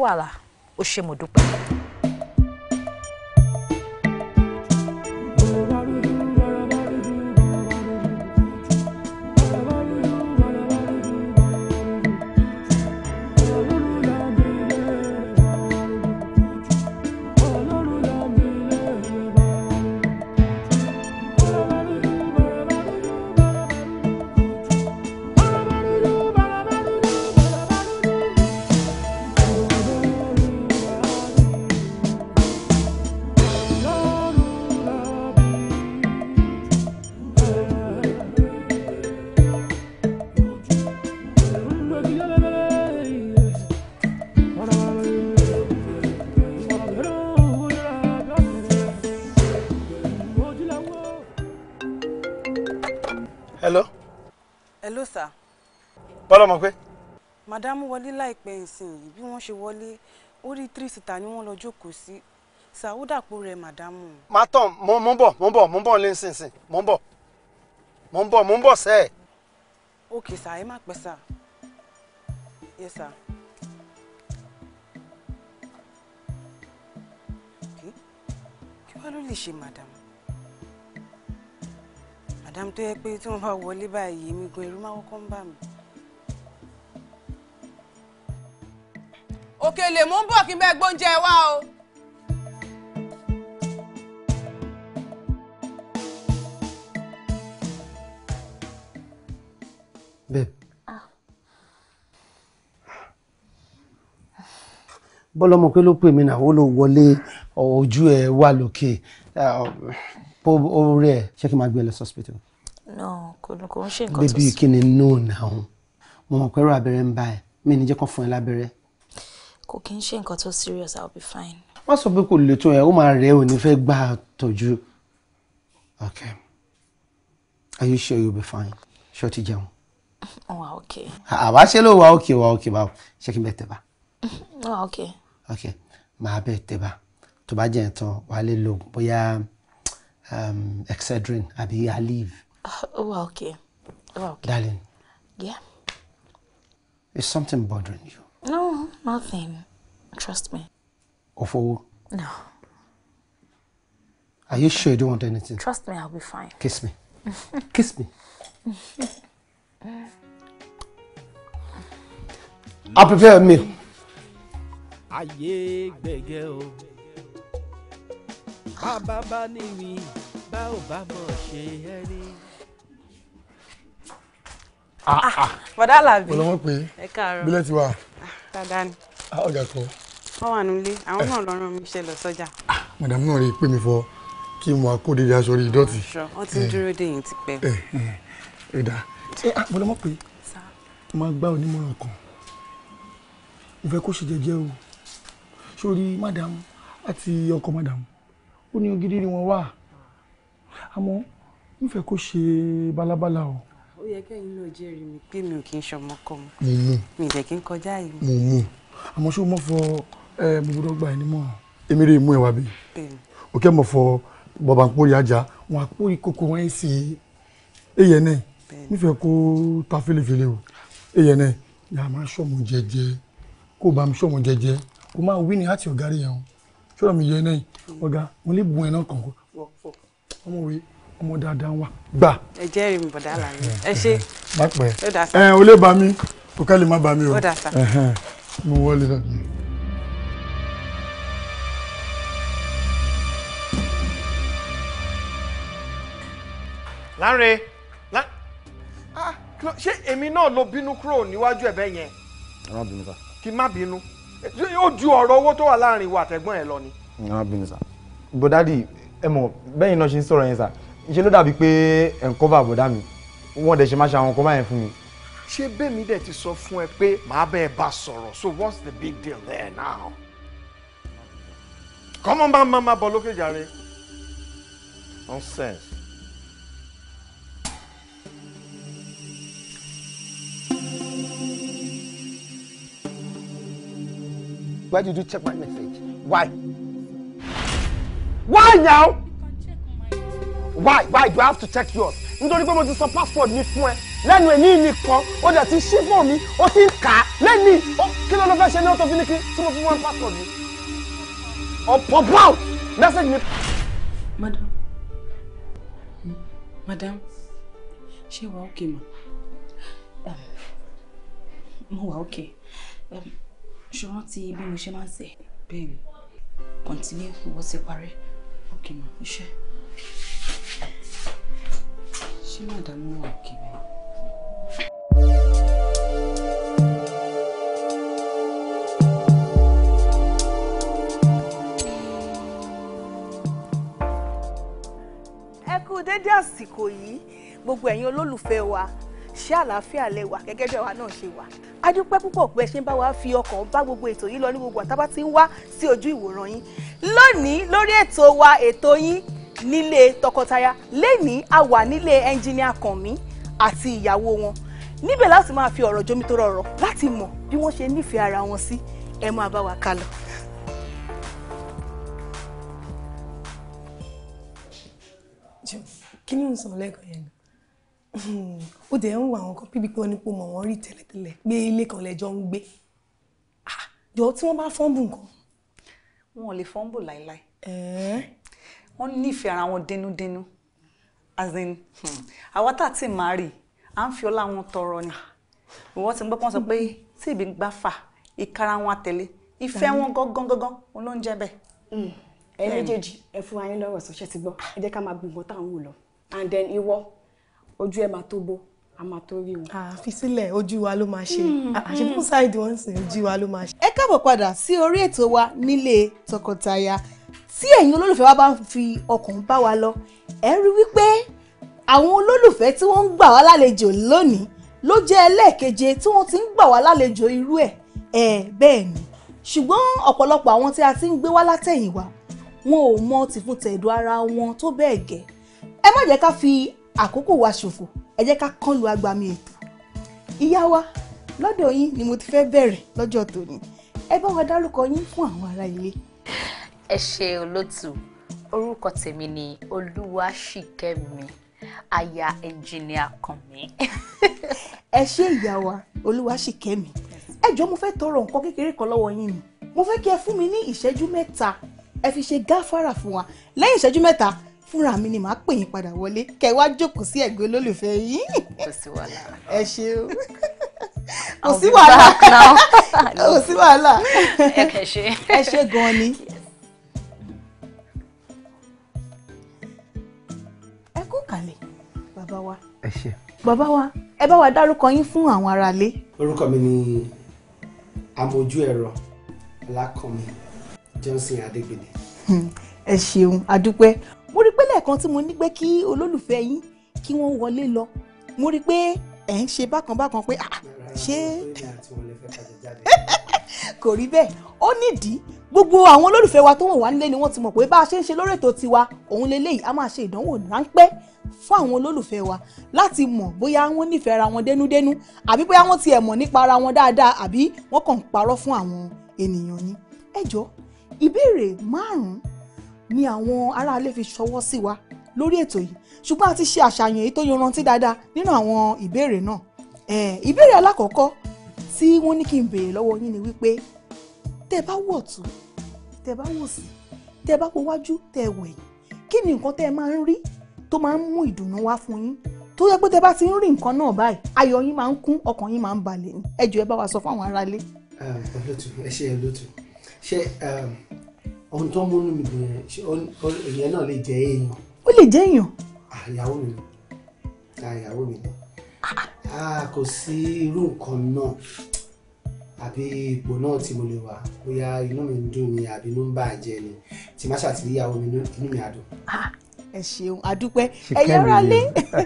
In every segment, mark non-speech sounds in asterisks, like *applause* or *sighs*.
wàhálà ó ṣe mo ọlọ́mọ pé. màdámù wọlé láìpẹ́ ìsìn yìí bí wọ́n ṣe wọlé orí tírísítà ni wọ́n lọ jókòó sí sàwúdàpọ̀ rẹ̀ màdámù. má tán mo ń bọ̀ mo ń bọ̀ mo ń bọ̀ lé nísinsìn mo ń bọ̀ mo ń bọ̀ mo ń bọ̀ sẹ́ẹ̀. òkè sà ẹ má pẹ́ sà yẹ sà. kí wàá ló lè ṣe màdámù màdámù tó yẹ pé tí wọ́n bá wọlé báyìí èmi gan ẹ̀rù máa kọ́kọ́ ń bà mí. òkèlè mò ń bọ̀ kí n bẹ́ẹ̀ gbóúnjẹ wá o. babe. Ah. bọ́lá ọmọ pé ló pè mí náà ó ló wọlé ojú ẹ̀ wà lókè ah, orí ẹ̀ ṣé kí n máa gbé ẹ lọ hospital. no kò kò ń ṣe nǹkan tó sọ. bébí kí ni no náà mo mọ̀ pé abẹ́rẹ́ ń bá ẹ mi ní jẹ́ kó fún ẹ lábẹ́rẹ́ kò kí n ṣe nǹkan tó serious I'll be fine. wọ́n sọ pé kò lè tó ẹ̀ ó máa rẹ̀ ò ní fẹ́ gbà tọ́jú okay are you sure you'll be fine ṣé o ti jẹun. wà á okay. àwa ṣe ló wà á okay wà á okay báwo ṣé kí n bẹ tẹ bá. wà á okay. okay màá bẹ tẹ bá tó bá jẹ́ tán wàá lè lo bóyá um, excedrin àbí aleve. ó wà okay. ó wà okay. darling. yeah. is something bothering you. No, nothing. Trust me. Ofowo? No. Are you sure you don't want anything? Trust me, I'll be fine. Kiss me. *laughs* Kiss me. I'll prepare a meal. Ayé gbẹ̀gẹ́ o. Bàbá mi, bá ò bá Ah, ah, ah. bọ̀dá àlàbí olùmọ̀ pé bílẹ̀ ti wà. dáadáa ni. ọjà kọ. wọ́n wà nílé àwọn eh. náà lọ rán mi iṣẹ́ lọ sọ́jà. màdàmú náà rí i pé mi fọ kí mo akóde ya sórí ìdọ̀tí. wọ́n ti ń eh. dúró dè yín ti pẹ́. ẹ eh, ẹ ẹ dá olùmọ̀ pé máa gbá onímọ̀ràn kan mo fẹ́ kó ṣe jẹ́jẹ́ o sórí màdàmú àti ọkọ màdàmú ó ní ògidì ni wọ́n wà àmọ́ mo fẹ́ kó ṣe balabala o ó yẹ kẹ́yìn náà jẹ́rìí mi pé mi ò kí ń ṣọmọ kọ́ mu. mo mú mi ìfẹ́ kí n kọjá yìí. mo mú àmọ́ ṣé o mọ̀ fọ gbogbo dọ́gba ẹni mọ́ èmi rè mú ẹ wá bí. òkè mọ̀ fọ bàbá ń pórí ajá wọn àpórí kókó wọn ẹ̀ eyẹ náà nífẹ̀ẹ́ kó ta fẹ́lẹ́fẹ́lẹ́ o eyẹ náà yà máa ṣọmọ jẹ́jẹ́ kó o bá mi ṣọmọ jẹ́jẹ́ kó o máa wí ní àti ọ̀gá rẹ̀ yẹn o ṣọ́ọ̀rọ̀ mi yẹ náà hmm. ọ̀gá mo lè bu ẹ̀ náà kàn kó ọmọ wèé ọmọ dáadáa wa gbà. ẹ jẹ́rìí mi bọ̀dá àlàyé ẹ ṣe ó dà sá. ẹ ò lè bá mi kò ká lè má bá mi o mo wọlé náà. Lánre lá ah, ṣé èmi náà ló bínú kúrò níwájú ẹ̀bẹ̀ yẹn. ẹ má bínú sá. kí n má bínú ó ju ọ̀rọ̀ owó tó wà láàrin ìwà àtẹ̀gbọ́n ẹ̀ lọ ni. ẹ má bínú sá. bọ́dádì ẹ mọ̀ bẹ́yìn náà ṣe ń sọ̀rọ̀ yẹn sá ṣe ló dàbí pé ẹ̀ ń cover àbọ̀dá mi wọ́n dẹ̀ ṣe máa ṣe àwọn cover yẹn fún mi. ṣé bẹ́ẹ̀mi dẹ̀ ti sọ fún ẹ pé màá bẹ́ẹ̀ bá sọ̀rọ̀ so what's the big deal there now? kọ́mọ́ bá máa máa bọ̀ lókè jàre nonsense. Why did you check my message? Why? Why now? why why do I have to check yours nítorí pé mo ti sọ password mi fún ẹ lẹ́nu ẹ̀ ní nìkan ó dẹ̀ ti ṣí fún mi ó ti ń kà á lẹ́nu kí ló ló fẹ́ ṣe ní ọ̀tọ̀ fínníkì tí mo fún wọn password mi. ọ̀pọ̀ báwò message mi. madam madam ṣé wàá òkè mà um, mo wà òkè ṣùgbọ́n ti bí mo ṣe máa ń ṣe bẹ́ẹ̀ ni continue ìwọ ti parí òkè mà iṣẹ́ ṣé màdàmú wà òkè rẹ. ẹ kú dédé àsìkò yìí gbogbo ẹ̀yin olólùfẹ́ wa ṣé àlàáfíà lẹ wà gẹ́gẹ́ bí àwa náà ṣe wà a dúpẹ́ púpọ̀ pé ẹ ṣe ń bá wa fi ọkàn bá gbogbo ètò yìí lọ ní gbogbo àtàbá tí ń wá sí ojú ìwòran yín lónìí lórí ètò wa ètò yín nílé tọkọtaya lẹ́ni a wà nílé ẹnjìníà Kànmí àti ìyàwó wọn níbẹ̀ láti máa fi ọ̀rọ̀ jómi tó rọrọ̀ láti mọ̀ bí wọ́n ṣe nífẹ̀ẹ́ ara wọn sí ẹ máa bá wa kálọ. kí ló ń sọ lẹ́kọ̀ọ́ yẹn ó dẹ̀ ń wọ àwọn kan bíbí pé ó ní kó mọ̀ wọ́n rí tẹ́lẹ̀tẹ́lẹ̀ pé ilé kan lẹ́jọ́ ń gbé ah, jọ tí wọ́n bá fọ́nbù nǹkan. wọn ò lè fọ́nbù láéláé wọ́n nífẹ̀ẹ́ ara wọn dénúdénú as hmm, tá a ti máa rí à ń fi ọlá wọn tọrọ ni ìwọ́n ti ń gbọ́ pọ́n sọ pé tí ìbí ń gbá fà ìkara wọn àtẹ̀lé ìfẹ́ wọn gángan gángan òun ló ń jẹ́ bẹ́ẹ̀. Hmm, ẹ méjèèjì ẹ fún wa yín ṣọṣẹ́ ti gbọ́ ẹ jẹ́ ká máa gbìmọ̀ táwọn wò lọ and then ìwọ ojú ẹ máa tó bó a máa tó rí wọn. àfi sílẹ̀ ojú wa ló máa ṣe àṣepọ̀ ṣáìdì wọn sì ojú wa ló máa ṣe. ẹ káàbọ̀ padà sí orí ètò wa nílé tọkọtaya tí ẹ̀yin olólùfẹ́ wa bá ń fi ọkàn bá wa lọ ẹ rí wípé àwọn olólùfẹ́ tí wọ́n ń gbà wá lálejò lónìí ló jẹ́ ẹlẹ́ẹ̀keje tí wọ́n ti ń gbà wá lálejò irú ẹ̀ ẹ̀ bẹ́ẹ̀ ni ṣùgbọ́n ọ̀pọ̀lọpọ̀ àwọn tí a ti ń gbé wá látẹ̀yìnwá wọn ò mọ tìfun tẹ̀dọ̀ ara wọn tó bẹ́ẹ̀ gẹ́ ẹ má jẹ́ ká fi àkókò wa ṣòfò ẹ jẹ́ ká kán lu agbami ètò ìyá wa lọ́dọ̀ yín ni mo ti fẹ́ bẹ̀rẹ̀ lọ́jọ́ tòní ẹ bá wa dárúkọ yín fún àwọn ará ilé ẹ ṣe olótù orúkọ tèmi ni olúwaṣìkẹ́mi aya ẹnjìnìà Kànmí. *laughs* ẹ ṣe ìyá wa olúwaṣìkẹ́mi ẹ jọ mo fẹ́ tọrọ nǹkan kékeré kan lọ́wọ́ yín ni mo fẹ́ kí ẹ fún mi ní ìṣẹ́jú mẹ́ta ẹ fi ṣe gáfárà fún wa lẹ́yìn ìṣẹ́jú mẹ́ta fúnra mi ni màá pè yín padà wọlé kẹ jókòó sí ẹ̀gbẹ́ olólùfẹ́ yín. ẹ ṣe o kò sí wàhálà kò sí wàhálà ẹ ṣe gan ni. kalẹ̀ bàbá wa. ẹ ṣé. bàbá wa ẹ bá wa dárúkọ yín fún àwọn aráalé. orúkọ mi ni amójú ẹ̀rọ alákànmí Johnson Adégbèlè. Hmm, ẹ ṣeun adúpẹ́ mo rí pé lẹ́ẹ̀kan tí mo ní pé kí olólùfẹ́ yín kí wọ́n wọlé lọ mo rí pé ẹ̀ ń ṣe bákan bákan pé ah, ṣé *laughs* kò rí bẹ́ẹ̀ ó nídìí gbogbo àwọn olólùfẹ́ wa tó wọ̀ wá nílé ni wọ́n ti mọ̀ pé bá a ṣe ń ṣe lórí ètò tiwa òun lélẹ́yìí a máa ṣe ìdánwò ráńpẹ́ fún àwọn olólùfẹ́ wa láti mọ̀ bóyá wọ́n nífẹ̀ẹ́ ara wọn dénúdénú àbí bóyá wọ́n tiẹ̀ mọ̀ nípa ara wọn dáadáa àbí wọ́n kàn ń parọ́ fún àwọn ènìyàn ni. ẹ jọ ìbéèrè márùn-ún ni àwọn aráalé fi ṣọwọ́ sí wa lórí ètò yìí ṣùgbọ́n a ti ṣe àṣàyàn èyí tó yanrantí dáadáa nínú àwọn ìbéèrè náà. ìbéèrè alákọ̀ọ́kọ́ tí wọ́n ní kí n béèrè lọ́wọ́ yín ni wípé tẹ́ bá wò ọ̀tún tẹ́ bá wò sí tẹ́ bá wo wájú tẹ́ wẹ̀yìn kí ni nǹkan tẹ́ máa ń rí tó máa ń mú ìdùnnú wá fún yín tó yẹ pé tẹ bá ti ń rí nǹkan náà báyìí ayọ̀ yín máa ń kún ọkàn yín máa ń balẹ̀ ni ẹ jù ẹ bá wa sọ fáwọn aráalé. olótú ẹ ṣe olótú ṣe ohun tó ń múnú mi dùn yẹn ìyẹn náà lè jẹ èèyàn. ó lè jẹ èèyàn. àyàwó mi ni àyàwó mi ni ah, ah. kò sí irú nǹkan náà àbí ipò náà tí mo lè wà bóyá inú mi ń dùn ni àbí inú ń bàjẹ́ ni tí má ṣàtìlẹ́yàwó mi inú mi á dùn. Ah, ẹ ṣeun àdúpẹ́ ẹ̀yin aráalé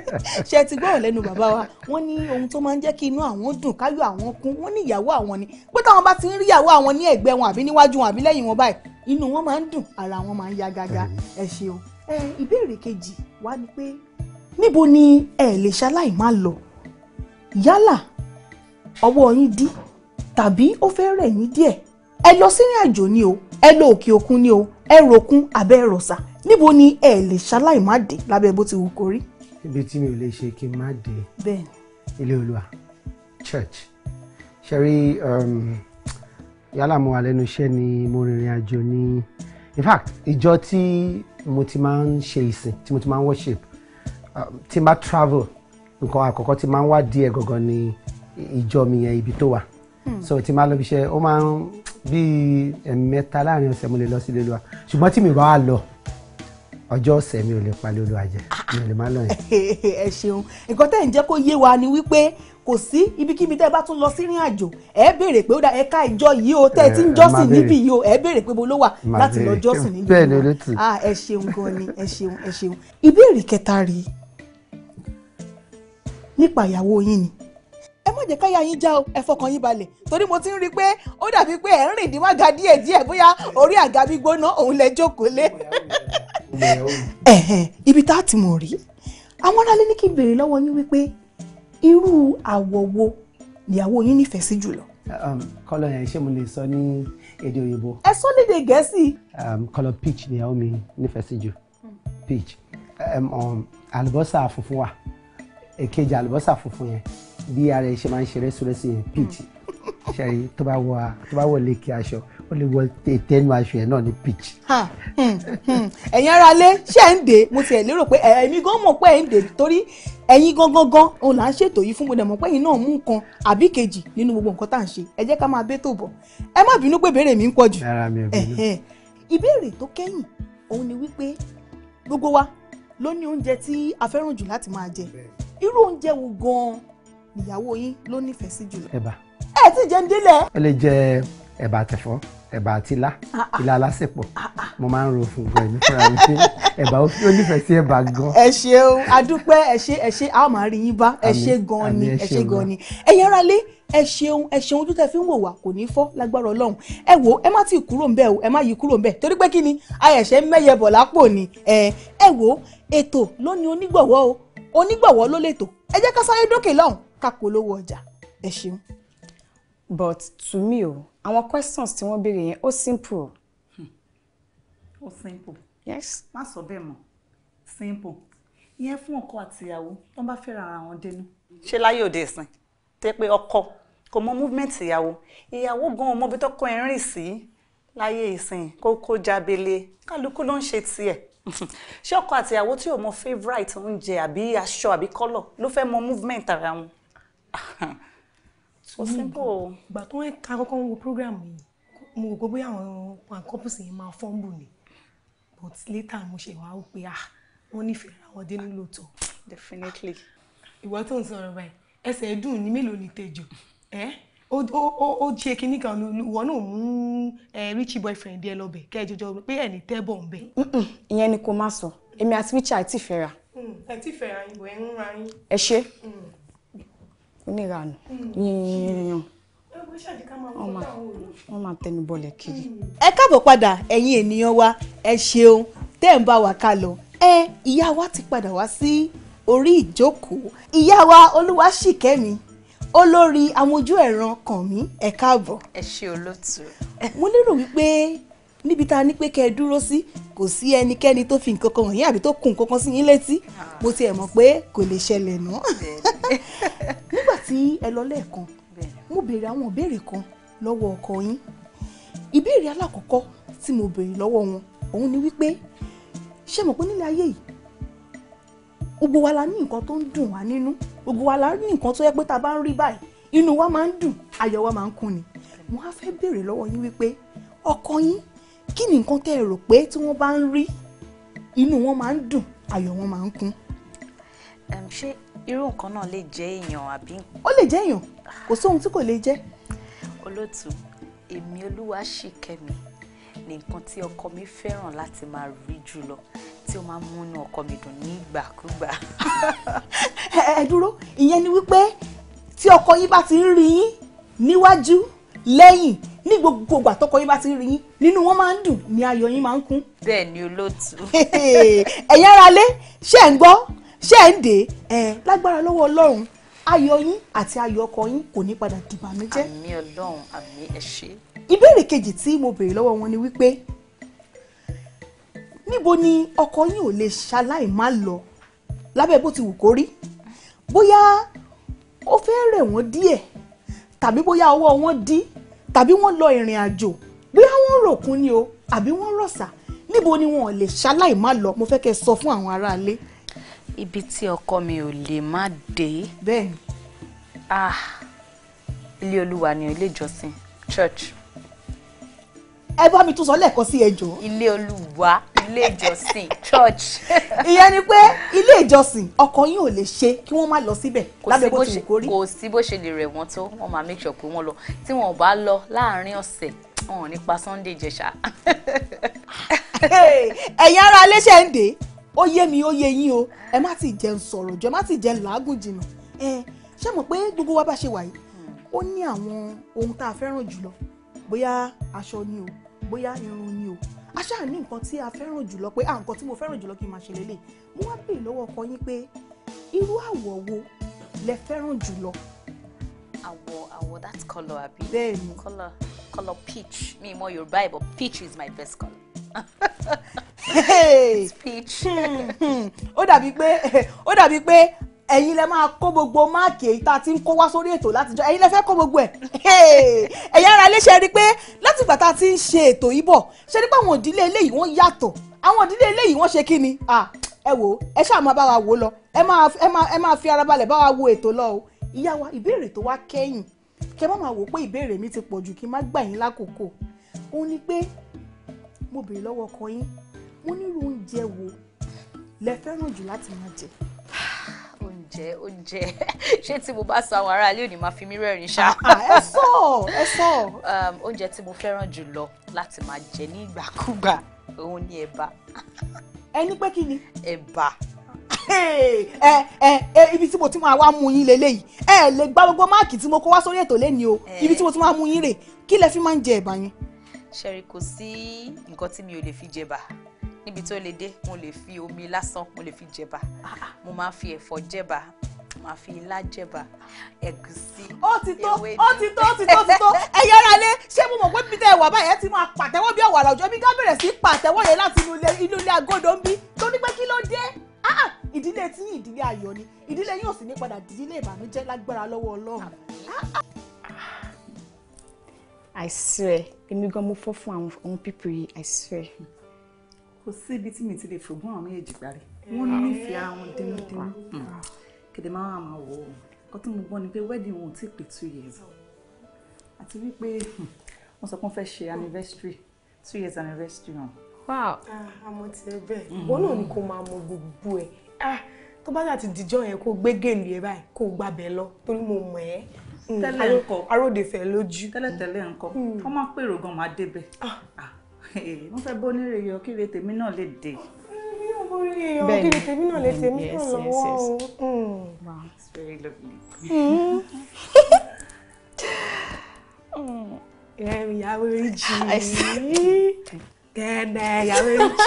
*laughs* ṣe ti gbọ́ lẹ́nu bàbá wa wọ́n ní ohun tó máa ń jẹ́ kí inú àwọn dùn káyọ̀ àwọn kún wọ́n ní ìyàwó àwọn ni pé táwọn bá ti ń rí ìyàwó àwọn ní ẹ̀gbẹ́ wọn àbí níwájú wọn àbí lẹ́yìn wọn báyìí inú wọn máa ń dùn ara wọn máa ń ya gaga mm. ẹ ṣeun ẹ ìbéèrè kejì wá ni pé níbo ni ẹ lè ṣaláì má lọ yálà ọwọ́ yín dí tàbí ó fẹ́ rẹ̀ yín díẹ̀ ẹ lọ sínú àjò ni o ẹ lọ òkè òkun ni o ẹ ròkun àbẹ́ ẹ̀rọ̀sà níbo ni ẹ lè ṣaláì má dé lábẹ́ bó ti wù kó rí. ibi tí mi ò lè ṣe kí n má dé. bẹ́ẹ̀. ilé olúwa church ṣẹ́rí um, yálà mo wà lẹ́nu iṣẹ́ ni mo rìnrìn àjò ní in fact ìjọ tí mo ti máa ń ṣe ìsìn tí mo ti máa ń worship um, tí n bá travel nǹkan àkọ́kọ́ tí máa ń wá díẹ̀ gangan ni ìjọ mi yẹn ibi tó wà hmm. so tí máa lọ bí iṣẹ́ ó máa ń bí ẹ̀mẹ́ta láàrin ọ̀sẹ̀ mo lè lọ sí ilé lọ ṣùgbọ́n tí mi bá wà lọ ọjọ́ ọ̀sẹ̀ mi ò lè palẹ̀ olúwa jẹ mi ò lè má lọ yẹn. *laughs* ẹ ṣeun nǹkan tẹ́ ń jẹ́ kó yé wa ni wípé kò sí ibikíbi tẹ́ ẹ bá tún lọ sírìn àjò ẹ béèrè pé ó dá ẹ̀ka ìjọ yìí o tẹ́ ẹ ti ń eh, jọ́sìn níbí yìí o ẹ béèrè pé bo ló wà láti lọ jọ́sìn níbí yìí o ah, ẹ ṣeun gan ni ẹ ṣeun ẹ ṣeun. ìbéèrè kẹta rí nípa ìyàwó yín ni ẹ má jẹ́ káyà yín já o ẹ fọkàn yín balẹ̀ torí mo ti ń rí i pé ó dàbí pé ẹ̀ ń rìn níwájú díẹ̀ díẹ̀ bóyá orí àga gbígbóná òun lẹ jókòó lé ibi tá a ti mọ̀ rí àwọn aráalé ní kí n béèrè lọ́wọ́ yín wípé irú àwọ̀ wo nìyàwó yín nífẹ̀ẹ́ sí jùlọ. kọ́lọ̀ um, yẹn ṣé mo lè sọ ní èdè òyìnbó. ẹ sọ lédè gẹ̀ẹ́sì. kọ́lọ̀ um, peach nìyàwó mi nífẹ̀ẹ́ sí jù peach um, àlùbọ́sà funfun wà èkejì àlùbọ́sà funfun yẹn bí ara ẹ ṣe máa ń ṣe rẹ́sùrẹ́sì yẹn peach hmm. ṣẹ́yìn tó bá wọ lékè aṣọ ó lè wọ tẹnu aṣọ yẹn náà ní pitch. Hmm, hmm. ẹ̀yin ara lé ṣé ẹ̀ ń dè mo ti ẹ̀ lérò pé ẹ̀mí gan mọ̀ pé ẹ̀ ń dè torí ẹ̀yin gangan gan òun là ń ṣètò yìí fún mo dẹ̀ mọ̀ pé ẹ̀yin náà mú nǹkan àbí kejì nínú gbogbo nǹkan tá à ń ṣe ẹ jẹ́ ká máa bẹ́ tó bọ̀ ẹ má bínú pé béèrè mi ń pọ̀ jù. ìbéèrè tó kẹ́yìn òun ni wípé gbogbo wa ló ní oúnjẹ tí a fẹ́ràn jù láti máa jẹ irú oúnjẹ wo gan-an ìyàwó yín ló nífẹ̀ẹ́ sí jùlọ. ẹ bá ẹ ti jẹun délẹ̀. ẹ lè jẹ ẹ̀bà àtẹ̀fọ́ ẹ̀bà àti ilá alásèpọ̀ ah, ah. ah, mo máa ń ro fún gan ẹ̀mí fúnra mi pé ẹ̀bà ó nífẹ̀ẹ́ sí ẹ̀bà gan. ẹ ṣeun adúpẹ́ ẹ ṣe ẹ ṣe a ó máa rí yín bá ẹ ṣe gan ni ẹ ṣe gan ni ẹ̀yin ará lé ẹ ṣeun ẹ ṣeun ojú fi ń wò wá kò ní fọ́ lágbára ọlọ́run ẹ wò ẹ má ti kúrò ńbẹ̀ o ẹ má yí kúrò ńbẹ̀ torí pé kí ni ayẹ̀ṣẹ̀ mẹ́yẹ bọ̀ lápò ni ẹ ẹ wò ètò ló ní o onígbọ̀wọ́ ló lètò ẹ jẹ́ ká sáré dókè lọ́hùn ká polówó ọjà ẹ ṣeun. but to me o àwọn questions tí wọ́n béèrè yẹn ó simple. Hmm. ó simple. yes. má sọ bẹ́ẹ̀ mọ́ simple ìyẹn fún ọkọ àtìyàwó tó bá fẹ́ ra àwọn dénú. ṣé láyé òde ìsìn tẹ pé ọkọ kò mọ movement ìyàwó ìyàwó gan ọmọ ibi tọkọ ẹ ń rìn sí láyé ìsìn kókó jábele kálukú ló ń ṣe tiẹ̀ *laughs* ṣé ọkọ àtìyàwó tí ò mọ favourite oúnjẹ àbí aṣọ àbí kọ́lọ̀ ló fẹ́ mọ movement ara wọn *laughs* so simple. ìgbà tó ń ka kọ́kọ́ wo program yìí mo rò pé bóyá àwọn pan couples yẹn máa fọ́ǹbù ni but later mo ṣe wá pé ah wọ́n nífẹ̀ẹ́ ra wọn dénú lóòótọ́. definitely. Ah, ìwọ tó ń sọ̀rọ̀ báyìí ẹsẹ̀ dùn ní mélòó ni tejò ẹ́ ó jẹ́ kínní kan ìwọ náà mú richie boyfriend ẹ lọ́bẹ̀ kẹ́ẹ̀jọ́jọ́ pé ẹ̀ ní tẹ́bọ̀ ń bẹ̀. ìyẹn ni kò má sọ èmi àti richie àti fẹ́ra. Mm, ẹ ti fẹ́ra ìbò ẹ̀ ń ra yín. ẹ ṣe oníranù mm. yíyan wọ́n máa tẹnu bọlẹ̀ kiri. Mm. ẹ káàbọ̀ padà ẹ̀yin ènìyàn wa ẹ ṣeun tẹ́ ẹ̀ ń bá wa ká lọ ẹ ìyá wa ti padà wá sí orí ìjókòó ìyá wa Olúwaṣìkẹ́mi olórí amójú ẹ̀ràn kàn mí ẹ káàbọ̀. ẹ ṣe olóòtú. mo lérò wípé níbi tá a ní pé kẹ́ ẹ dúró sí kò sí ẹnikẹ́ni tó fi nǹkan kan wọ̀nyí àbí tó kù nǹkan kan sí yín létí ah. mo tiẹ̀ mọ̀ pé kò lè ṣẹlẹ̀ ná. *laughs* nígbà tí ẹ lọ lẹ́ẹ̀kan mo béèrè àwọn ìbéèrè kan lọ́wọ́ ọkọ yín ìbéèrè alákọ̀ọ́kọ́ tí mo béèrè lọ́wọ́ wọn òun ni wípé ṣé mọ̀ pé nílé ayé yìí gbogbo wa la ní nǹkan tó ń dùn wá nínú gbogbo wa la ní nǹkan tó yẹ pé tá a bá ń rí báyìí inú wa máa ń dùn ayọ̀ wa máa ń kún ni mo á fẹ́ béèrè lọ́wọ́ yín wípé ọkọ yín kí ni nǹkan tẹ́ ẹ rò pé tí wọ́n bá ń rí inú wọn máa ń dùn ayọ̀ wọn máa ń kún. ṣé irú nǹkan náà lè jẹ́ èèyàn àbí. ó lè jẹ́ èèyàn kò sóhun tí kò lè jẹ́. olóòtú èmi Olúwaṣìkẹ́mi ni nǹkan tí ọkọ mi fẹ́ràn láti máa rí jùlọ tí ó máa ń múnú ọkọ mi dùn nígbàkúgbà. *laughs* ẹ ẹ dúró ìyẹn ni wípé tí ọkọ yín bá ti ń rí yín níwájú lẹ́yìn ní gbogbo ìgbà tọkọ yín bá ti rí yín nínú wọn máa ń dùn ní ayọ̀ yín máa ń kún. bẹ́ẹ̀ ni olóòtú. *laughs* ẹ̀yin ara lé ṣé ń gbọ́ ṣé ń dè é lágbára lọ́wọ́ ọlọ́run ayọ̀ yín àti ayọ̀ ọkọ yín kò ní padà dìbànújẹ́. àmì ọlọ́run àmì ẹ ṣé. ìbéèrè kejì tí mo béèrè lọ́wọ́ wọn ni wípé níbo ni ọkọ yín ò lè ṣaláì má lọ lábẹ́ bó ti wù kó rí bóyá ó fẹ́ rẹ̀ wọ́n díẹ̀ tàbí bóyá ọwọ́ wọn dí tàbí wọ́n lọ ìrìn àjò bóyá wọ́n ròkun ni o àbí wọ́n rọ̀ṣà níbo ni wọn ò lè ṣaláì má lọ mo fẹ́ kẹ́ sọ fún àwọn aráalé. ibi tí ọkọ mi ò lè má dé. bẹ́ẹ̀ ah ilé olúwa ni ilé ìjọsìn church. ẹ bá mi tún sọ lẹ́ẹ̀kan sí ẹjọ́. ilé olúwa ilé ìjọsìn church. *laughs* ìyẹn ni pé ilé ìjọsìn ọkọ yín ò lè ṣe kí wọ́n má lọ síbẹ̀ lábẹ́ bó ti kórìí. kò sí bó ṣe lè rẹ̀ wọ́n tó wọ́n máa make sure pé wọ́n lọ tí wọn ò bá lọ láàárín ọ̀sẹ̀ wọn ò ní pa Sunday Ìjẹ̀ṣà. *laughs* ẹ̀yin ará aléṣẹ́ ń dé ó yé mi ó yé yín o ẹ má ti jẹun sọ̀rọ̀ jọ ẹ má ti jẹun làágùn jìnnà ẹ ṣé mọ̀ pé gbogbo wa bá ṣe wà yìí ó ní àwọn ohun tá a fẹ́ràn jùlọ bóyá aṣọ ni o bóyá irun ni o a ṣáà ní nǹkan tí a fẹ́ràn jùlọ pé à nǹkan tí mo fẹ́ràn jùlọ kí n máa ṣe lélẹ̀ mo wá béèrè lọ́wọ́ ọkọ yín pé irú àwọ̀ wo lẹ fẹ́ràn jùlọ. àwọ̀ àwọ̀ that colour àbí. bẹ́ẹ̀ni colour colour peach mi mọ yorùbá ẹ̀ peach is my best colour. it's peach. Hmm, hmm. ó dàbí pé *laughs* ó dàbí pé ẹ̀yin lẹ máa kó gbogbo máàkì èyí tá a ti ń kó wá sórí ètò látijọ́ ẹ̀yin lẹ fẹ́ kó gbogbo ẹ̀ ẹ̀yin ara ilé ṣe rí i pé látìgbà tá a ti ń ṣe ètò yìí bọ̀ ṣe rí i pé àwọn ìdílé eléyìí wọ́n yàtọ̀ àwọn ìdílé eléyìí wọ́n ṣe kí ni ẹ wò ó ẹ ṣáà máa bá wa wò ó lọ ẹ máa fi ara balẹ̀ bá wa wo ètò lọ o ìyá wa ìbéèrè tó wá kẹ́yìn kẹ má máa wò pé ìbéèrè mi ti pọ̀ jù kí n má gbà yín lákòókò òun ni pé mo jẹ́ ó jẹ́ ṣé tí mo bá sọ àwọn aráalé ò ní máa fi mí rẹ́rìn ṣá. Ah, ah, ẹ sọ ẹ sọ. Um, oúnjẹ tí mo fẹ́ràn jù lọ láti máa jẹ ní ìgbàkúgbà òun ni ẹ̀bà. ẹ ní pé kí ni. ẹ̀bà ẹ ẹ ibi tí mo ti máa wá mú yín leléyìí ẹ lè gba gbogbo máàkì tí mo kó wá sórí ètò lẹ́ni o eh. ibi tí mo ti máa mú yín rè kí lẹ fi máa ń jẹ ẹ̀bà yẹn. ṣẹ́rí kò sí nǹkan tí mi ò lè fi jẹ bà níbi tó lè dé mo lè fi omi lásán mo lè fi jẹ̀bà ah, ah. mo máa fi ẹ̀fọ́ jẹ̀bà máa fi ilá jẹ̀bà ẹ̀gúsí ewédú. ó ti tó ó ti tó ó ti tó *laughs* ẹ yára lé ṣé mo mọ̀ pé bí tẹ́ ẹ ti máa pàtẹ́wọ́ bí ọ̀wàrà òjò mi ká bẹ̀rẹ̀ sí pàtẹ́wọ́ yẹn láti inú ilé agodo ń bí tó pé kí ló dé ah, ìdílé tí ìdílé ayọ̀ ni ìdílé yóò sì ní padà ìdílé ìbànújẹ́ lágbára lọ́wọ́ ọlọ́run. I swear èmi gan mo fọ́ fún àwọn people yìí I swear kò sí ibi tí mi ti lè fògùn àwọn méjèèjì gbárí eh. wọ́n nífẹ̀ẹ́ àwọn dínúdínú hmm. kẹ̀dẹ̀ máa wà máa wọ̀ ọ́ nǹkan tí mo gbọ́ ni pé wedding wọn ò tí ì pé two years àti wípé hmm, wọ́n sọ pé wọ́n fẹ́ ṣe anniversary two years anniversary hàn. wow ah, àmọ́ ti ẹ bẹ́ẹ̀ wọn náà ni kò máa mọ gbogbo ẹ̀ ah, tó bá dà ti dìjọ́ yẹn kó gbé gèlè ẹ báyìí kó gbàbẹ̀ lọ torí mo mọ̀ ẹ́ hmm, tẹ́lẹ̀ ńkọ́ aródefẹ̀ lójú tẹ́lẹ̀ tẹ́lẹ̀ ńkọ́ wọ́n máa pèrò gan máa débẹ̀ ah wọ́n *laughs* fẹ́ bó nírè yọ kíre tèmi náà lè dé. bẹ́ẹ̀ ni kíre tèmi náà lè mm, tèmi náà lọ́wọ́ o. Mm. wow it's very lovely. Mm. *laughs* ìyàwó rí jì *laughs* gẹ́gẹ́ ìyàwó rí jì.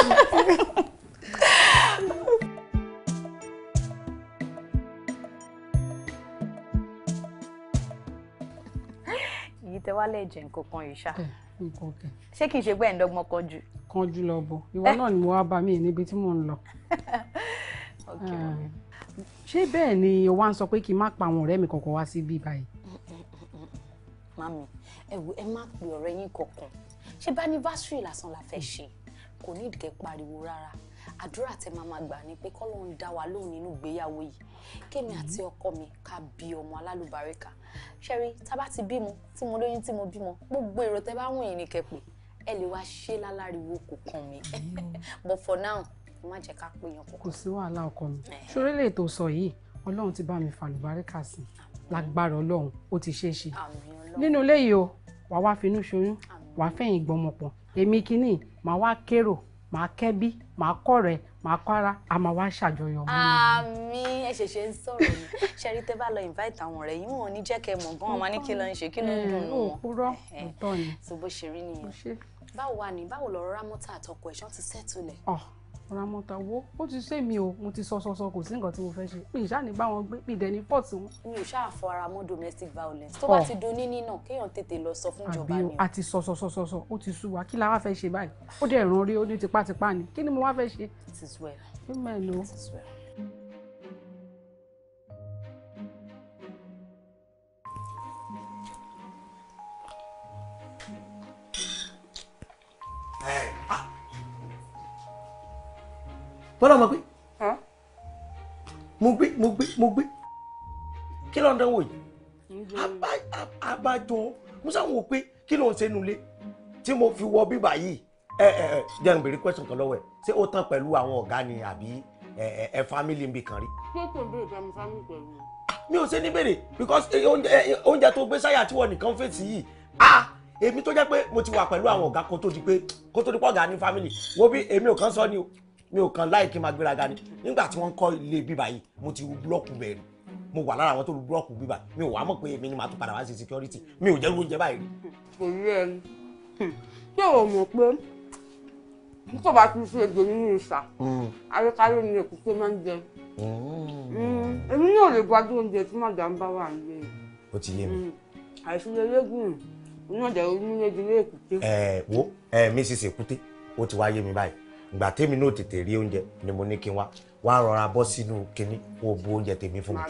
tẹ wá lẹ́jẹ̀ nǹkan kan yìí ṣá. Hmm nǹkan kẹ. ṣé kì í ṣe gbẹ́ ìdọ́gbọ́n kan jù. kan jù lọ bọ ìwọ náà ni mo wá bá mi níbi tí mò ń lọ. *laughs* ṣé bẹ́ẹ̀ ni o wá ń sọ pé kí n má pa àwọn ọ̀rẹ́ mi kankan wá sí bíi báyìí. mami ẹ wo ẹ má pe ọ̀rẹ́ yín kankan ṣé bá ní vásírì lásán la fẹ́ ṣe kò ní ìdíkẹ́ pariwo rárá àdúrà tẹ máa máa gbà ni pé kọ́lọ́run dá wa lóhùn nínú ìgbéyàwó yìí kémi àti mhm. ọkọ mi ká bí ọmọ alálùbáríkà ṣẹ́rí tá a bá ti bímọ tí mo lóyún tí mo bímọ gbogbo èrò tẹ bá wùn yín ni kẹ́pẹ́ ẹ lè wá ṣe láláriwo kò kàn mí *laughs* but for now má jẹ́ ká pé yan kò kàn. kò sí wàhálà ọkọ mi ṣoré lè tó sọ yìí ọlọ́run ti bá mi fàlùbáríkà sí lágbára ọlọ́run ó ti ṣeé ṣe nínú ilé o wàá wá finú ṣoyún wàá fẹ̀yìn gbọmọpọ̀ èmi kínní màá wá kérò màá kẹ́bí màá kọ̀rẹ́ màá kọ́ra a máa wá ṣàjọyọ̀ mọ́ mi. àmì ẹ ṣẹ̀ṣẹ̀ ń sọ̀rọ̀ ni ṣẹ́rí tẹ́ bá lọ invite àwọn ọ̀rẹ́ yìí wọn ò ní jẹ́ kẹ́ mọ̀ gan-an wọn ní kí ló ń ṣe kí ló ń dùn nù wọn. òpùrọ̀ òtọ́ ni. so ṣe rí nìyẹn báwo wà ní báwo lọ̀rọ̀ rámọ́tà àtọkọ ẹ̀ṣọ́ ti sẹ́tù lẹ̀ ramọta wo ó ti ṣe mi o mo ti sọ sọ sọ kò sí nǹkan tí mo fẹ́ ṣe mi ìṣá ní bá wọn gbé mi dẹ̀ ní pọ́ọ̀tì wọn. mi ò ṣáà fọ ara mọ́ domestic violence tó bá oh. ti do níní náà kéèyàn tètè lọ sọ fún ìjọba ni o. àbí a ti sọ sọ sọ sọ sọ ó ti sú wa kí la wá fẹ́ ṣe báyìí ó dẹ̀ ràn rí ó ní tipátipá ni kí ni mo wá fẹ́ ṣe. it is well. amen o. well bọ́lá mo gbé mo gbé mo gbé mo gbé kí ló ń dánwò yìí abájọ musa wò pé kí ló ń ṣe nulẹ̀ tí mo fi wọ bíbà yìí ẹ ẹ jẹ́ n béèrè question kan lọ́wọ́ ẹ̀ ṣé ó tán pẹ̀lú àwọn ọ̀gá ni àbí ẹ ẹ family mi kan rí. pé kò ń béèrè bá mi mi ò ṣe ní béèrè because oúnjẹ tó gbé sáyà tí wọn nìkan fèsì yìí ah èmi tó jẹ́ pé mo ti wà pẹ̀lú àwọn ọ̀gá kó tó di pé kó tó di pé ọ̀gá ní family wo bí èmi ò kàn sọ ni o mi ò kàn láì kí n máa gbéraga ni nígbà tí wọ́n ń kọ́ ilé bíbà yìí mo ti ru búlọ́ọ̀kù bẹ̀rù mo wà lára àwọn tó ru búlọ́ọ̀kù bíbà mi ò wá mọ̀ pé èmi ni màá tún padà wá sí security mi ò jẹ́ oúnjẹ báyìí. kò yé ẹni ṣé o mọ̀ pé bí kò bá ti ṣe èdè nínú ìṣà mm. àríkáyọ̀ ni èkúté máa ń jẹ mm. Mm. èmi náà lè gbájú oúnjẹ tí màdà ń bá wà nílé ó ti yé mi àìsí lélẹ́gùn náà dẹ̀ onílé ìdílé èkúté. ẹ wo ẹ Mrs. èkúté ó ti wá mi báyìí ìgbà tèmi náà tètè rí oúnjẹ ni mo ní kí n wá wá rọra bọ́ sínú kinní wo bu oúnjẹ tèmi fún mi.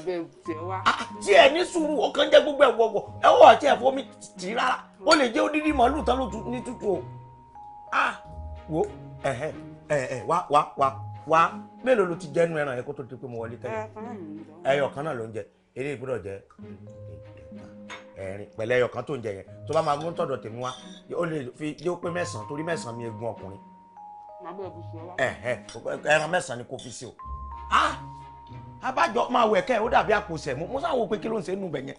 Ah, tí ẹ ní sùúrù ó kàn jẹ gbogbo ẹwọgbọ ẹwọ àti ẹ̀fọ́ mi tì í rárá ó lè jẹ odidi màálù tán ní tútù o. Ah, wo ẹhẹ ẹhẹ wá wá wá wá mélòó ló ti jẹ́nu ẹran yẹn kó tó di pé mo wọlé tẹ́lẹ̀ ẹyọ kan náà ló ń jẹ eré ìgbọ́dọ̀ jẹ ẹ̀rin pẹ̀lẹ́ ẹyọ tó ń jẹ yẹn tó bá máa mú tọ̀dọ̀ tèmi wá ó lè fi yóò pé mẹ́sàn-án torí mẹ́sàn-án mi egun ọkùnrin màmá ẹ̀ bù sí ẹ wá. ẹran mẹ́sàn-án ni kò fi sí o. abájọ máa wẹ̀ kẹ́ ẹ̀ ó dàbí àpò sẹ̀mú mo sáà wo pé kí ló ń ṣe nù bẹ̀ yẹn.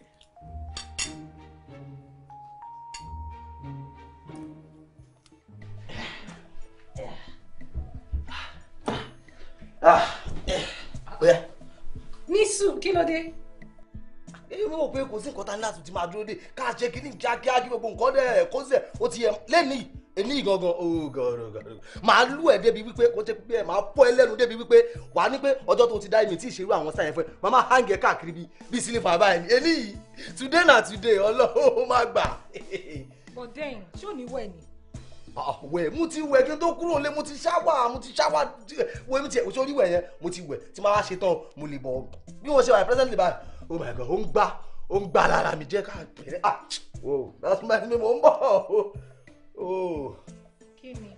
Nisu, kí ló dé? Èmi ò pé kò sí nǹkan tá ní láti ti máa dúró dé ká ṣe kí ní kíákíá kí gbogbo nǹkan dẹ̀ kó sẹ̀ ó ti yẹ lẹ́nìí eléyìí gangan ooo oh, gangan gangan màá lù ẹ débi wípé kò tẹ pé ẹ màá pọ ẹ lẹ́nu débi wípé wà á ní pé ọjọ́ tó ti dá èmi tí ìṣerú àwọn sáyẹn fún ẹ màá máa hàǹgẹ káàkiri bíi bíi sílífà báyìí ni eléyìí today na today ọlọ́run má gbà. bọ̀dẹ́yìn ṣé ò ní wẹ̀ ni. wẹ̀ mo ti wẹ̀ kí n tó kúrò lé mo ti ṣáwà mo ti ṣáwà wẹ̀ mi ti ẹ̀ sórí wẹ̀ yẹn mo ti wẹ̀ tí màá wá ṣe tán mo lè bọ̀ bí wọ́n ṣe wà presently báyìí oh my god ó ń gbá ó ń gbá lára mi jẹ́ káàkiri ah oh that's my name Oh. kí ni.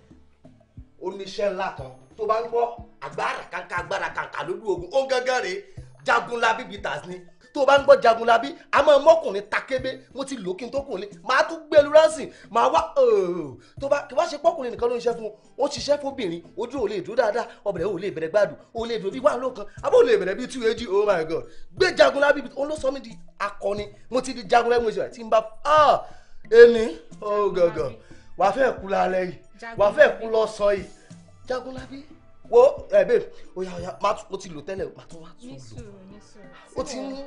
oníṣẹ́ ńlá kan tó bá ń gbọ́ agbára kankan agbára kankan lójú ogun ó gángan rèé jagunlabi bitters ni tó bá ń gbọ́ jagunlabi a máa mọ́kùnrin takébé mo ti lò kí n tó kùnrin màá tún gbé e lu ránṣì màá wá tó bá kí wá ṣe pọ́kùnrin nìkan ló ń ṣe fún un ó ṣiṣẹ́ fóbìnrin ojú ò lè dúró dáadáa ọbẹ̀ ò lè bẹ̀rẹ̀ gbádùn ò lè dúró bí wà lóòkan abó ò lè bẹ̀rẹ̀ bí two ag oh my god gbé jagunlabi ó ló sọ di akọni mo ti di jagunlabi mo ṣe wà tí n bá ẹni ó gàngàn wà á fẹ́ kú lálẹ́ yìí wà fẹ́ kú lọ́sàn yìí Jagunlabi wo ẹ babe oya oya mo ti lò tẹ́lẹ̀ màá tún wá tún lò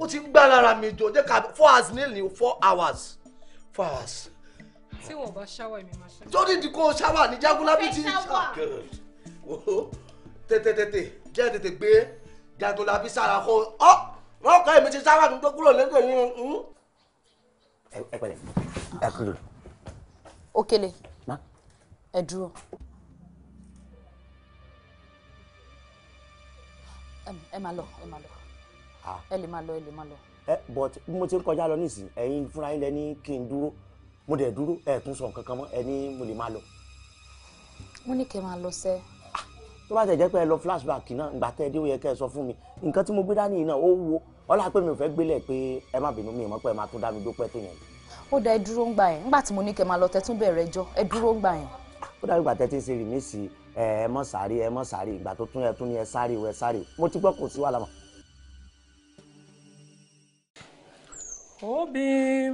ó ti ń gbá lára mi jọ jẹ́ ká four hours nílì four hours four hours. tí wọn bá ṣáwà èmi máa ṣáwà. tó ní ìdíkò ṣáwà ní Jagunlabi ti ṣáwà tètè tètè jẹ́ tètè gbé Jagunlabi sára kó ọ́ wọ́n kọ́ èmi ti ṣáwà nígbà kúrò lẹ́gbẹ̀ẹ́ yín. Hmm? ẹ pẹ̀lẹ́ ẹ kúrò. Okele. Ma. Ẹ Ẹ lọ, ẹ lọ, ẹ but mo ti lọ fúnra yín lẹ ní kí n dúró. Mo dúró, tún ẹ ní mo lè máa lọ. Mo ní máa lọ ah, Tó lọ flashback náà, ìgbà tẹ́ ẹ dé ó yẹ kẹ́ mi. Nǹkan tí mo gbé dání yìí náà ó wo. Ọlá pé mi ò fẹ́ gbélé pé ẹ má bínú ó da ẹ dúró ń gbà yẹn nígbà tí mo ní kẹ máa lọ tẹtún bẹ̀rẹ̀ ẹjọ́ ẹ dúró ń gbà yẹn. ó dàbí ìgbà tẹ́tí ṣe rìmíìsì ẹ mọ́ sáré ẹ mọ́ sáré ìgbà tó tún ẹ tún ní ẹ sáré ẹ sáré mo ti gbọ́ kò sí wàhálà mọ́. Obi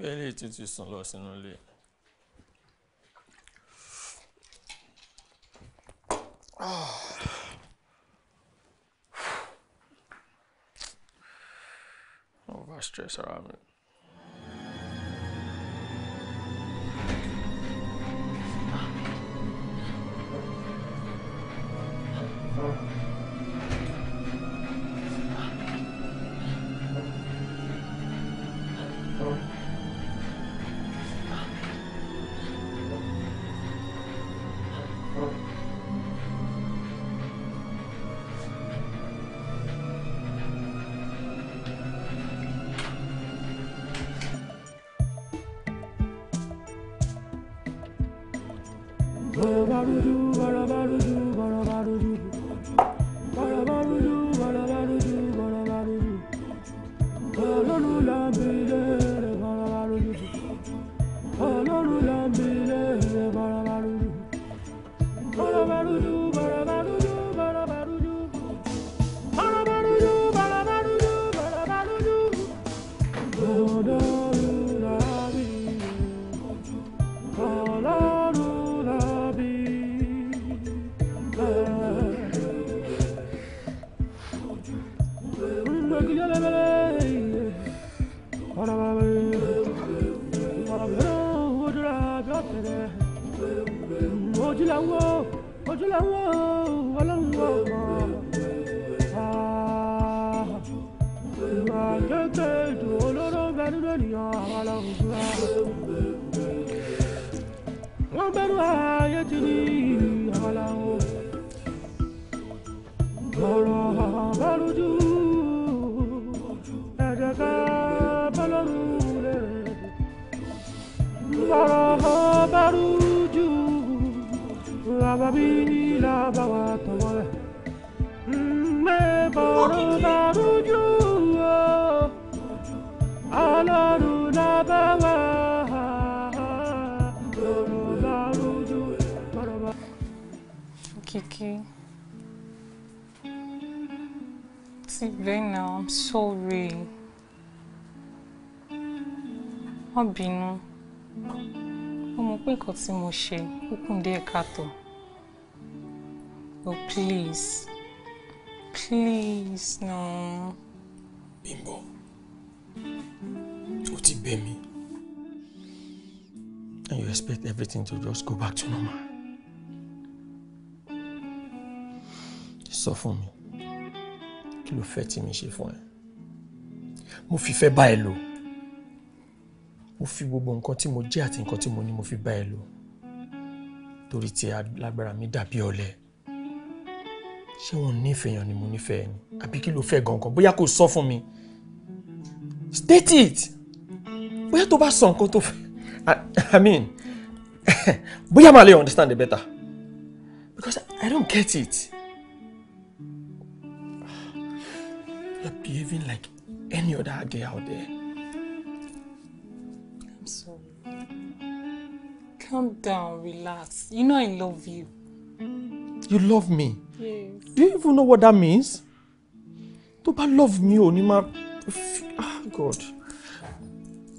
*laughs* bẹ́ẹ̀ lè tún ti sùn lọ sínú ilé. Oh. Oh, Rusty, sorry. tí mo ṣe ó kùn díẹ̀ káàtó oh, please please no. Bimbo, o ti bẹ̀ mí and you expect everything to just go back to normal. sọ fún mi kí ló fẹ́ tí mi ṣe fún ẹ mo fi fẹ́ bá ẹ lò mo fi gbogbo nǹkan tí mo jẹ́ àti nǹkan tí mo ní mo fi bá ẹ lò torí tí alágbára mi dàbí ọ̀lẹ ṣé wọn nífẹ̀ẹ́ yàn ni mo nífẹ̀ẹ́ ni àbí kí ló fẹ́ gangan bóyá kò sọ fún mi state it bóyá tó bá sọ nǹkan tó fẹ́ i mean *laughs* bóyá màá lè understand it better because i don't get it you are behaving like any other girl out there. Calm down, relax. You know I love you. You love me? Yes. Do you even know what that means? Toba love me ò ní máa ah God.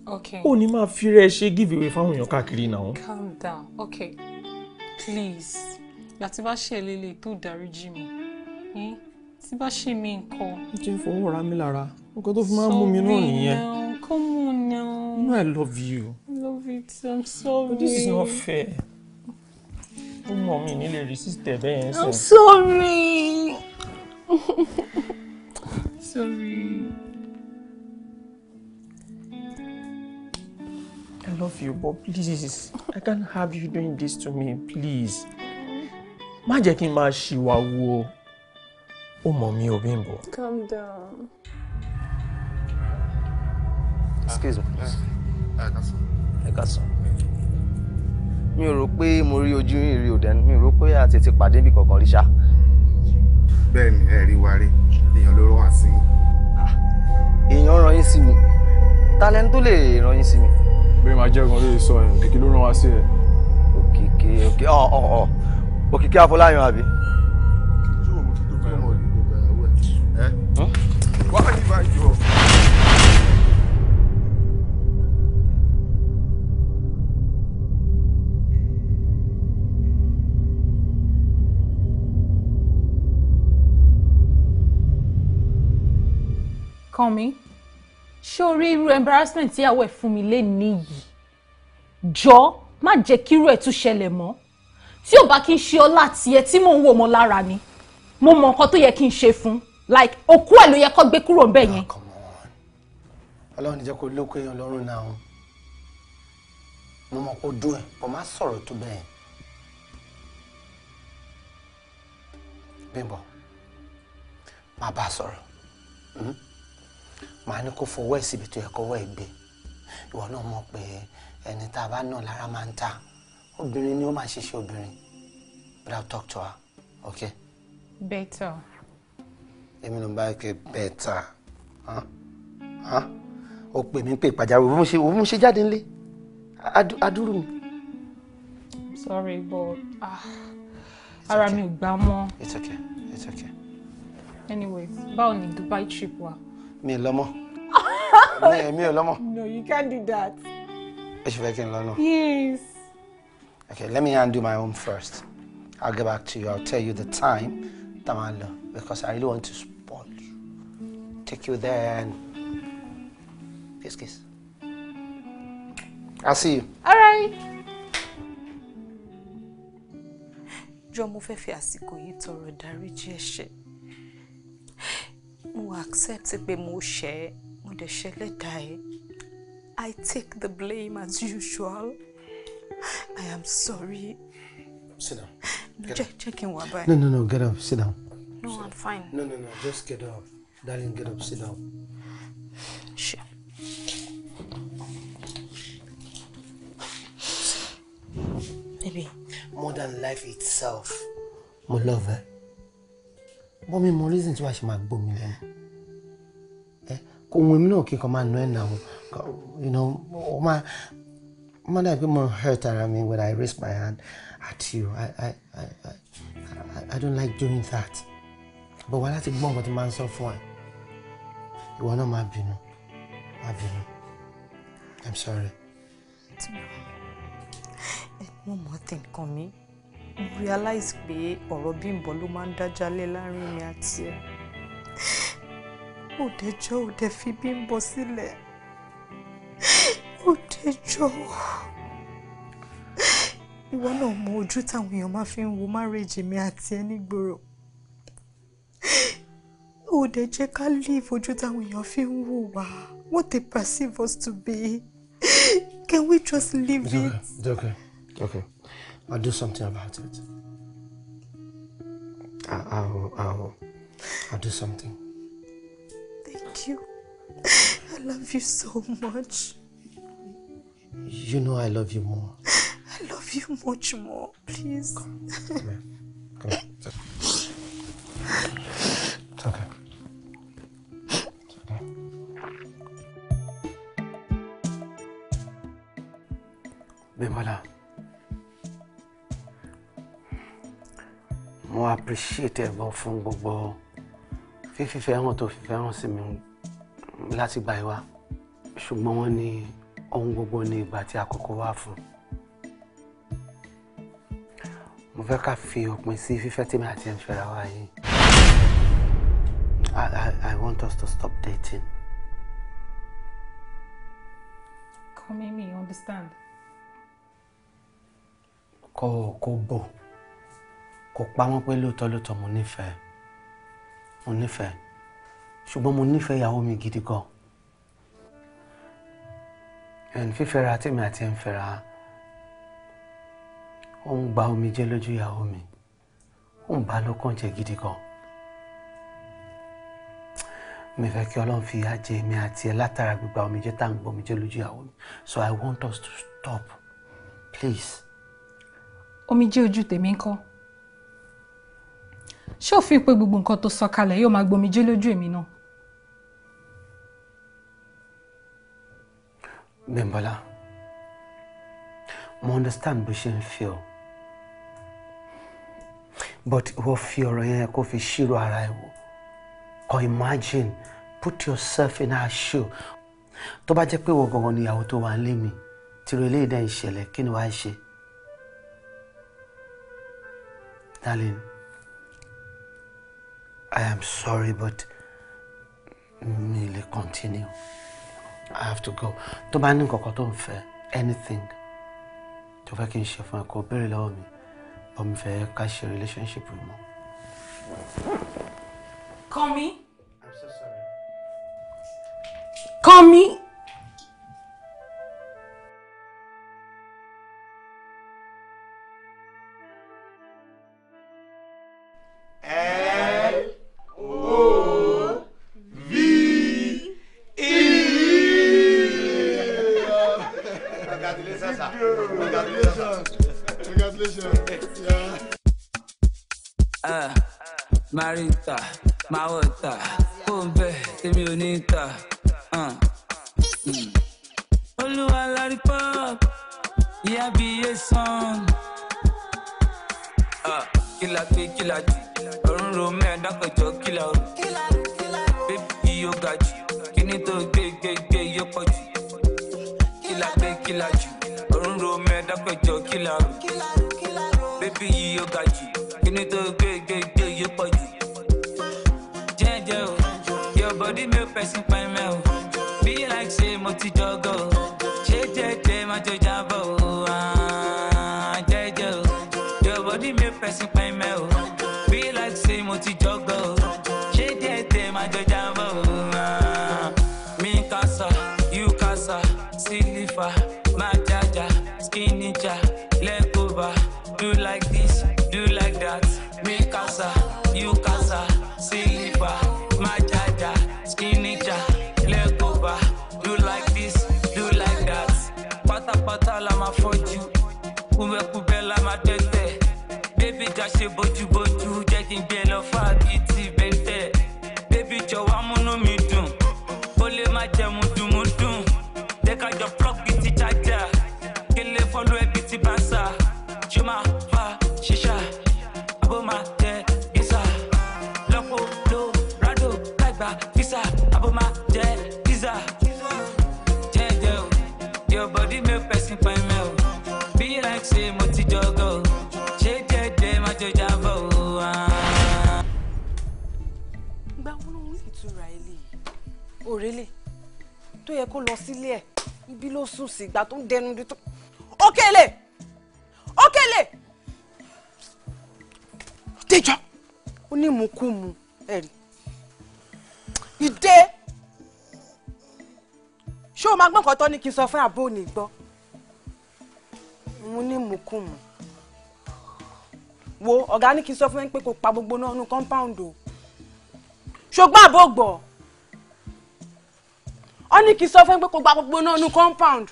Okay. Ò ní máa fi rẹ̀ ṣe give away your car káàkiri now. Calm down. Okay. Please. Yatiba she ṣe lélẹ̀ tó dáríjì mi. Hmm? Tí bá ṣe call. nǹkan. Ó ti ń fọwọ́ ra mi lára. Nǹkan tó fi máa ń Come on now. You know I love you it i'm sorry. but this is not fair. ó mọ mi nílé resist ẹ bẹ́ẹ̀ i'm sorry. *laughs* sorry. I love you, but please, I can't have you doing this to me, please. Má jẹ́ kí n máa ṣìwàwù o. Ó mọ̀ Calm down. Excuse me. Uh, uh, ẹ ká sọ. mi ò rò pé mo rí ojú yín rí òdẹ mi ò rò pé a tètè pàdé bí kankan rí ṣá. bẹ́ẹ̀ ni ẹ rí wa rí èèyàn ló rán wa sí yín. Ah, èèyàn rán yín sí mi ta lẹni tó lè rán yín sí mi. bí màá jẹ́ gan lóye sọ ẹ̀ òkìkí ló rán wa sí ẹ̀. òkìkí òkìkí ọ̀ ọ̀ ọ̀ òkìkí afọláyan àbí. wàá yí bá jọ. kàn mí ṣé o rí irú embarrassment tí ìyàwó ẹ̀ fún mi lé níyì jọ má jẹ́ kírú ẹ̀ tún ṣẹlẹ̀ mọ́ tí ò bá kí n ṣe ọlá tiẹ̀ tí mò ń wò mọ́ lára ni mo mọ nǹkan tó yẹ kí n ṣe fún like òkú ẹ̀ ló yẹ kó gbé kúrò ńbẹ̀ yẹn. Ah, ọlọ́run jẹ́ kó lóko èèyàn lọ́rùn náà o mo mọ̀ kó dún ẹ̀ kó má sọ̀rọ̀ tó bẹ́ẹ̀. bímbọ má bá a sọ̀rọ̀. Mm-hmm màá ní kó fọwọ́ ẹ̀ síbi tó yẹ kọ́wọ́ ẹ̀ gbé ìwọ náà mọ̀ pé ẹni tá a bá nà lára máa ń ta obìnrin ni ó máa ṣiṣẹ́ obìnrin but I'll talk to her okay. better. èmi ló ń bá yẹ pé better ó pè mí pé pàjáwìrì òun ṣe òun ṣe jáde nílé adúrú mi. sorry but ah, ara mi ò gbà mọ́. it's okay it's okay. anyway báwo ni Dubai trip wa mi ò lọ́mọ *laughs* mi ò lọ́mọ. no you can't do that. ẹ ṣe fẹ́ kí n lọ yes. okay let me handle my own first i'll get back to you i'll tell you the time tamalo because i really want to spoil you take you there and kiss kiss i'll see you. all right. jọ mo fẹ́ fi àsìkò yìí tọrọ dáríjì ẹ̀ṣẹ̀ mo accept pé mo ṣẹ̀ ẹ́ mo dẹ̀ ṣẹ̀ lẹ́dàá ẹ̀ I take the blame as usual I am sorry. Sit down. No, check, up. check in what No, no, no, get up, sit down. No, sit I'm fine. No, no, no, just get up. Darling, get up, sit down. Sure. Baby, More than life itself. Mo love her. Eh? bọ́ mi mọ reason tí wàá ṣe máa gbómi lẹ́nu ẹ kò ohun èmi náà kí n kàn máa nà ẹ̀ nà ọ́ ọ máa máa dàbí mo hurt ara mi when I raise my hand at you I I I I, don't like doing that but wàá láti gbọ́ nǹkan tí máa ń sọ fún ẹ ìwọ náà máa bínú máa bínú I'm sorry. mo mọ̀ ọ́ tẹ̀ nǹkan mi realize pé ọ̀rọ̀ Bímbọ́ ló máa ń dájálẹ̀ láàrin mi àti ẹ̀ òdẹjọ́ òdẹ fi Bímbọ́ sílẹ̀ òdẹjọ́ ìwọ náà mọ ojú táwọn èèyàn máa fi ń wo márèèjì mi àti ẹ nígboro òdẹ jẹ́ ká leave ojú táwọn èèyàn fi ń wò wá what they perceive us to be can we just leave it. okay. It's okay. It's okay. I'll do something about it. I'll, ah, I'll, ah, oh, ah, oh. I'll do something. Thank you. I love you so much. You know I love you more. I love you much more. Please. Come, come here. Come here. It's okay. Bimala. Okay. mo appreciate ẹ gan fún gbogbo fífífẹ́ hàn tó fífẹ́ hàn sí mi láti gbà ìwà ṣùgbọ́n wọ́n ní ohun gbogbo ní ìgbà tí àkókò wà fún mo fẹ́ ká fi òpin sí fífẹ́ tèmi àti ẹ̀ ń fẹ́ra wa yìí I, I, I want us to stop dating. Come, me understand. Kò kò bọ̀ kò pa wọ́n pé lóòótọ́ lóòótọ́ mo nífẹ̀ẹ́ mo nífẹ̀ẹ́ ṣùgbọ́n mo nífẹ̀ẹ́ ìyàwó mi gidi gan ẹn fífẹ́ra tèmi àti ẹ̀ fẹ́ra ó ń gba omi jẹ́ lójú ìyàwó mi ó ń bà lọ́kàn jẹ́ gidi gan mi fẹ́ kí ọlọ́run fi ajé mi àti ẹ̀ látara gbígba omi jẹ́ tá à ń gbọ́ omi jẹ́ lójú ìyàwó mi so I want us to stop please. omi jẹ́ ojú tèmi ń kọ́ ṣé òfin pé gbogbo nǹkan tó sọ kalẹ̀ yóò máa gbomijé lójú èmi náà. Bímbọ́lá mo understand bó ṣe ń fi ọ but ìwọ fi ọ̀rọ̀ yẹn kó fi ṣírò ara ẹ wò kò imagine put yourself in her shoe tó bá jẹ́ pé ìwọ gangan ni ìyàwó tó wà ń lé mi tìrò eléyìí dá ìṣẹ̀lẹ̀ kí ni wàá ṣe darling. I am sorry, but merely continue. I have to go. Tó bá ní nǹkankan tó ń anything tó fẹ́ kí n ṣe fún ẹ kó béèrè lọ́wọ́ mi bọ́ mi fẹ́ ká ṣe relationship mọ́. Call me. I'm so sorry. Call me. ìgbà tó ń dẹnu dúdú. Òkèlè Òkèlè Tẹ́jọ́ ó ní ìmúkúmu ẹ̀rí ìdè ṣé o máa gbọ́ nǹkan tó ní kí n sọ fún àbó òní gbọ́ mo ní ìmúkúmu wo ọ̀gá ní kí n sọ fún ẹ pé kò pa gbogbo náà nínú compound ṣùgbọ́n àbó gbọ́ ọ ní kí n sọ fún ẹ pé kò pa gbogbo náà nínú compound.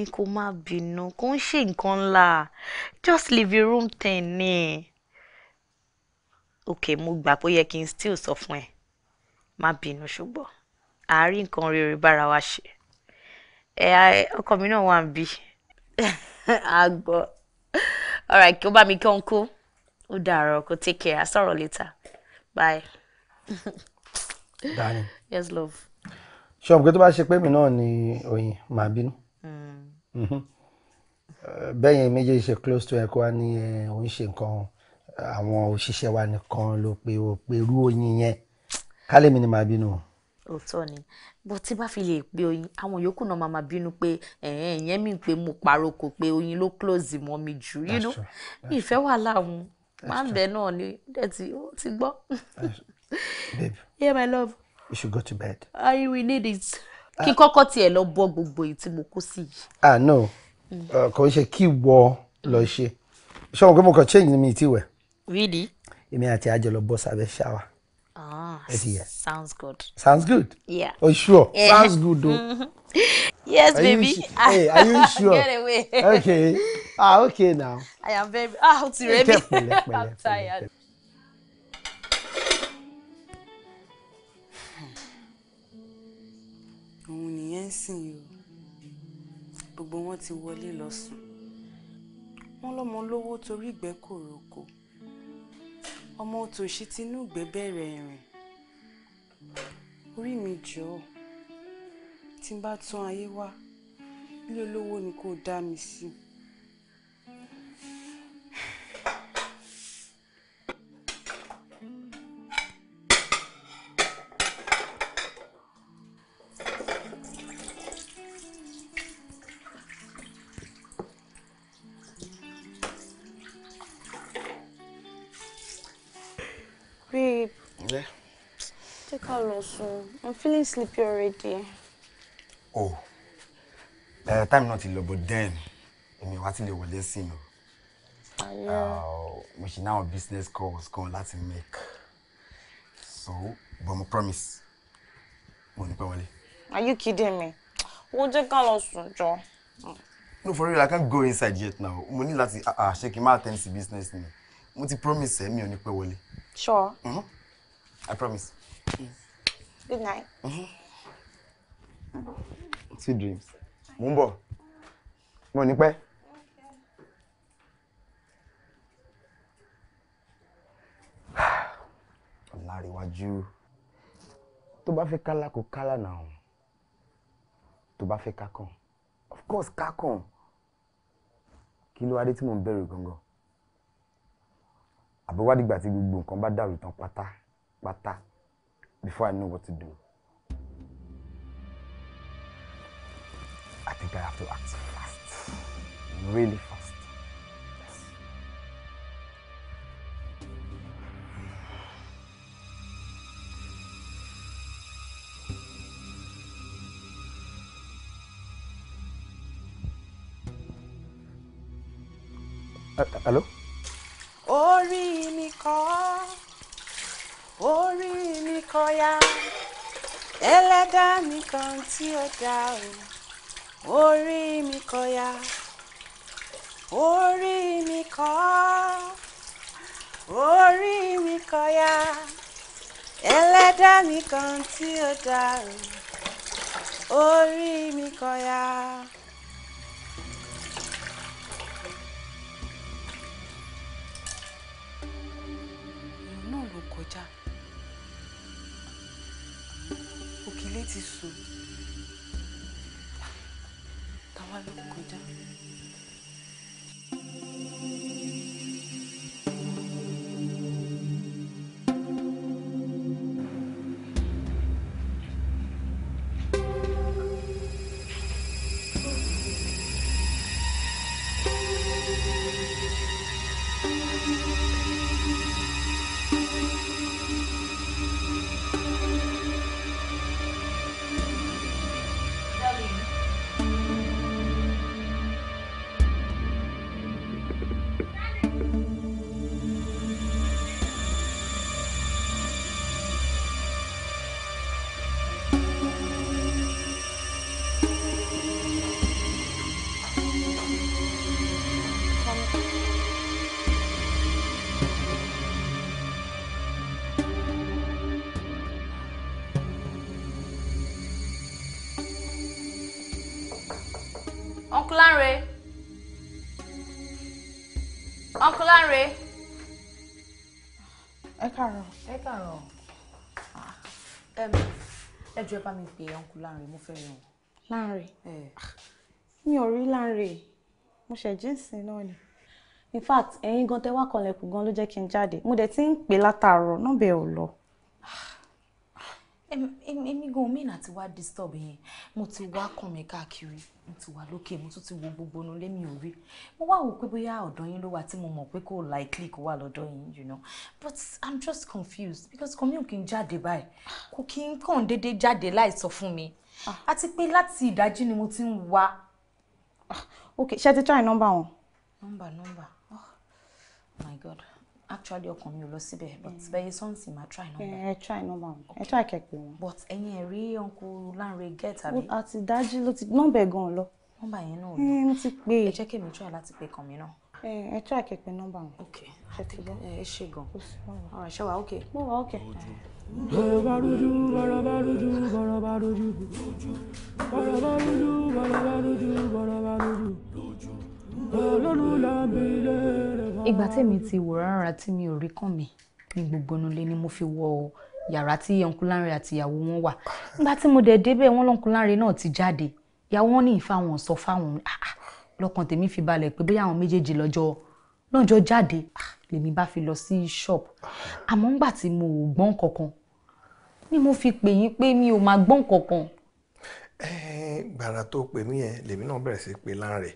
ní kó má bínú kó ń ṣe nǹkan ńlá just leave your room ten ní. ok mo gbà pé ó yẹ kí n still sọ fún ẹ má bínú ṣùgbọ́n àárín nǹkan rere bára wa ṣe ẹ ọkọ mi náà wà ń bí àgbọ *laughs* alright kí ó bá mi kí ó ń kó ó dàárọ̀ kó take care àsọ̀rọ̀ later bye. Darling. yes love. ṣé ọ̀gbẹ́ tó bá ṣe pé mi náà ni oyin màá bínú. Mm-hmm. bẹ́yìn méjèèjì ṣe close to ẹ̀kọ́ wa ní òun ṣe nǹkan àwọn òṣìṣẹ́ wa nìkan ló pe ó pe irú oyin yẹn kálẹ̀ mi ni màá bínú. òótọ́ ni bó tí bá fi lè pe oyin àwọn yòókù náà máa bínú pé ìyẹn mi pé mo paroko pé oyin ló close mọ́ mi jù yín nú ìfẹ́ wà láwọn máa ń bẹ náà ni dẹ̀ tí ó ti gbọ́. babe *laughs* yeah my love. we should go to bed. I will need it kí kọ́kọ́ tiẹ̀ lọ bọ́ gbogbo èyí tí mo kó sí yìí. ah no uh, kò ń ṣe kí wọ lọ ṣe ṣé wọn pé mo kàn change mi ti wẹ. really. èmi àti àjọ lọ bọ́ sábẹ́ ṣáwa. ah sounds good. sounds good. yeah. oh sure yeah. sounds good o. *laughs* yes are baby. You, hey are you *laughs* sure. get away. okay ah okay now. i am very ah o ti rẹ mi. *laughs* i'm tired. nìyẹn ń sìn yìí o gbogbo wọn ti wọlé lọ sùn wọn lọmọ lówó torí ìgbẹ́ kòròkò ọmọ òtòṣì tinú ìgbẹ́ bẹ̀rẹ̀ ìrìn orí mi jọ tí n bá tún ayé wá ilé olówó ni kò dá mi sí. Si. I'll soon. I'm feeling sleepy already. Oh. Uh, time not in love, but then, èmi wá ti lè wọlé sí mi. we should now business calls kan láti make. So, but mo promise, mo ní pẹ́ Are you kidding me? Wo jẹ́ ká lọ sùn jọ. No, for real, I can't go inside yet now. Mo ní láti ah, ah, ṣe kí n máa tẹ́ sí business ni. Mo promise ẹ̀ mi ò ní Sure. Mm -hmm. I promise. Good night. Uh-huh. Sweet dreams. Mumbo. Morning bọ̀. Mo ní pẹ́. Ọ̀làríwájú. Tó fe kala ko kala kálá náà. Tó bá fẹ́ Of course kakon. Kí ló wá dé tí mò ń bẹ̀rù gangan? Àbúwádìí gbà tí gbogbo nǹkan bá dàrú tán pátápátá. before I know what to do. I think I have to act fast, really fast. Yes. Uh, hello? kọ́yá ẹlẹ́dá mi kan tí ó dá o orí mi kọ́yá orí mi kọ́ orí mi kọ́yá ẹlẹ́dá mi tí ó dá o orí mi kọ́yá. ẹjọ́ ẹ bá mi pè ọ̀nkú láàrin mo fẹ́ rẹ̀ wọ́n. láàrin mi ò rí láàrin mo ṣe jíǹsì náà ni in fact ẹ̀yin gan tẹ́ wá kanlẹ̀kùn gan ló jẹ́ kí n jáde mo dẹ̀ ti ń pè látàárọ̀ náà bẹ́ẹ̀ ò lọ èmi gan mi náà ti wá disturb yẹn mo ti wá kàn mí káàkiri mo ti wà lókè mo tún ti wo gbogbo inú lémi ò rí mo wá wò pé bóyá ọ̀dọ̀ yín ló wà tí mo mọ̀ pé kò likely kó wà lọ́dọ̀ yín you know but i'm just confused because kò mí ò kí n jáde báyìí kò kí n kàn déédéé jáde láì sọ fún mi ah. àti pé láti ìdájí ni mo ti ń wá. Ah, ok ṣé ti try nọ́mbà wọn. nọ́mbà nọ́mbà oh my god actually ọkàn mi ò lọ síbẹ̀ but mm. bẹ́ẹ̀ sọ́ọ̀sì máa try number. ẹ eh, try number wọn ẹ eh, try kẹpẹ wọn. but ẹyin ẹ rí uncle Lanre get àbí. àti dájú ló ti nọ́mbà gan lọ. nọ́mbà yẹn náà eh, lọ ẹ ti pè é. ẹ jẹ́ kí èmi try láti pè kàn mí náà. ẹ ẹ try kẹpẹ nọ́mbà wọn. ok ṣe ti gbọ́ ẹ ṣe gan. ọ̀rọ̀ ṣe wa ok. mo wa ok. bọ̀rọ̀bá rojú bọ̀rọ̀bá rojú bọ̀rọ̀bá rojú bọ̀rọ̀bá rojú bọ̀rọ̀bá rojú bọ̀rọ̀bá rojú ìgbà tèmi ti wò rárá tí mi ò rí kàn mí ní gbogbo nulẹ̀ ni mo fi wọ yàrá tí ọ̀nkúlárin àti ìyàwó wọn wà nígbà tí mo dẹ̀ débẹ̀ wọn lọ́nkúlárin náà ti jáde ìyàwó wọn ní ìfà sọ fáwọn ah, ah, lọ́kàn tèmi fi balẹ̀ pé bóyá àwọn méjèèjì lọ́jọ́ lọ́jọ́ jáde ah, lèmi bá fi lọ sí ṣọ́ọ̀bù àmọ́ ńgbà tí mo ò gbọ́n kankan ni mo fi pè yín pé mi ò máa gbọ́n kankan. gbàrà tó pè mí yẹn lèmi náà bẹ̀rẹ̀ sí pé láǹrẹ̀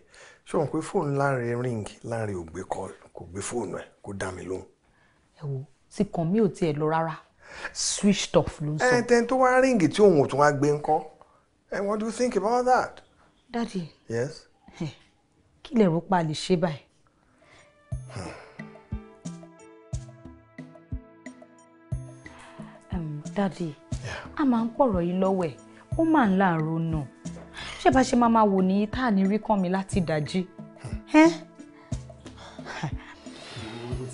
ṣé wọn pé fóònù Lanre ring Lanre ò gbé call kò gbé fóònù ẹ kó dá mi lóhùn. ẹ wo tí kàn mí ò tiẹ̀ lọ rárá switched off ló ń sọ. ẹ tẹ́ni tó wá ríǹgì tí òun ò tún wá gbé ń what do you think about that. dadi yes. kí lè rò pa lè ṣe báyìí. Hmm. dadi a máa ń pọ̀rọ̀ yìí lọ́wọ́ ẹ̀ ó máa ń láàárọ̀ náà ṣé bá ṣe máa máa wò ní tá à ní rí kàn mí láti dàjí.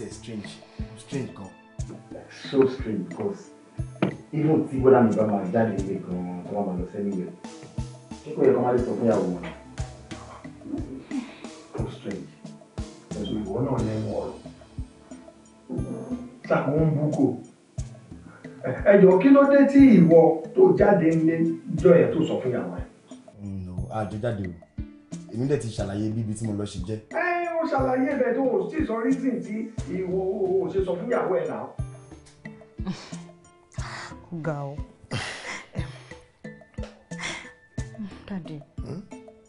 it so strange because even tí bọ́lá mi bá máa jáde nílé gan-an tó bá máa lọ sẹ́ni yẹn kíkọ́ yẹ kó má lè sọ fún ìyàwó wọn. so strange pẹ̀lú ìwọ náà lẹ́nu ọ̀rọ̀ ṣàwọn ń búkò ẹ̀jọ̀ kí ló dé tí ìwọ tó jáde nílé jọ yẹn tó sọ fún ìyàwó yẹn àjọjáde o èmi dẹ̀ ti ṣàlàyé bíbi tí mo lọ ṣe jẹ́. ẹ ó ṣàlàyé ibẹ̀ tó o sì sọ reason tí ìwọ o ṣe sọ fún ìyàwó ẹ̀ náà. ó *laughs* ga O dadi hmm?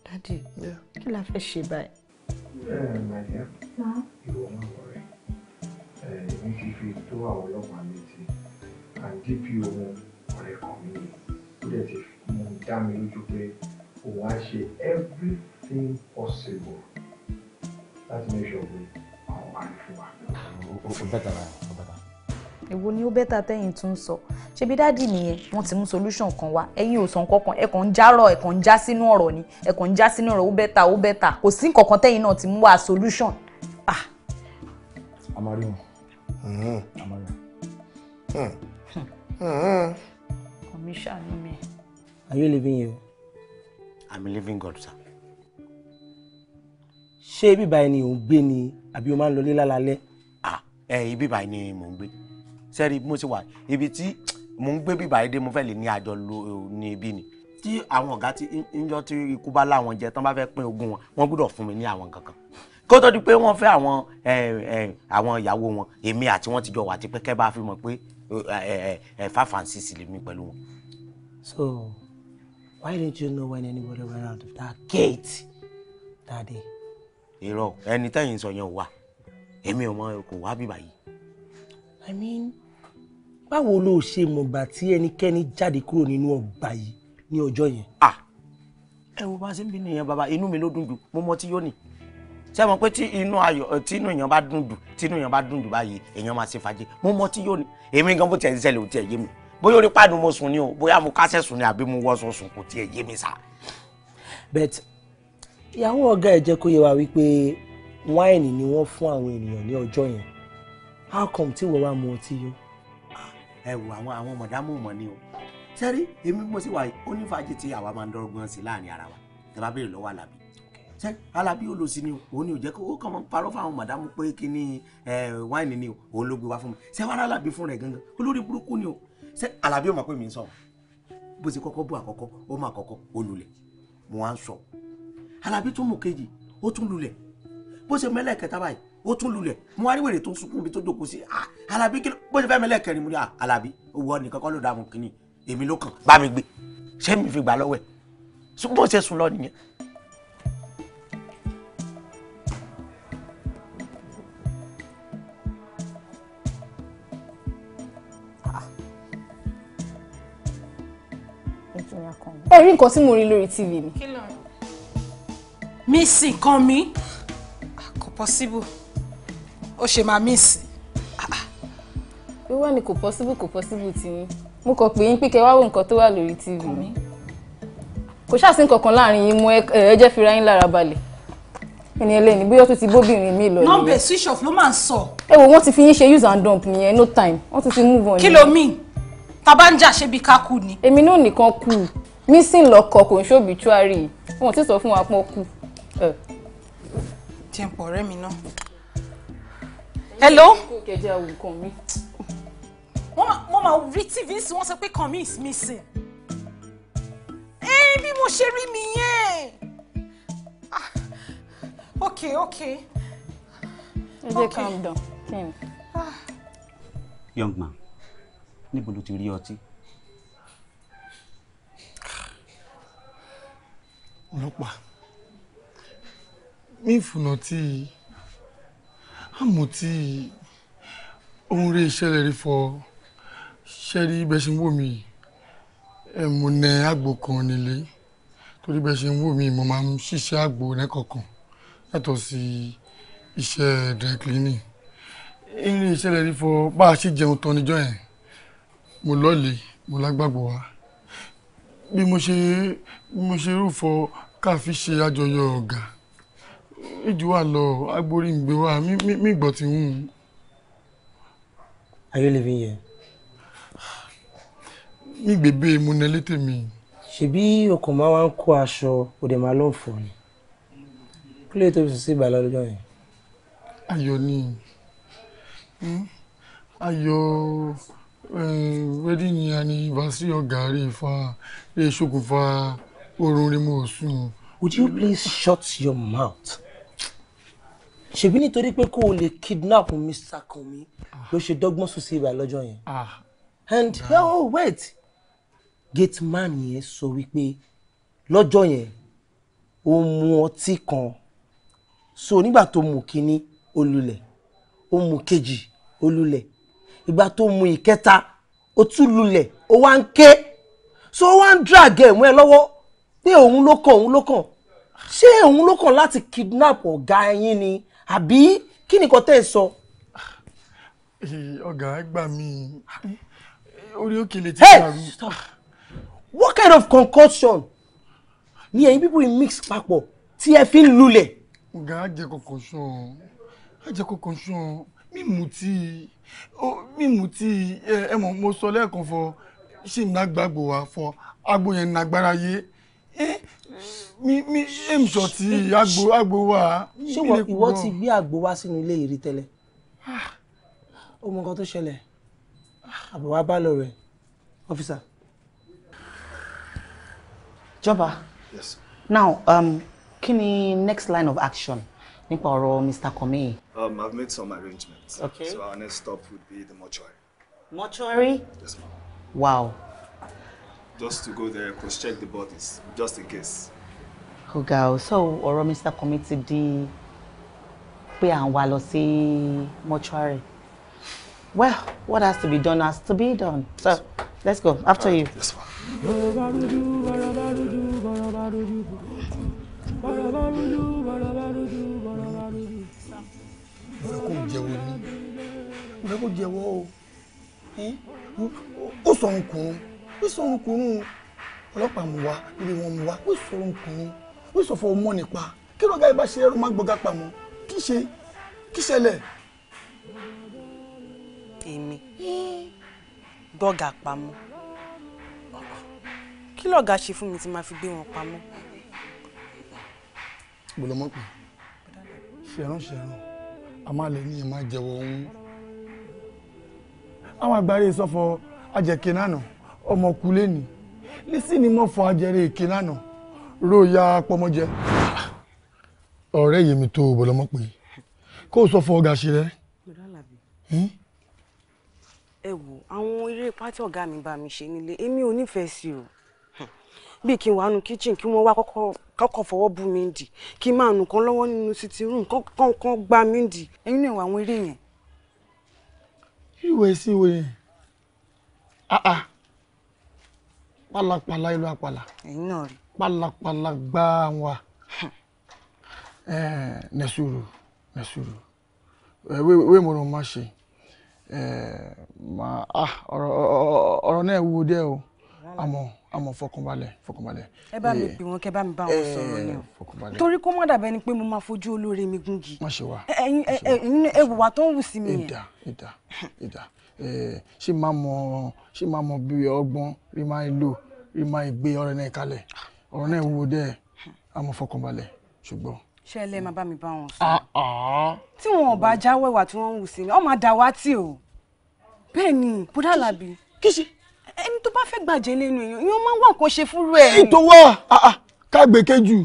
dadi kí la fẹ́ ṣe báyìí. my dear ìwọ máa wọrẹ èmi ti fi tó àwọn ọlọ́pàá létí and dp ohun ọ̀rẹ́ kan mi ó dẹ̀ ti mú dá mi lójú pé òun á ṣe everything possible láti make sure pé àwọn parí fún wa. o better, ra o bẹ́tà. èwo ni ó bẹ́tà tẹ́yìn tún sọ ṣebí dáàdì nìyẹn wọ́n ti mú solution kan wá ẹ̀yin ò sàn kankan ẹ̀ kàn ń járọ̀ ẹ̀ kàn ń já sínú ọ̀rọ̀ ni ẹ̀ kàn ń já sínú ọ̀rọ̀ ó bẹ́tà ó bẹ́tà kò sí nǹkan tẹ́yìn náà ti mú wá solution. Ah. a máa rí wọn hmm. a máa rí wọn. Hmm. Hmm. ni mi. are you leaving here? i'm a living god sir. ṣé bíbá ẹni ò ń gbé ni àbí o máa ń lọlé lálálẹ́. ah ẹ bíbá ẹni mò ń gbé sẹ́ẹ̀rì mo ti wà ibi tí mò ń gbé bíbá ẹdẹ mo fẹ́ lè ní àjọ ní ibi ni tí àwọn ọ̀gá tí ńjọ tí ikú bá láwọn jẹ tán bá fẹ́ pín ogún wọn wọ́n gbọ́dọ̀ fún mi ní àwọn kankan kó tó di pé wọ́n fẹ́ àwọn àwọn ìyàwó wọn èmi àti wọ́n ti jọ wà tipẹ́ kẹ́ bá fi mọ̀ pé fáfáǹsì sì lèmi pẹ̀lú so Why didn't you know when anybody went out of that gate Daddy? day? Irọ́ ẹni tẹ́yìn sọ yẹn wà. Èmi ò mọ kò wá bí báyìí. I mean, why would you mọ̀gbà tí ẹnikẹ́ni jáde kúrò nínú ọgbà yìí ní you're yẹn? Ah! Ẹ wo bá ṣe ń bí nìyẹn bàbá, inú mi ló dùn jù, mo mọ tí yóò nì ṣé mọ̀ pé tí inú ayọ̀ tí inú èèyàn bá dùn dù tí inú èèyàn bá dùn dù báyìí èèyàn máa ṣe fàájì bóyá orí pàdé mo sùn ni o bóyá mo kásẹ̀ sùn ni àbí mo wọ́sọ̀ sùn kò tiẹ̀ yé mi sá. bet ìyàwó ọ̀gá ẹ̀ jẹ́ kó yé wa wípé wáìnì ni wọ́n fún àwọn ènìyàn ní ọjọ́ yẹn how come tí wọ́n wá mu ọtí yó. ẹ wo àwọn àwọn mọ̀dámù mọ̀ ni o sẹ́rí èmi mo sì wà onífàájì tí àwa máa ń dọ́gbọ́n sí láàrin ara wa tẹ́lá béèrè lọ́wọ́ àlàbí sẹ́rí àlàbí ó lò sí ni o òun ni ò jẹ́ kó ó kàn máa ń parọ́ fáwọn mọ̀dámù pé kí ni wáìnì ni o òun ló gbé wá fún mi sẹ́wọ́n àlàbí fún rẹ̀ gangan olórí burúkú ni o se alábí ò mọ̀ pé mi ń sọ bó ṣe kọ́kọ́ bú àkọ́kọ́ ó mà kọ́kọ́ ó lulẹ̀ mo wá ń sọ alábí tún mú kejì ó tún lulẹ̀ bó ṣe mẹ́lẹ̀ kẹta báyìí ó tún lulẹ̀ mo wá rí wèrè tó ń sunkún mi tó jókòó sí ah, alábí kí bó ṣe fẹ́ mẹ́lẹ̀ kẹrin mo ní ah, alábí owó nìkan kọ́ ló dààmú kínní èmi ló kàn bá mi gbé ṣé mi fi gbà lọ́wọ́ ẹ̀ bó ṣe sùn lọ nìyẹn ẹ rí nǹkan tí mo rí lórí tv mi. kí ló ń mísì kan mi ah, kò possible ó ṣe máa mísì. wíwá ni kò possible kò possible ti yín mo kàn pè yín pé kẹ́ wá wo nǹkan tó wà lórí tv mi kò ṣàṣìn kankan láàrin yín mú ẹ jẹ́ fira yín lára balẹ̀ ẹni ẹlẹ́ni bóyá tó ti bóbìnrin mi lọ nìyẹn. nọ́mbẹ̀ switch off ló máa ń sọ. ẹ wo wọ́n ti fi yín ṣe use and dump nìyẹn no time wọ́n ti fi move on. kí ló mean tá a bá ń jà ṣébi ká kú ni. èmi náà nìkan kú mísìn lọkọ kò ń ṣòbítúárì wọn ò tí sọ fún wa pọ́n kú. jẹ́ pọ̀ ọ̀rẹ́ mi náà. hello. kẹjá wù kàn mí. wọ́n máa rí tv sí wọ́n sọ pé kàn mí is missing. ẹ bí mo ṣe rí mi yẹn. Ah, ok ok. ẹ jẹ́ calm down. Ah. young man níbo ló ti rí ọtí. ọlọ́pàá mi ìfúnà tí àmọ́ tí òun rí ìṣẹ̀lẹ̀ rí fọ ṣẹ́rí bẹ́ẹ̀ ṣe ń wò mí ẹ̀ mo nẹ àgbò kan nílé torí bẹ́ẹ̀ ṣe ń wò mí mo máa ń ṣiṣẹ́ àgbò nẹ́kọ̀ọ̀kan yàtọ̀ sí iṣẹ́ dry cleaning ìrìn ìṣẹ̀lẹ̀ rí fọ bá a ṣe jẹun tán níjọ́ yẹn mo lọ́ọ̀lẹ̀ mo lágbàgbọ́ wa bí mo ṣe bí mo ṣe rúfọ ká fi ṣe àjọyọ̀ ọ̀gá ìjù wà lọ agbórí ìgbé wa mí gbọ́ ti hùn. Are you living here? ní gbègbè ìmúnilé tèmi. ṣebí ọkàn máa wá ń kó aṣọ òde máa ló ń fọ ni kí ló tó fi sí ìbàlá lọ́jọ́ yẹn. ayọ̀ ni hmm? ayọ̀. Hmm? Eh, wedding anniversary ọ̀gá rẹ̀ fa rẹ̀ ṣokùnfà oorun rẹ̀ mọ̀ would you please shut your mouth? ṣèbí nítorí pé kó o lè kidnap Mr. Kànmí ló ṣe dọ́gbọ́n sùn sí ibà lọ́jọ́ yẹn. Ah. and ah. oh wait gate man yẹn sọ wípé lọ́jọ́ yẹn ó mu ọtí kan so nígbà tó mu kínní ó lulẹ̀ ó kejì ó ìgbà tó mu ìkẹta ó tún lulẹ̀ ó wá ń ké so ó wá ń drag ẹ̀wọ̀n ẹ lọ́wọ́ pé òun ló kàn òun ló kàn ṣé òun ló kàn láti kidnap ọ̀gá yín ni àbí kí ni nǹkan tẹ́ ẹ sọ. ọ̀gá gbà mí orí òkè lè ti dàrú. what kind of concussion? ni ẹ̀yin bíbú mix papọ̀ tí ẹ fi ń lulẹ̀. ọ̀gá á jẹ́ kọ̀ọ̀kan sùn á jẹ́ kọ̀ọ̀kan sùn mi mutí mi mutí ẹ mọ̀ mo sọ lẹ́ẹ̀kan fọ ṣì ń gbàgbọ́ wa fọ agbo yẹn nàgbára yé mi mi èmi sọ ti agbo agbo wa. ṣé ìwọ ti gbé agbo wá sínú ilé yìí rí tẹ́lẹ̀ ó mọ nǹkan tó ṣẹlẹ̀ àbọ̀ wa bá lọ rẹ̀ ọ́fíìsà. jọba now um, kí ni next line of action nípa ọ̀rọ̀ Mr. Kome. Um, I've made some arrangements. Okay. So our next stop would be the mortuary. Mortuary? Yes, ma'am. Wow. Just to go there, cross-check the bodies, just in case. Ọ̀gá o, so ọ̀rọ̀ Mr. Kome ti di pé à ń wá lọ sí mortuary. Well, what has to be done has to be done. So, let's go. After right. you. Yes, kó jẹ́wọ́ ní mo fẹ́ kó jẹ́wọ́ o ó sọ nkùnrin ó sọ nkùnrin ọlọ́pàá mú wa ibi wọn mú wa ó sọ nkùnrin ó sọ fún ọmọ nípa kí lọ́gá ibà ṣe ẹrú má gbọ́gá pamọ́ kí ṣe kí ṣẹlẹ̀. èmi gbọ́gà pamọ́ kí lọ́gà ṣe fún mi tí máa fi gbé wọn pamọ́. gbọ́dọ̀ mọ̀ pé ṣẹ̀rán ṣẹ̀rán a máa lè níyẹn máa jẹ́wọ́ ohun àwọn àgbáre ìsọfọ ajẹ̀kẹ́ náà ọmọkulé ni lísì ni mo fọ ajẹ̀rẹ̀ èké náà róòyà pọmọjẹ. ọ̀rẹ́ yèmi tó o pé kó o sọ ọ̀gá ṣe rẹ. Hmm? ẹ wo àwọn eré pátí ọ̀gá mi bá mi ṣe nílé èmi ò nífẹ̀ẹ́ sí o bí kí n wà nù kitchen kí wọ́n wá kọ́kọ́ fọwọ́ bù mí dì kí n máa nù kan lọ́wọ́ nínú sitting room kọ́kọ́ kan gbá mí dì ẹ̀yin náà wà àwọn eré yẹn. ìwé sí ìwé yẹn àà ah, ah. pálapàla ìlú àpàlà ẹ̀yin náà wa *laughs* eh, nẹ̀sùrù nẹ̀sùrù eh, wé mo rò má ṣe eh, ah, ọ̀rọ̀ náà wúwo díẹ̀ o àmọ́ àmọ́ fọkànbalẹ̀ fọkànbalẹ̀. ẹ bá mi eh, pè wọn kẹ bá mi bá wọn eh, sọ̀rọ̀ ni o torí kó má dàbẹ ni pé mo máa fojú olóore mi gúngi. má ṣe wá ẹyin ẹwùwà tó ń wù sí mi yẹn. ìdá ìdá ìdá ṣé máa mọ ṣé máa mọ bí ọgbọ́n rí máa lò rí máa gbé ọ̀rẹ́ náà kalẹ̀ ọ̀rọ̀ náà wúwo dẹ àmọ́ fọkànbalẹ̀ ṣùgbọ́n ṣe ẹ lẹ máa bá mi bá wọn sọ ah, ah. tí wọn ò bá jáwọ́ ìwà tí wọn ń wù sí mi ọ máa dàwátì o bẹ́ẹ̀ ni bùdá làbí. kí ṣe ẹni tó bá fẹ́ gbàjẹ́ lẹ́nu èèyàn yóò máa ń wà kó ṣe fúru ẹ̀. èyí tó wà kágbé kejì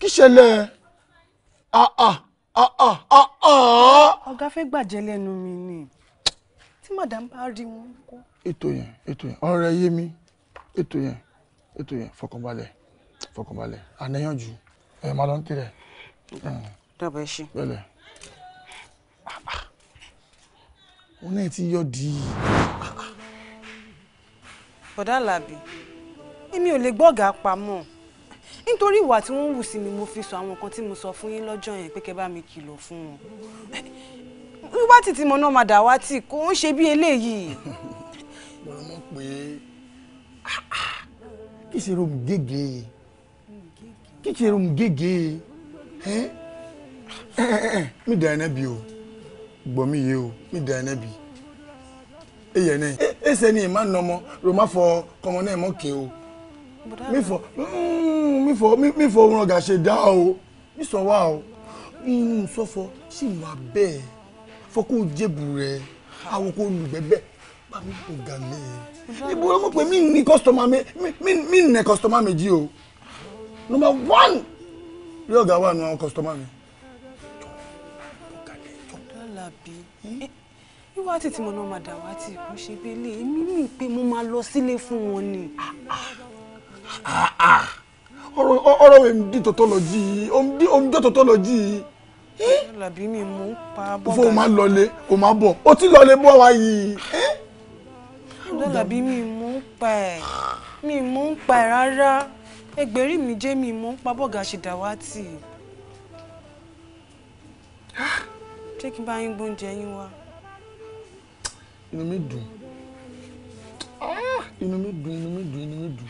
kí ṣẹlẹ̀ ọ̀gá fẹ́ gbàjẹ́ lẹ́nu mi ni tí madam bá rí wọn kọ́. ètò yẹn ètò yẹn ọ̀rọ̀ ẹ̀ yé mi ètò yẹn ètò yẹn fọkànbalẹ̀ fọkànbalẹ̀ àníyànjú ẹ máa lọ ń tirẹ̀. dábàá ẹ ṣe. bẹ́ẹ̀ wọn náà ti yọ di bọ̀dá làbí èmi ò lè gbọ́gà pamọ́ nítorí ìwà tí wọ́n wù sí mi mo fi sọ àwọn nǹkan tí mo sọ fún yín lọ́jọ́ yẹn pé kẹ́ bá mi kìlọ̀ fún wọn wíwá títí mọ náà máa dàwátì kò ń ṣe bí eléyìí. mo mọ̀ pé kí ṣe rom gègé kí ṣe rom gègé mi dà ẹ̀ náà bí o gbọ́ mi yé o mi dà ẹ̀ náà bí ese ni ma nomo roma for komo na e mo ke o mi for mi for mi, mi for mm, won ga se da o mi so wa o mm so fo si wa be fo ko jebu awo ko lu bebe ba mi ko ga le ibu mo pe mi ni customer mi mi mi ne customer ji o number 1 ri ọ̀gá wa nu àwọn customer mi Alabi wíwá tètè mo náà máa dà wá tí kò ṣe bí ilé èmi ní pé mo máa lọ sílé fún wọn ni. Ah, ah, ah. ọ̀rọ̀ rẹ̀ ń di tòótọ́ lọ jí i ó ń jọ́ tòótọ́ lọ jí i. làbí mi mú pa bọ́gà. fún o máa lọlé o máa bọ̀ o ti lọlé bọ́ wa yìí. làbí mi mú pa ẹ̀ mi mú pa ẹ̀ rárá ẹgbẹ̀rí mi jẹ́ mi mú pa bọ́gà ṣe dà wá tì. ṣé kí n bá yín gbóúnjẹ yín wá inú mi dùn ah, inú mi dùn inú mi dùn inú mi dùn.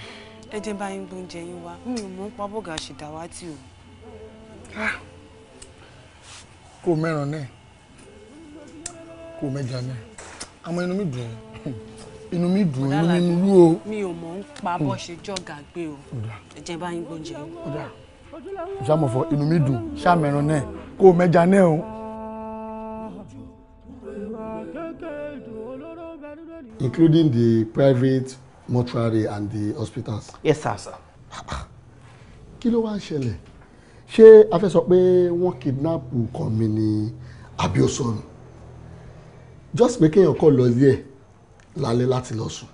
ẹ jẹ́ bá yín gbóúnjẹ yín wá mi ò mọ̀ ń pa bọ́gà o. Ah, kò mẹ́ràn náà kò mẹ́ja náà àmọ́ inú mi dùn *clears throat* inú mi dùn inú mi nulú o. mi ò mọ̀ ń pa bọ́ hmm. ṣe jọ̀gà gbé o ẹ jẹ́ bá yín gbóúnjẹ yín. ìṣàmọ̀fọ̀ inú mi dùn ṣàmẹ̀ràn náà kò mẹ́ja náà o. including the private mortuary and the hospitals. yes sir. sir. kí ló wá ń ṣẹlẹ̀ ṣé a fẹ́ sọ pé wọ́n kidnap nǹkan mi ní abiosonu just pé kéèyàn kọ́ lọ yẹ lálẹ́ láti lọ sùn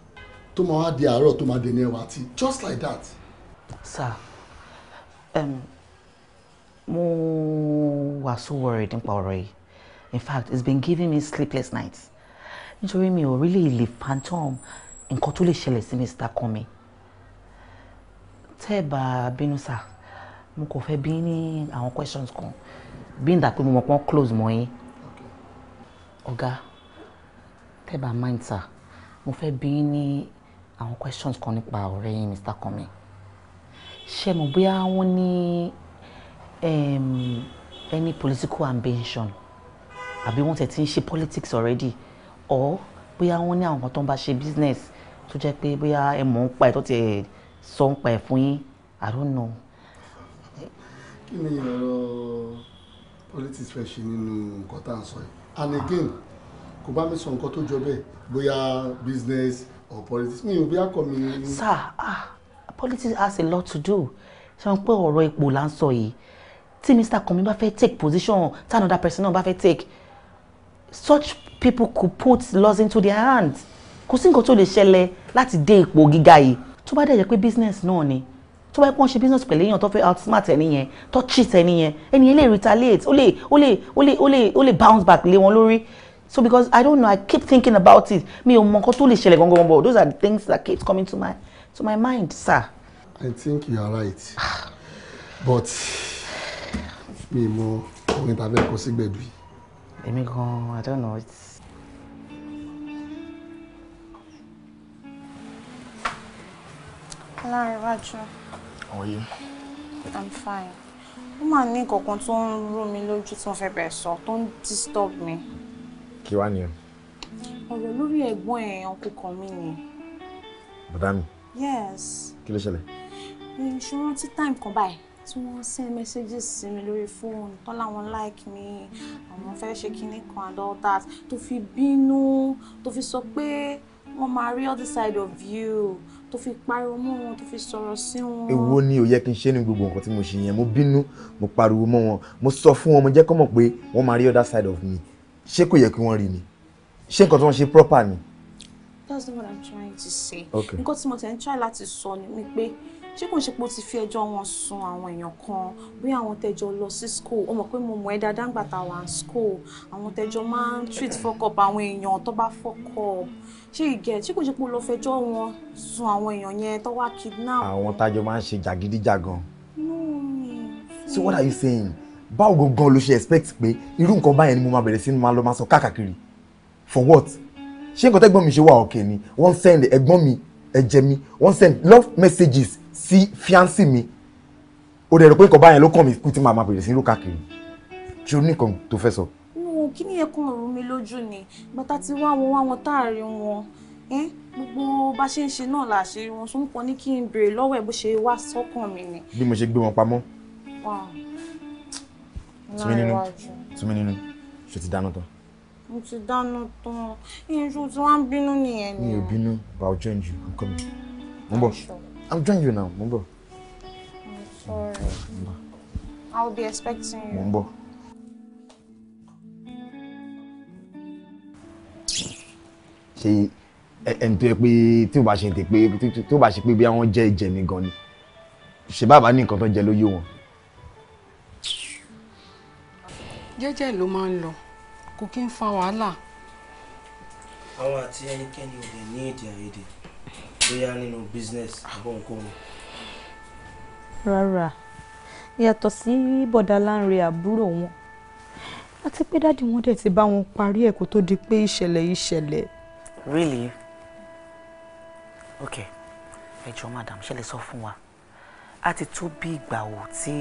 tó máa wá di àárọ̀ tó máa dènà ẹwà tí just like that. sir um, mo wà so worried nípa ọ̀rọ̀ yìí in fact it's been giving me sleepless nights nítorí mi ò really lè phantom nǹkan tó lè ṣẹlẹ̀ sí Mr. Kànmí tẹ́ ẹ bá bínú sá mo kò fẹ́ bí ní àwọn questions kan bí n dà pé mo mọ̀ pé close mọ́ yín ọ̀gá tẹ́ ẹ bá mind sá mo fẹ́ bí ní àwọn questions kan nípa ọ̀rẹ́ yín Mr. Kànmí ṣé mo bóyá wọ́n ní ehm, any political ambition àbí wọ́n tẹ̀ ti ń ṣe politics already or bóyá wọ́n ní àwọn kan tó ń bá ṣe business tó jẹ́ pé bóyá ẹ mọ̀ ń pa ẹ̀ tó ti sọ ń pa ẹ̀ fún yín I don't know. kí ni ọ̀rọ̀ politics fẹ́ ṣe nínú nǹkan tá à ń sọ yìí and again kò bá mi sọ nǹkan tó jọ bẹ́ẹ̀ bóyá business or politics mi ò bí akọ mi. sir ah politics has a lot to do ṣe wọn pé ọ̀rọ̀ ipò là ń sọ yìí tí mr kọ́mi bá fẹ́ take position tí another person náà bá fẹ́ take such people could put laws into their hands kò sí nǹkan tó lè ṣẹlẹ̀ láti dé ipò gíga yìí tó bá dẹ̀ jẹ́ pé business náà ni tó bá yẹ kó ń ṣe business pẹ̀lú èèyàn tó fẹ́ outsmart ẹni yẹn tó cheat ẹni yẹn ẹni yẹn lè retaliate ó lè ó lè ó lè ó lè ó lè bounce back lé wọn lórí so because i don't know i keep thinking about it mi ò mọ nǹkan tó lè ṣẹlẹ̀ gangan but those are the things that keep coming to my to my mind sir. i think you are right but mi mọ orin tàbí ẹ̀kọ́ sígbẹ̀dù yìí èmi gan I don't know it's. Lára iwájú. How are you? I'm fine. Ó máa ní nǹkan tó ń rú mi lójú tí wọ́n fẹ́ bẹ̀rẹ̀ disturb me. Kí Oh, you're looking Ọ̀rọ̀ lórí ẹ̀gbọ́n ẹ̀ ọkùnrin Yes. Kí You ṣẹlẹ̀? Ìṣòro tí time kan báyìí tí wọ́n send messages sí mi lórí fóònù tán láwọn like mi àwọn fẹ́ ṣe kinní kan and all that tó fi bínú tó fi sọ pé wọ́n máa rí other side of you tó fi pariwo mọ́ wọn tó fi sọ̀rọ̀ sí wọn. èwo ni ò yẹ kí n ṣe ní gbogbo nǹkan tí mo ṣe yẹn mo bínú mo pariwo mọ́ wọn mo sọ fún wọn mo jẹ́ kọ́ mọ̀ pé wọ́n máa rí other side of me ṣé kò yẹ kí wọ́n rí mi ṣé nǹkan tí wọ́n ṣe proper ni. that's not what i'm trying to say. okay nǹkan tí mo ti ń try láti sọ ni pé ṣé kò ṣe pé o ti fi ẹjọ́ wọn sun àwọn èèyàn kan bí àwọn tẹjọ lọ sí school o mọ̀ pé mo mọ̀ ẹ́ dáadáa ń gbàtà wà school àwọn tẹjọ máa ń treat fuck up àwọn èèyàn tó bá fuck up ṣé ìgẹ̀ ṣé kò ṣe pé o lọ fẹjọ́ wọn sun àwọn èèyàn yẹn tó wá kidnap. àwọn tájọ máa ń ṣe jàgídíjàgan. so what are you saying báwo gangan ló ṣe expect pé irú nǹkan báyẹn ni mo máa bẹ̀rẹ̀ sí ni máa lọ máa sọ káàkiri for what ṣé nǹkan tẹ́gbọ́n mi ṣe wà ọ̀kẹ́ ni wọ́n send ẹ̀gbọ́n mi ẹ̀jẹ̀ mi wọ́n send love messages sí fiancé mi ó dẹ̀ rò pé nǹkan báyẹn ló kàn mí kú tí màá máa bẹ̀rẹ̀ sí ló káàkiri ṣé o ní nǹkan tó fẹ́ sọ. mo kí ni ẹkún rú mi lójú ni bàtà tí wá wọn wá wọn táàrí wọn gbogbo bá ṣe ń ṣe náà là ṣe wọn tún pọ ní kí n béèrè lọ́wọ́ ẹ̀ bó ṣe wá sọ́kàn mi ni. bí mo ṣe gbé wọn pamọ́. túmí nínú túmí nínú ṣe ti dáná tán. mo ti dáná tán iye ju tí wọn bínú nìyẹn ni. mi ò bínú but i will join you mo ń bọ̀. I'm joining you now, Mumbo. I'm sorry. Mumbo. I'll be expecting you. Mumbo. ṣe ẹni tó yẹ pé tí o bá ṣe tè pé tí o bá ṣe pé bí àwọn jẹ ìjẹ mi gan ni ṣe bàbá ní nǹkan tó jẹ lóyè wọn. jẹ́jẹ́ ló máa ń lọ kò kí ń fa wàhálà. àwọn àti ẹnikẹ́ni ò lè ní èdè àìyedè bóyá nínú business àbọ̀nkóhun. rárá yàtọ̀ sí bọ̀dá àbúrò wọn àti pé dáàdi wọn dẹ̀ ti bá wọn parí ẹ̀ kó tó di pé ìṣẹ̀lẹ̀ yìí really okay ẹ jọ madam ṣe lè sọ fún wa a ti tó bí ìgbà wo tí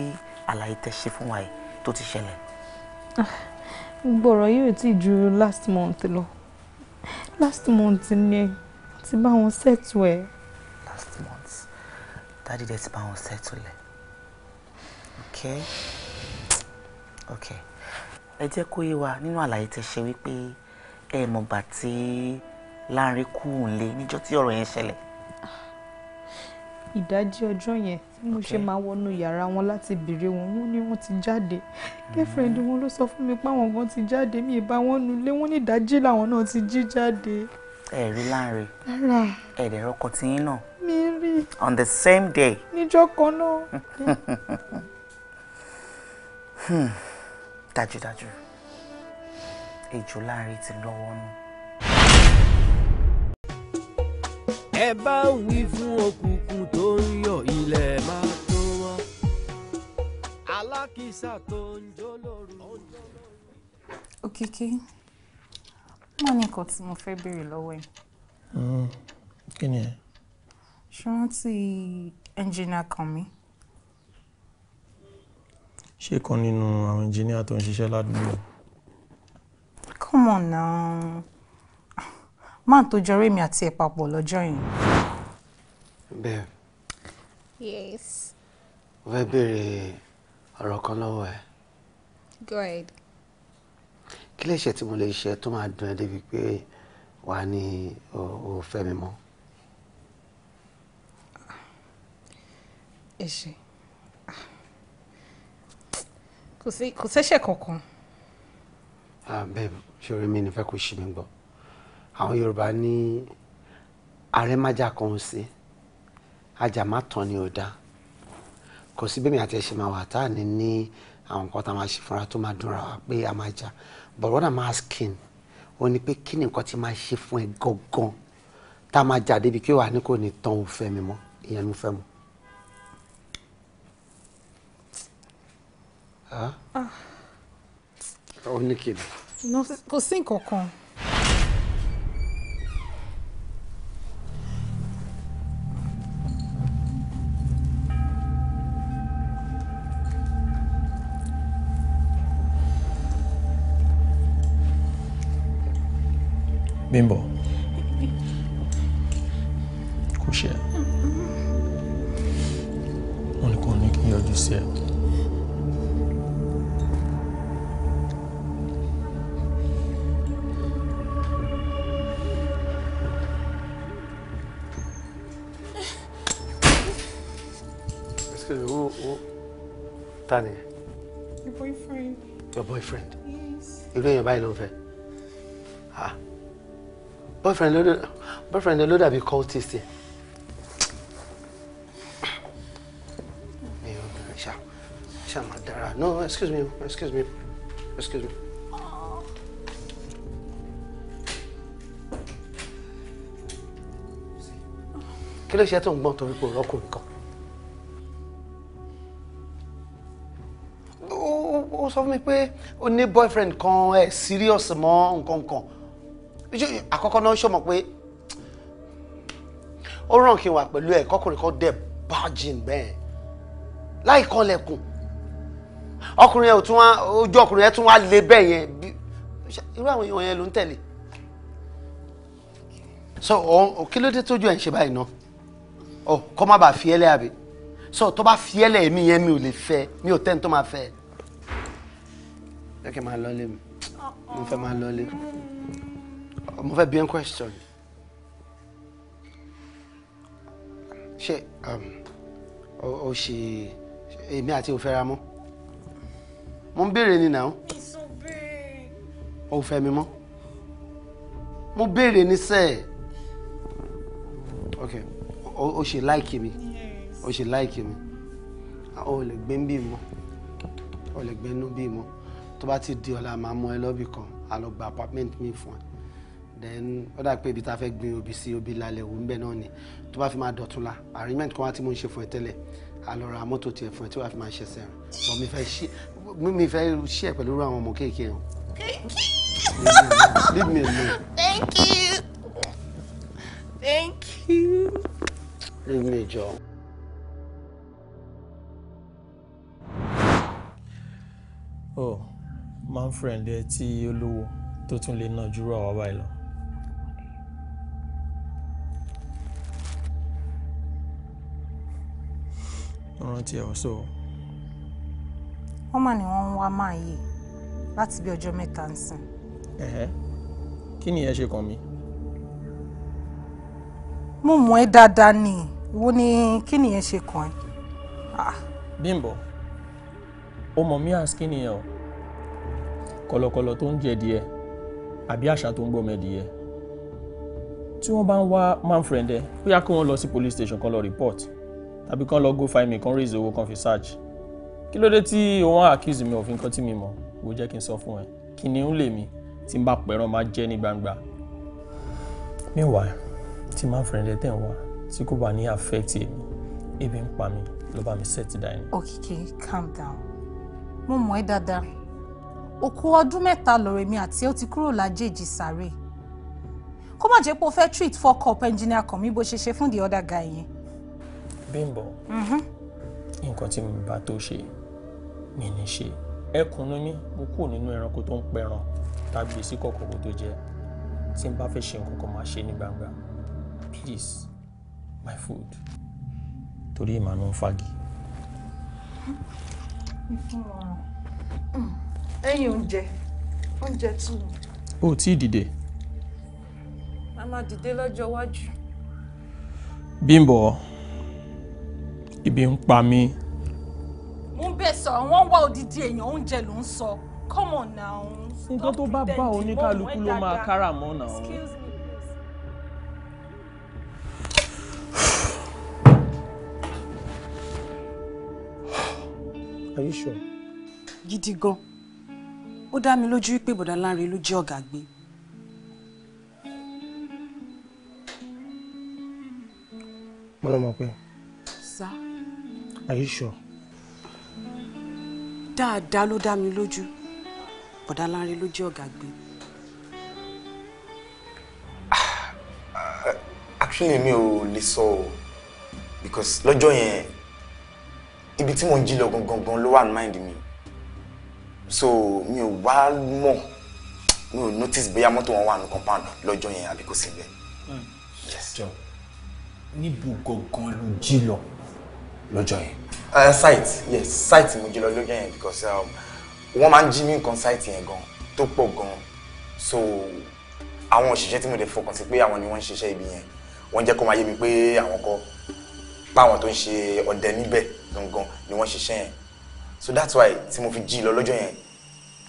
àlàyé tẹ́ ṣe fún wa yìí tó ti ṣẹlẹ̀. Ah, gbọ̀rọ̀ yìí ò ju last month lọ last month ni ti bá wọn settle ẹ̀. last month dádì dẹ̀ ti bá wọn settle ẹ̀ okay okay ẹ jẹ́ kó yé wa nínú àlàyé tẹ́ ṣe wípé ẹ mọ̀gbà tí Láńrè kú ńlé níjọ́ tí ọ̀rọ̀ yẹn ṣẹlẹ̀ ìdájí ọjọ́ yẹn tí mo ṣe máa wọnú yàrá wọn láti béèrè wọn wọn ni wọn ti jáde mm-hmm. girlfriend wọn ló sọ fún mi pé àwọn gan ti jáde mi ì bá wọn nulẹ̀ wọn ní ìdájí làwọn náà ti jí jáde ẹ rí Lánre ẹ dẹ̀ rọ́kọ tiyín náà mi rí on the same day níjọ́ kan náà *laughs* dájúdájú ejò Lánre ti lọ́wọ́ nù. ẹ bá wí fún òkùnkùn tó ń yọ ilẹ̀ máa tó wá alákìísà tó ń jó lóru. Òkìkí. Okay, okay mo ní nǹkan tí mo fẹ́ béèrè lọ́wọ́ ẹ̀. Mm, kí ni ẹ. ṣáàntì ẹnjìnìà kan mi. ṣé kan nínú àwọn ẹnjìnìà tó ń ṣiṣẹ́ ládùúgbò. come on now máa tó jọrọ èmi àti ẹ̀ papọ̀ lọ́jọ́ yẹn. bẹ́ẹ̀. yes. mo fẹ́ béèrè ọ̀rọ̀ kan lọ́wọ́ ẹ. go ahead kí lẹ́sẹ̀ tí mo lè ṣe tó máa dùn ẹ́ débi pé wà á ní o fẹ́ mi mọ́. ẹ̀ṣẹ̀ kò sẹ́ṣẹ̀ kankan. bẹ́ẹ̀ ṣòro mi ni fẹ́ kó ṣì mí gbọ́ àwọn Yorùbá ní àrẹ́májà kan sí ajàmátàn ni ò dáa kò sí bẹ́ẹ̀ mi àti ẹ̀ṣẹ̀ máa wà tá à ní ní àwọn nǹkan tá a máa ṣe fúnra tó máa dúnra wa pé a máa jà but what i'm asking o ní pé kí ni nǹkan tí máa ṣe fún ẹ gangan tá a máa jà débi kí wà ní kò ní tán òun fẹ́ mi mọ́ ìyẹn ló fẹ́ mu. Ah. ó ní kí ni. kò sí nǹkan kan. Bímbọ́ kò ṣe wọn ni kò ní kí n yọjú sí ẹ. Ta Your boyfriend. Your boyfriend? Yes. You èèyàn your ló ń Ah boyfriend ló boyfriend ló dàbí cultist yẹn. No, excuse me, excuse me, excuse me. kí ló ṣe tó ń gbọ́n torí pé ọkùnrin kan. ó sọ fún mi pé ó ní boyfriend kan ẹ̀ serious mọ́ nǹkan kan àkọ́kọ́ náà ṣọmọ pé ó ràn kí n wà pẹ̀lú ẹ̀ kọkùnrin kan dẹ̀ bájìn bẹ́ẹ̀ láì kọlẹ̀kùn ọkùnrin yẹn ò tún wá ojú ọkùnrin yẹn tún wá lé bẹ́ẹ̀ yẹn irú àwọn èèyàn yẹn ló ń tẹ̀lé so òun kí ló dé tójú ẹ̀ ń ṣe báyìí náà ọ kọ́ má bàa fi àbí so tó bá fi mi yẹn mi ò lè fẹ́ mi ò tẹ́ni tó máa fẹ́ ẹ kí n máa lọ lé mi mo fẹ́ máa lọ lé mi mo fẹ́ bí ẹ ń question ṣé um, oh she, èmi me at you mọ́ mo ń béèrè now It's so big. Oh béèrè ni sẹ́ẹ̀ ok o Okay. Oh mi o ṣe láìkì mi o lè gbé ń bí mọ́ o lè gbé ń bí mọ́ tó bá ti di ọ̀la màá mú ẹ lọ́bì kan a lọ gba apartment mi fún then ó dà pé ibi tá a fẹ́ gbin obì sí obì lálẹ́ òun bẹ́ẹ̀ náà ni tó bá fi máa dọ̀túnla arrangement kan wá tí mo ń ṣe fún ẹ tẹ́lẹ̀ a mọ́tò tiẹ̀ fún ẹ tí wàá fi máa ṣe sẹ́rìn bọ̀ mi fẹ́ ṣí mi fẹ́ ṣí ẹ̀ pẹ̀lú àwọn ọmọ kéèké o. leave me alone. thank you thank you. leave me jọ. oh man friend ẹ tí olówó tó tún lè ná jùlọ àwa báyìí lọ. rántí ẹ̀ ọ̀ṣọ́. wọ́n mà ní wọ́n ń wá máa yè láti bí ọjọ́ mẹ́ta ń sìn. ẹ̀hẹ́ kí ni ẹ ṣe kàn mí. mo mọ̀ ẹ́ dáadáa ni ìwọ ni kí ni ẹ ṣe kàn ẹ́. Ah, Bímbọ́ ó mọ̀ mí àṣ kí ni ẹ o kọ̀lọ̀kọ̀lọ̀ tó ń jẹ díẹ̀ àbí àṣà tó ń gbọ́ mẹ́díẹ̀ tí wọ́n bá ń wá man ẹ ó kí wọ́n lọ sí police station kan lọ report tàbí kán lọ GoFundMe kán raise owó kán fi search kí ló dé tí wọ́n accuse mi òfin kan tí mi mọ̀ wò jẹ́ kí n sọ fún ẹ kìnìún lèmi tí n bá pẹ̀ràn máa jẹ́ ní gbangba. meanwhile tí máa fẹ̀rẹ̀ lẹ́tẹ̀ wá tí kò bá ní affect èmi ebi ń pa mi ló bá mi set dine. Òkìkí calm down mo mọ̀ ẹ́ dáadáa òkú ọdún mẹ́ta lọ̀rọ̀ èmi àti ẹ́ ó ti kúrò lájèjì sáré kó má jẹ́ pé o fẹ́ treat fuck up engineer kan mi bó ṣe ṣe fún the other guy yẹn Bímbọ́ mm-hmm. nǹkan tí mi bá tó ṣe mi ní ṣe ẹkùn ní mí mo kú nínú ẹranko tó ń pẹran tàbí sí kòkòrò tó jẹ tí n bá fẹ́ ṣe nǹkan kan máa ṣe ní gbangba please my food torí ìmàánú ń fagi. Mm-hmm. ẹ̀yin oúnjẹ oúnjẹ tù mí. o tí ì dìde. a máa dìde lọ́jọ́ iwájú. Bímbọ́ ibi ń pa mí. mo ń bẹ sọ àwọn wá odidi èèyàn oúnjẹ ló ń sọ come on now. nǹkan tó bá bá oníkálukú ló máa kára mọ́ náà. excuse me. Are you sure? Gidi gan. Ó dá mi lójú wípé Bọ̀dá Láre ló jẹ́ ọ̀gá gbé. Mo lọ mọ̀ pé. Are you sure? Dáadáa ló dá mi lójú. Bọ̀dá Lánrè ló jẹ́ ọ̀gá gbé. Ah, actually mi ò lè sọ o because lọ́jọ́ yẹn ibi tí mo ń jí lọ gangan ló wà ní mind mi so mi ò wá mọ̀ mi ò notice bóyá mọ́tò wọn wà ní compound lọ́jọ́ yẹn àbí kò sí bẹ́ẹ̀. Hmm. Yes. Jọ níbo gangan ló jí lọ? lọ́jọ́ yẹn. Uh, site yes site mo jí lọ lọ́jọ́ yẹn because um, wọ́n máa ń jí mi nǹkan site yẹn gan tó pọ̀ gan so àwọn òṣìṣẹ́ tí mo lè fọkàn sí pé àwọn ni wọ́n ń ṣiṣẹ́ ibi yẹn wọ́n jẹ́ kó máa yé mi pé àwọn kọ́ páwọn tó ń ṣe ọdẹ níbẹ̀ gangan ni wọ́n ṣiṣẹ́ yẹn so that's why tí mo fi jí lọ lọ́jọ́ yẹn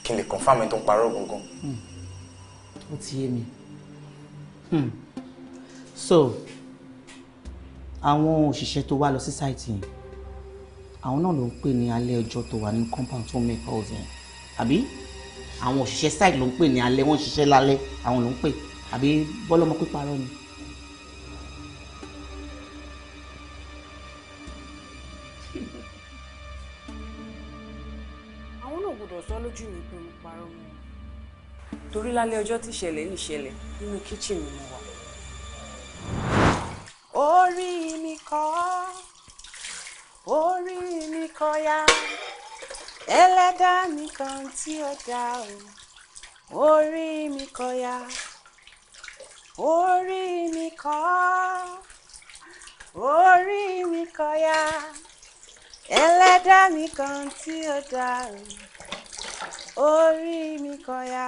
kí n lè confam ẹni tó ń parọ́ gangan. Hmm. ó ti yé mi hmm. so àwọn òṣìṣẹ́ tó wá lọ sí sáìtì yẹn àwọn náà ló ń pè ní alẹ́ ọjọ́ tó wà ní compound tó make house yẹn àbí àwọn òṣìṣẹ́ sáìtì ló ń pè ní alẹ́ wọ́n ṣiṣẹ́ lálẹ́ àwọn ló ń pè àbí bọ́lọ́mọ píparọ́ ni. àwọn náà gbọ́dọ̀ sọ lójú mi pé mo parọ́ mọ́ torí lálẹ́ ọjọ́ tíṣẹ̀lẹ̀ níṣẹ̀lẹ̀ nínú kíchìnì mo wà orí mi kọ́ orí mi kọ́ ya ẹlẹ́dá mi kan tí ó dá o orí mi kọ́ ya orí mi kọ́ orí mi kọ́ ya ẹlẹ́dá mi tí ó dá o orí mi kọ́ ya.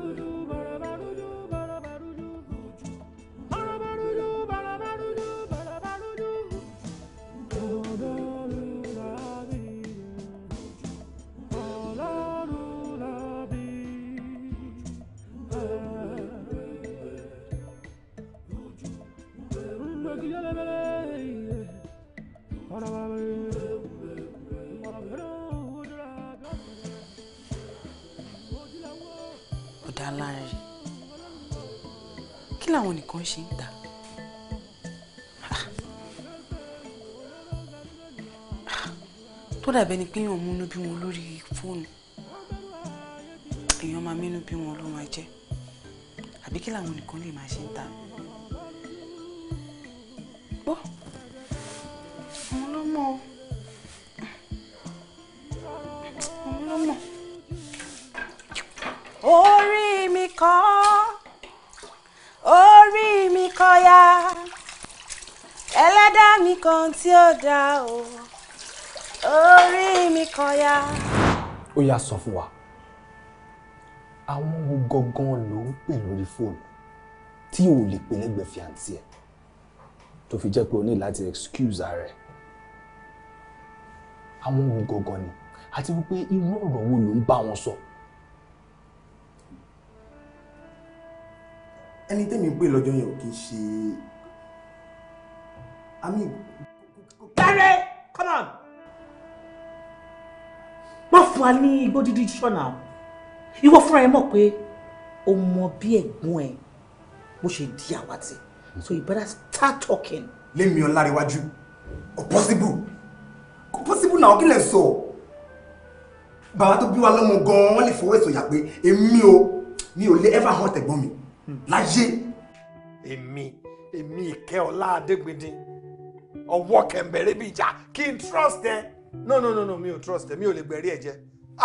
ba do ba do làwọn nìkan ṣe ń ta. tó dàbẹ́ ni pé èèyàn múnú bí wọn lórí fóònù èèyàn máa mínú bí wọn ló máa jẹ́ àbí kí làwọn nìkan lè máa ṣe ń ta. gbọ́ òun ló mọ̀ òun orí mi kọ́. ọ̀yá ẹlẹ́dá mi kan tí ó dá o orí mi kan yá. ó yá sọ fún wa àwọn ohun gangan ló ń pè lórí fóònù tí ò lè pè lẹ́gbẹ̀ẹ́ fìyàntì ẹ̀ tó fi jẹ́ pé o ní láti excuse ara ẹ̀ àwọn ohun gangan ni àti wípé irú ọ̀rọ̀ wo ló ń bá wọn sọ. So ẹni tẹ́mi pè lọ́jọ́ yẹn ò kí ń ṣe àmì. Bẹ́ẹ̀rẹ̀ come on má fún wa ní igbó dídí ṣọ́nà ìwọ fúnra ẹ mọ̀ pé o mọ bí ẹ̀gbọ́n ẹ bó ṣe di àwátì so you better start talking. lémi ọláréwájú kò possible kò possible náà kí lè sọ bàbá tó bí wa lọ́mọ gan-an wọ́n lè fọwọ́ ìsọ̀yà pé èmi o mi ò lè ever hurt ẹ̀gbọ́n mi láyé èmi èmi ìkẹ́ ọlá adégbèdín ọwọ́ kẹ̀mbẹ̀rẹ̀ bíi ìjà kí n trust ẹ no no no no mi ò trust ẹ mi ò lè gbẹ̀rí ẹ jẹ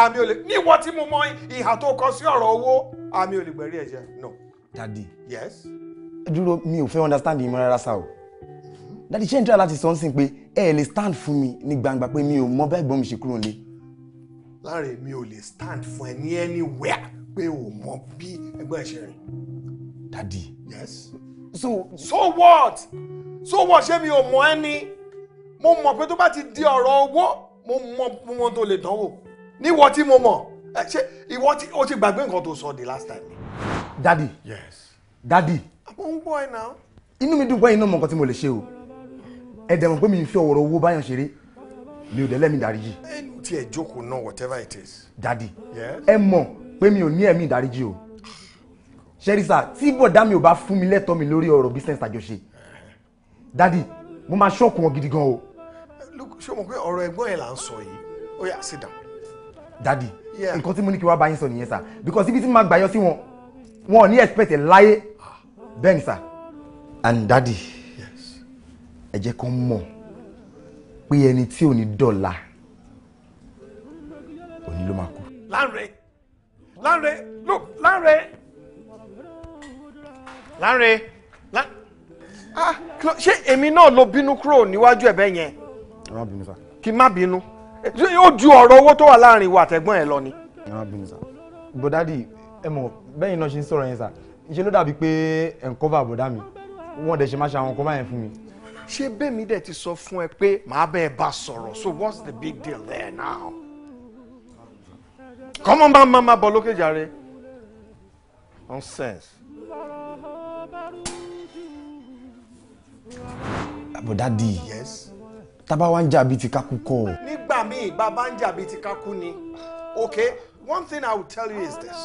àmì ò lè ní ìwọ tí mo mọ ìhà tó kọ sí ọ̀rọ̀ owó àmì ò lè gbẹ̀rí ẹ jẹ no. dadi yes. dúró mi ò fẹ́ understand ìmọ̀ rasa o dadi ṣé n tíra láti sọ ń sìn pé ẹ lè stand fún mi ní gbangba pé mi ò mọ bá ẹ̀gbọ́n mi ṣe kúrò nílé. láàrin mi ò lè stand fún ẹ ní anywhere pé ò mọ bí ẹgbẹ́ ìṣẹ̀rìn Daddy. Yes. So. So what? So what ṣé mi ò mọ ẹ́ ni? Mo mọ̀ pé tó bá ti di ọ̀rọ̀ owó, mo mọ mo mọ tó lè dánwò. Níwọ tí mo mọ̀, ṣé ìwọ tí o ti gbàgbé nǹkan tó sọ the last time. Daddy. Yes. Daddy. Àmọ́ ń gbọ́ ẹ náà. Inú mi dùn pé iná mọ nǹkan tí mo lè ṣe o. Ẹ dẹ̀ mọ̀ pé mi ń fi ọ̀rọ̀ owó báyọ̀ ṣeré mi ò dẹ́lẹ́mì ìdáríjì. ẹnu tí ẹ jókòó náà whatever it is. Daddy. Yes. ẹ mọ̀ pé mi ò ní ẹ̀mí ìdáríjì o ṣẹ́rísà tí bọ̀dá mi ò bá fún mi lẹ́tọ́ mi lórí ọ̀rọ̀ business àjọṣe dádì mo máa ṣọ́ọ̀kù wọn gidi gan o. ṣé o mọ̀ pé ọ̀rọ̀ ẹ̀gbọ́n yẹn là ń sọ yìí ó yá sit down. dádì nǹkan tí mo ní kí wàá bá yín sọ nìyẹn sà because ibi tí mo máa gbà yọ sí wọn wọn ò ní expect ẹ̀ láyé bẹ́ẹ̀ ni and dádì ẹ jẹ́ kó mọ̀ pé ẹni tí ò ní dọ̀la òní ló máa kú. Lanre Lanre look Lanre. Láńre lá. Ah, ṣé èmi náà ló bínú kúrò níwájú ẹ̀bẹ̀ yẹn. ẹ má bínú sá. kí n má bínú eh, ó ju ọ̀rọ̀ owó tó wà láàrin ìwà àtẹ̀gbọ́n ẹ̀ lọ ni. ẹ má bínú sá. bọ̀dádì ẹ mọ̀ bẹ́yìn náà ṣe ń sọ̀rọ̀ yẹn sá ṣe ló dàbí pé ẹ̀ ń kọ́fà bọ̀dá mi wọ́n dẹ̀ ṣe má ṣe àwọn kọ́fà yẹn fún mi. ṣé bẹ́ẹ̀mi dẹ̀ ti sọ fún ẹ pé màá bẹ́ẹ̀ bá sọ̀rọ̀ so what's the big deal there now? kọ́mọ́ máa máa bọ̀ lókè jàre nonsense àbọ̀dádì tábà wá ń jà bíi ti kákú kọ́ ọ. nígbà míì bàbá ń jà ti kákú ni okay one thing i will tell you is this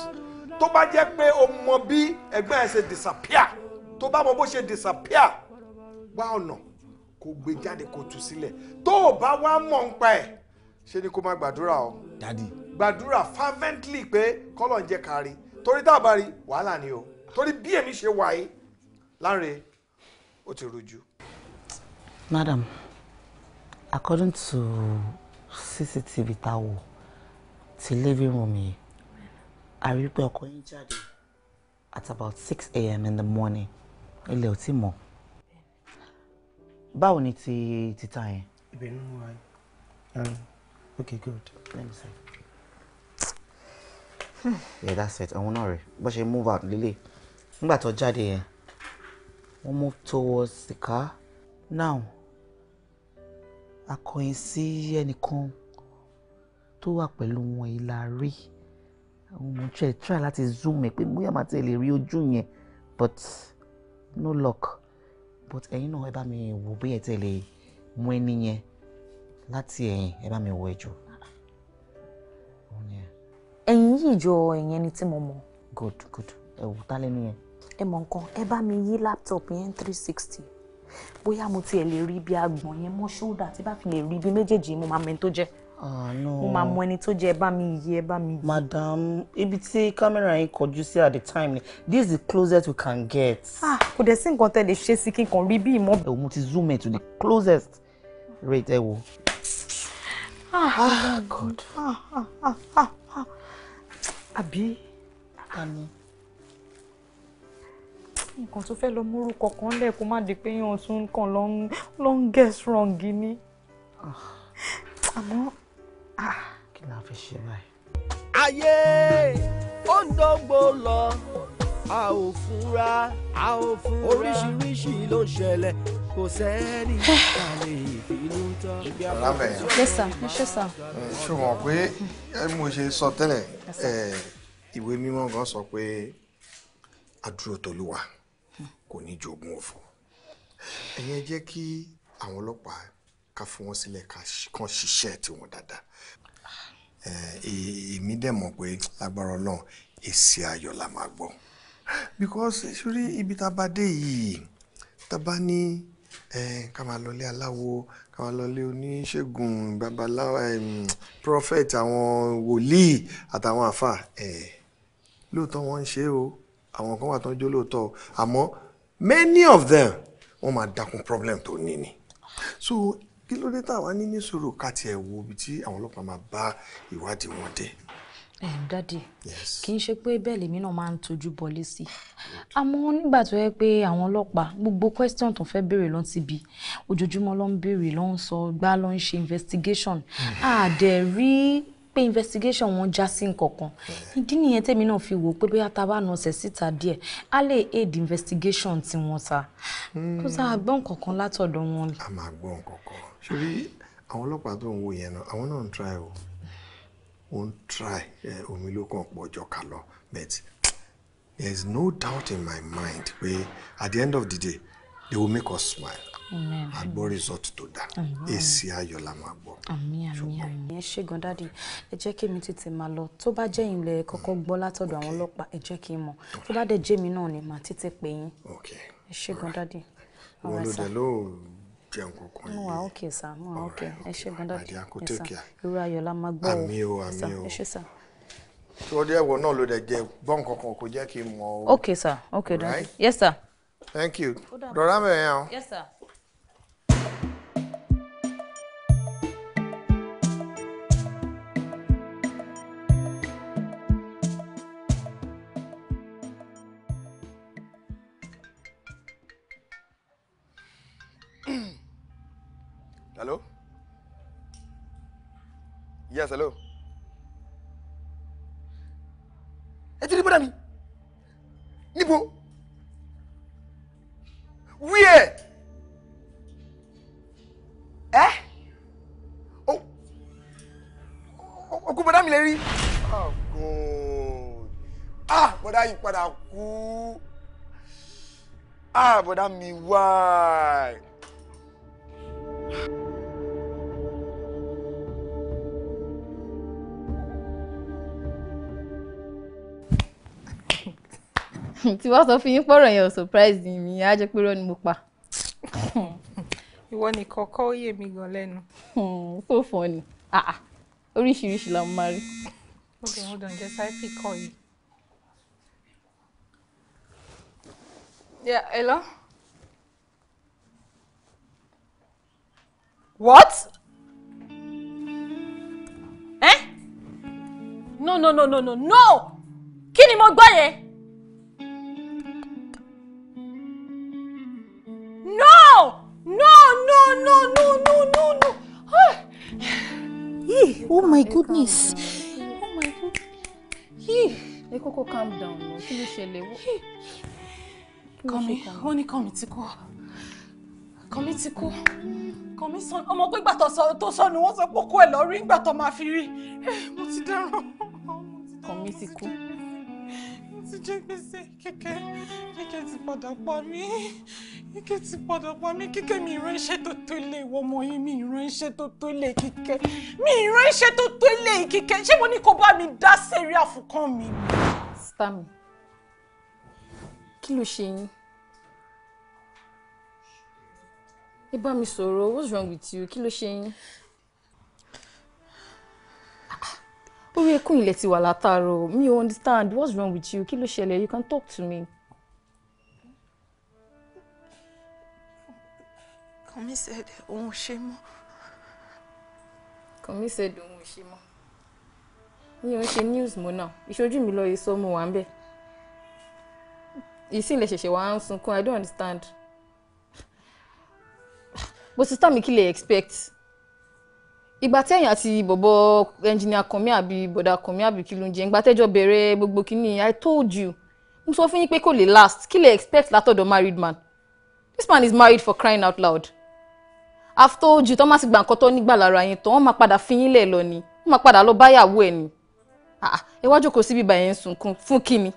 tó bá jẹ́ pé o mọ bí ẹ̀gbọ́n ẹ̀ ṣe disappear tó bá mọ bó ṣe disappear wá ọ̀nà kó gbé jáde kó tú sílẹ̀ tó o bá wá mọ̀ ń pa ẹ̀ ṣe ni kó máa gbàdúrà o. gbàdúrà fervently pé kọ́lọ̀ ń jẹ́ kárí torí tá a bá rí wàhálà ni o torí bí èmi ṣe wà Lanre, ó you do? Madam, according to CCTV tá a living room yìí, a rí pé ọkọ at about six a.m. in the morning. A little tí mọ́. Báwo ni ti time. yẹn? Ibẹ̀ nínú wa um, Okay, good. Let me see. Hmm. yeah, that's it. Àwọn náà rẹ̀ But she move out Lily, Nígbà tó jáde yẹn we move towards the car now akọ̀yìn sí ẹnìkan tó wà pẹ̀lú wọn ìlà rí mo try try láti zoom ẹ pé bóyá màá tẹ̀lé rí ojú yẹn but no luck but ẹ̀yin náà ẹ bá mi wò bóyá ẹ tẹ̀lé mú ẹni yẹn láti ẹ̀yìn ẹ bá mi wò ẹ ẹ̀yin yìí jọ ẹ̀yin ẹni tí mo mọ̀. good good ẹ wò tá lẹ́nu yẹn. ẹ mọ nǹkan ẹ bá mi yí laptop yẹn three sixty bóyá mo tiẹ̀ lè rí bí agbọ̀n yẹn mọ́ ṣódà tí bá fi lè rí bí méjèèjì mo máa mọ ẹni tó jẹ́ ah, mo máa mọ ẹni tó jẹ́ ẹ bá mi yí ẹ bá mi yí. madam ibi tí kámẹ́rà yín kọjú sí at the time ni this is the closest we can get. ah kò dẹ̀ sí nǹkan tẹ́ lè ṣe sí kíkan rí bí ìmọ̀. ẹ mo ti zoom in to the closest rate ẹ wò. ah, ah god. Ah, ah ah ah ah àbí. ta ni nǹkan tó fẹ́ lọ múrúkọ kan lẹ̀ kó má di pé yàn tún kàn ló ń guess wrong ni. Ah. àmọ́. Ah. kí la fẹ́ ṣe báyìí. ayé ó ń dọ́gbò lọ a ò fura a ò fura oríṣiríṣi ló ń ṣẹlẹ̀ kò sẹ́ni ká lè tán. ọ̀làmẹ̀ yẹsà yẹsà. ṣùgbọ́n pé mo ṣe sọ tẹ́lẹ̀ ìwé mímọ́ gan sọ pé adúrótòlúwa kò ní jogún òfò ẹ̀yin jẹ́ kí àwọn ọlọ́pàá ká fún wọn sílẹ̀ kán ṣiṣẹ́ tiwọn dáadáa èmi dẹ̀ mọ̀ pé lágbára ọlọ́run èsì ayọ̀ la máa gbọ́ because sórí ibi tá a bá dé yìí tá a bá ní ká máa lọlé aláwo ká máa lọlé oníṣègùn babaláwo prophet àwọn wòlíì àtàwọn àfà lóòótọ́ wọ́n ń ṣe o àwọn kan wà tán jó lóòótọ́ àmọ́ many of them wọ́n máa dákun problem tó ní ni so kí ló dé táwa ní ní sùúrù ká tiẹ̀ wo ibi tí àwọn ọlọ́pàá máa bá ìwádìí wọn dé. Eh, dádì kì í ṣe pé bẹ́ẹ̀ lèmi náà máa ń tọ́jú bọlé sí àmọ́ nígbà tó yẹ pé àwọn ọlọ́pàá gbogbo question tó fẹ́ béèrè lọ́n ti bi ojoojúmọ́ ló ń béèrè ló ń sọ gbá ló ṣe investigation àdẹ̀ hmm. rí pé investigation wọn já sí nkankan ìdí nìyẹn tèmi náà fi wò pé bóyá tá a bá nà ọ̀sẹ̀ síta díẹ̀ á lè aid investigation tí wọ́n ta kó tá a gbọ́ nkankan látọ̀dọ̀ wọn. a máa gbọ́ nkankan ṣorí àwọn ọlọ́pàá tó ń wo yẹn náà àwọn náà ń try o ó ń try omi ló kàn pọ̀ jọ kà lọ but there is no doubt in my mind pé at the end of the day they will make us smile a gbọ́ result tó dáa èsì ayọ̀ la máa gbọ́. àmín àmín àmín ẹ ṣé gan dádì ẹ jẹ́ kí èmi tètè máa lọ tó bá jẹ́ ìlẹ̀ kọ́kọ́ gbọ́ látọ̀dọ̀ àwọn ọlọ́pàá ẹ jẹ́ kí n mọ̀ tó bá dẹ̀ jẹ́ mi náà ni màá tètè pè yín ẹ ṣé gan dádì. wọn ló dé ló jẹun kankan yìí. mo wà ókè sá mo wà ókè ẹ ṣé gan dádì ẹ sá irú ayọ̀ la máa gbọ́ ọ ẹ sá ẹ ṣé sá torí náà ló dẹ̀ jẹ bọ́n kankan kò jẹ́ kí n mọ̀ ọ́. okay sir okay right? yes sir. thank you rọra mẹ́rin yẹn o. yes sir. Yes, hello. Ẹ ti rí bọ́dà mi. Níbo? Where? Ẹ́ òkú bọ́dà mi lè rí. Oh, ah, bọ́dà yìí padà kú. Ah, bọ́dà mi wáì. tí wọ́n sọ fún yín pọ̀rọ̀ yẹn ò surprise mi á jẹ́ pé irọ́ ni mo pa. ìwọ ni kọ̀ọ̀kọ́ ó yè mí gan lẹ́nu. Hmm, so funny ah, ah. oríṣiríṣi la mo máa rí. ok mo dàn jẹ sáìpì kọ yìí. yeah hello. what. Eh? no no no no no no kí ni mo gbọ́ yẹn. no, no, no, no, no. Ah. Hey, oh my goodness. Oh my goodness. Hey. Ẹ kọ́kọ́ calm down Come here, honey. Come here, Kọ́mi, Come here, kọ́mi Come here, son. ti kú. Kọ́mi sọnù. Ọmọ pé ìgbà tó sọnù wọ́n sọ pé kó ẹ̀ lọ rí ìgbà tó máa fi rí ti jẹ́ gbèsè kẹ̀kẹ́ kẹ̀kẹ́ ti padà pa mí kẹ̀kẹ́ ti padà pa mí kíkẹ́ mi ìran tó tó lè wọ ọmọ yìí mi ìran tó tó lè kíkẹ́ mi ìran tó tó lè kíkẹ́ ṣé mo ní kó bá mi dá sẹ́rí àfukàn mi. stami kí ló ṣe yín ẹ bá mi sọ̀rọ̀ what's wrong with you kí ló ṣe yín. orí ẹkún ilẹ̀ ti wà látàárọ̀ mi ò understand what's wrong with you kí ló ṣẹlẹ̀ you can talk to me. Kànmí said òun ò ṣe mọ́. Kànmí said òun ò ṣe mọ́. mi ò ń ṣe news mo náà ìṣojú mi lọ yìí sọ mo wà ń bẹ̀. ìsìnlẹ̀ ṣẹ̀ṣẹ̀ wà á ń sunkún I don't understand. bó ti tà mí kí lè expect ìgbà tí ẹ̀yìn àti bọ̀bọ̀ ẹnjìnìà Kànmí àbí bọ̀dà Kànmí àbí kí ló ń jẹ ìgbà tẹ́jọ́ bẹ̀rẹ̀ gbogbo kínní i told you mo sọ fún yín pé kò lè last kí lè expect látọ̀dọ̀ married man this man is married for crying out loud i've told you tó má sì gbà nǹkan tó nígbà lára yín tó wọ́n máa padà fi yín lẹ̀ lọ ni wọ́n máa padà lọ báyàwó ẹ̀ ni ah, ẹ wá jókòó síbi ìbà yẹn sunkún fún kí ni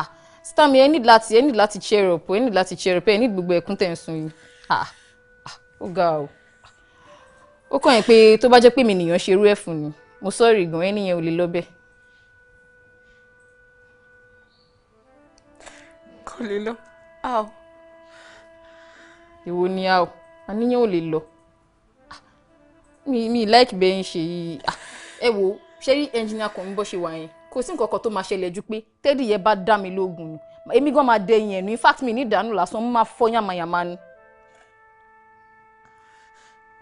ah, sítàmì ẹ need láti ẹ need láti cheer up ẹ need láti cheer up ẹ need gbogbo ẹkún tẹ̀ ń sun yìí ah, ó ga o ó kàn yín pé tó bá jẹ́ pé mi nìyàn ṣerú ẹ̀ fún ni mo sọ́ọ̀rì gan ẹnìyẹn ò lè lọ bẹ́ẹ̀. kò lè lọ áò. ìwo ni áò àníyàn ò lè lọ mi mi láìkì bẹ́ẹ̀ ń ṣe yìí ah, ẹ wo ṣé rí ẹnjìnìà kan ń bọ́ ṣe wà yẹn kò sí nǹkan kan tó máa ṣẹlẹ̀ ju pé tẹ́dì yẹn bá dá mi lóògùn èmi gan máa dẹ ìyẹn in fact mi ní ìdánù lásán mo máa fọ́ yàmàyàmà ni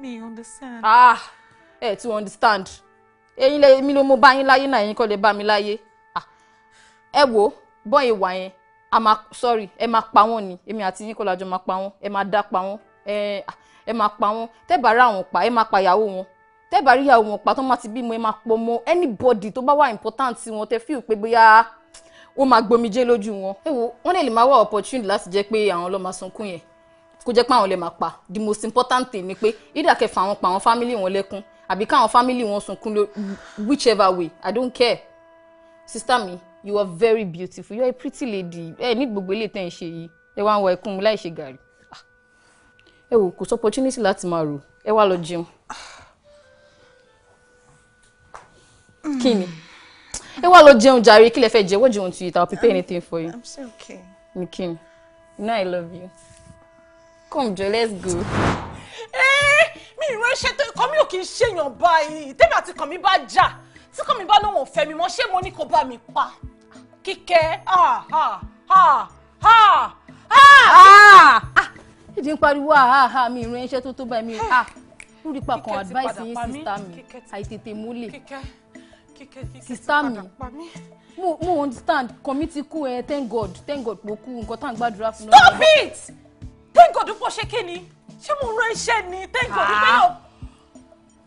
mi understand. ah ẹ ti understand ẹ̀yin lè mi ló mo bá yín láyé náà ẹ̀yin kọ́ lè bá mi láyé ah ẹ wo bọ́n ìwà yẹn a máa sorry ẹ máa pa wọ́n ni èmi àti yín kọ́ làjọ máa pa wọ́n ẹ máa dá pa wọ́n ẹ ah, máa pa wọ́n tẹ́ bá ra àwọn pa ẹ máa pa ìyàwó wọn tẹ́ ìyàwó wọn pa tó máa ti bímọ ẹ máa pọ̀ mọ́ anybody tó bá wà important sí wọn tẹ́ feel pé bóyá wọ́n máa gbomijé lójú wọn ẹ wo wọ́n lè lè máa wá opportunity láti jẹ́ pé àwọn lọ́ọ́ sunkún yẹn kó jẹ́ pé àwọn lè máa pa the most important thing ni pé either kẹfà àwọn pa àwọn family wọn lẹ́kún àbí káwọn family wọn sunkún ló whichever way i don't care sister mi you are very beautiful you are a pretty lady ẹ ní gbogbo ilé tẹ́ ẹ ń ṣe yìí ẹ wá ń wá ikún mu láì ṣe gàrí ẹ wò kò sí opportunity láti máa rò ẹ wá lọ jẹun kí ni ẹ wá lọ jẹun jàre kí lẹ fẹ́ jẹ what do you want to eat i will prepare um, anything for you. i'm still okay. nkin you know i love you come jọ let's go. Eh, mi me iṣẹ́ tó come, mi ò kì í ṣèyàn Tell me àti kàn mi bá jà tí come, mi bad no ò fẹ́ mi mọ́ ṣé mo ní kó bá mi pa kíkẹ́ ha ha ha ha ha. Ah! Ah! ìdí ń pariwo àhàhà ah, mi ìran iṣẹ́ tó tó báyìí mi ha lórí pa kan advice yín sísá mi àìtètè múlẹ̀ sísá mi mo understand kàn mi ti kú ẹ eh, thank god thank god pé ó kú nǹkan tá à stop it thank God pọ̀ ṣé kí ni ṣé mo rán iṣẹ́ ni thank God pé yóò ah.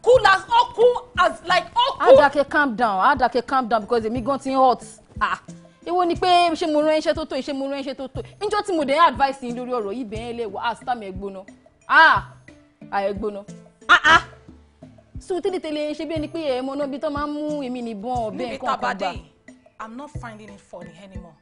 cool as all cool as like all cool. adake calm down adake calm down because èmi gan ti ń hot ah ìwọ ni pé ṣé mo rán iṣẹ́ tó tó ṣé mo rán iṣẹ́ tó tó níjọ́ tí mo dẹ̀ ń advice yín lórí ọ̀rọ̀ yìí bẹ́ẹ̀ lè wọ àṣìṣà mi ẹ̀gbóná ah àẹ̀gbóná ah ah so tẹ́lẹ̀ tẹ́lẹ̀ ṣe bí ẹni pé ẹ̀ mọ́ná bí tán máa ń mú èmi nìbọn ọ̀bẹ nǹkan kan gbà. níbi tàbádé I'm not finding it funny anymore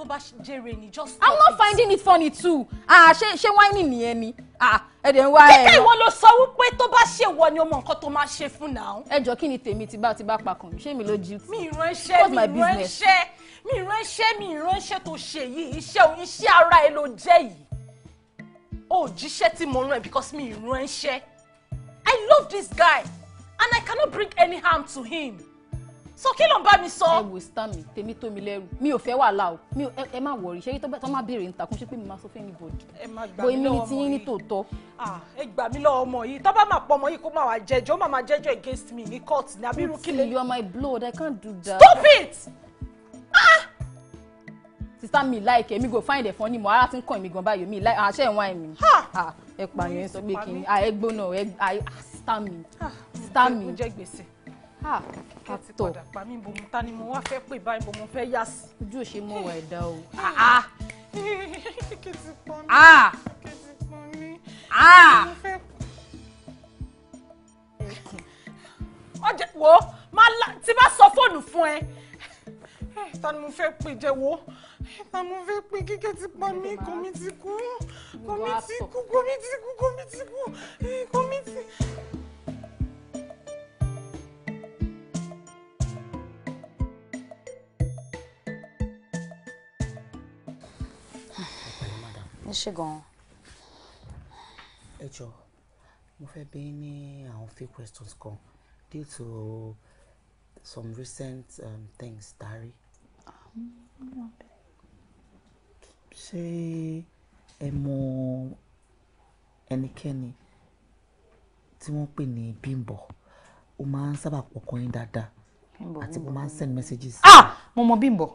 tó bá jèrè ni just stop I'm not it. finding it funny too ah ṣé ṣé whining nìyẹn ni ah ẹ̀dẹ̀ ń wá ẹ̀. kíkẹ́ ìwọ ló sọ wípé tó bá ṣe wọ ni o mọ nǹkan tó máa ṣe fún náà. ẹ jọ kí ni tèmi ti bá ti bá pa kàn mí ṣé mi ló jí. mi ìránṣẹ́ mi ìránṣẹ́ mi ìránṣẹ́ mi ìránṣẹ́ tó ṣe yìí iṣẹ́ òun iṣẹ́ ara ẹ ló jẹ́ yìí ó jíṣẹ́ tí mo rán ẹ because mi ìránṣẹ́ I love this guy and I cannot bring any harm to him so kí ló ń bá mi sọ. ẹ wò sítá mi tèmi tó mi lẹ́rù mi ò fẹ́ wàhálà o mi ò ẹ má wọrí ṣé tó má béèrè ń takun ṣé pé mi máa sọ fẹ́ ní bòdì. ẹ má gbà mí lọ́wọ́ ọmọ yìí bó emi ni ti ní tòótọ́. ẹ gbà mí lọ́wọ́ ọmọ yìí tó bá máa pọ ọmọ yìí kó máa wá jẹ́jọ́ máa máa jẹ́jọ́ against me ní court ní abirú kílẹ̀. you are my blood i can't do that. stop it. Ah! sista mi like emi go find ẹfọn ni mo ara ti ń kàn èmi gan báyìí mi like ẹ pààyàn sọ pé kí ni ah, ẹ ah, sista àtọ̀ pa mí bo mo ta ni mo wá fẹ́ pè báyìí bo mo fẹ́ yá sí. ojú ò ṣe mọ wà ẹ̀dá o. Ah, ah. ah, kìkì wo máa la tí bá sọ fóònù fún ẹ eh, ta ni mo fẹ́ pè jẹ́ wo eh, ta ni mo fẹ́ pè kíkẹ́ ti pọn mi kò mi ti kú kò ti kú kò ti kú kò ti kú eh, kò mi ti. ẹ ṣe gan-an. ẹ jọ mo fẹ́ bi ní àwọn few questions kan due to some recent um, things Dari. ṣé ẹ mọ ẹnikẹ́ni tí wọ́n pè ní bímbọ ó máa ń sábà pọkàn yín dáadáa àti mo máa ń send messages. ah mo mọ bímbọ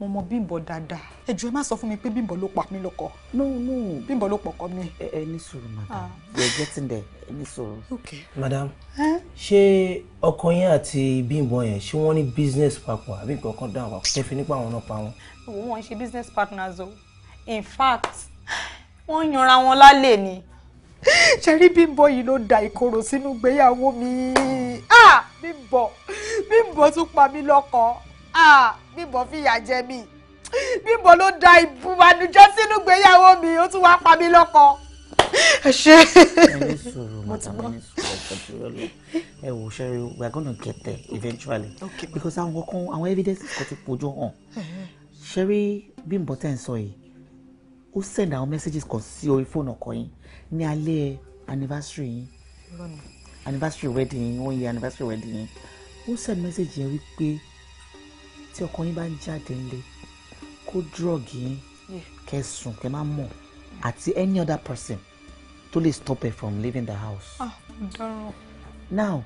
mo mọ bímbọ dáadáa ẹ jọ̀ọ́ ẹ má sọ fún mi pé bímbọ ló pa mí lọ́kọ. no no bímbọ ló pọkọ mi. ẹ ẹ ní sùúrù madam you ah. are getting there ẹ ní sùúrù. okay madam ṣé ọkọ yẹn àti bímbọ yẹn ṣé wọ́n ní business papọ̀ àbí nǹkan kan dáhùn papọ̀ ṣé fi nípa àwọn náà pa wọn. wọn ṣe business partners o in fact wọ́n yanra wọn lálẹ́ ni ṣẹ́rí bímbọ yìí ló da ìkorò sínú ìgbéyàwó mi bímbọ ah! bímbọ tún pa mí lọ́kọ. Ah, bímbọ fìyà jẹ mí bímbọ ló da ìbùbànújọ sínú ìgbéyàwó mi ó tún wáá pa mí lọ́kọ. ẹ ṣe mo ti gbọ́. ẹ wò ṣẹ́rí we are gonna get there eventually okay. because àwọn kan àwọn evidence. kan ti pojú hàn ṣẹ́rí bímbọ tẹ̀ ń sọ yìí ó send àwọn messages kan sí orí fóònù ọkọ yín ní alẹ́ anniversary yín anniversary wedding yín one year anniversary wedding yín ó send message yẹn wípé tí ọkọ yín bá ń jáde nílé kó dúrọ̀gì yín kẹsùn kẹ má mọ̀ àti any other person tó lè stop her from leaving the house. Ah, now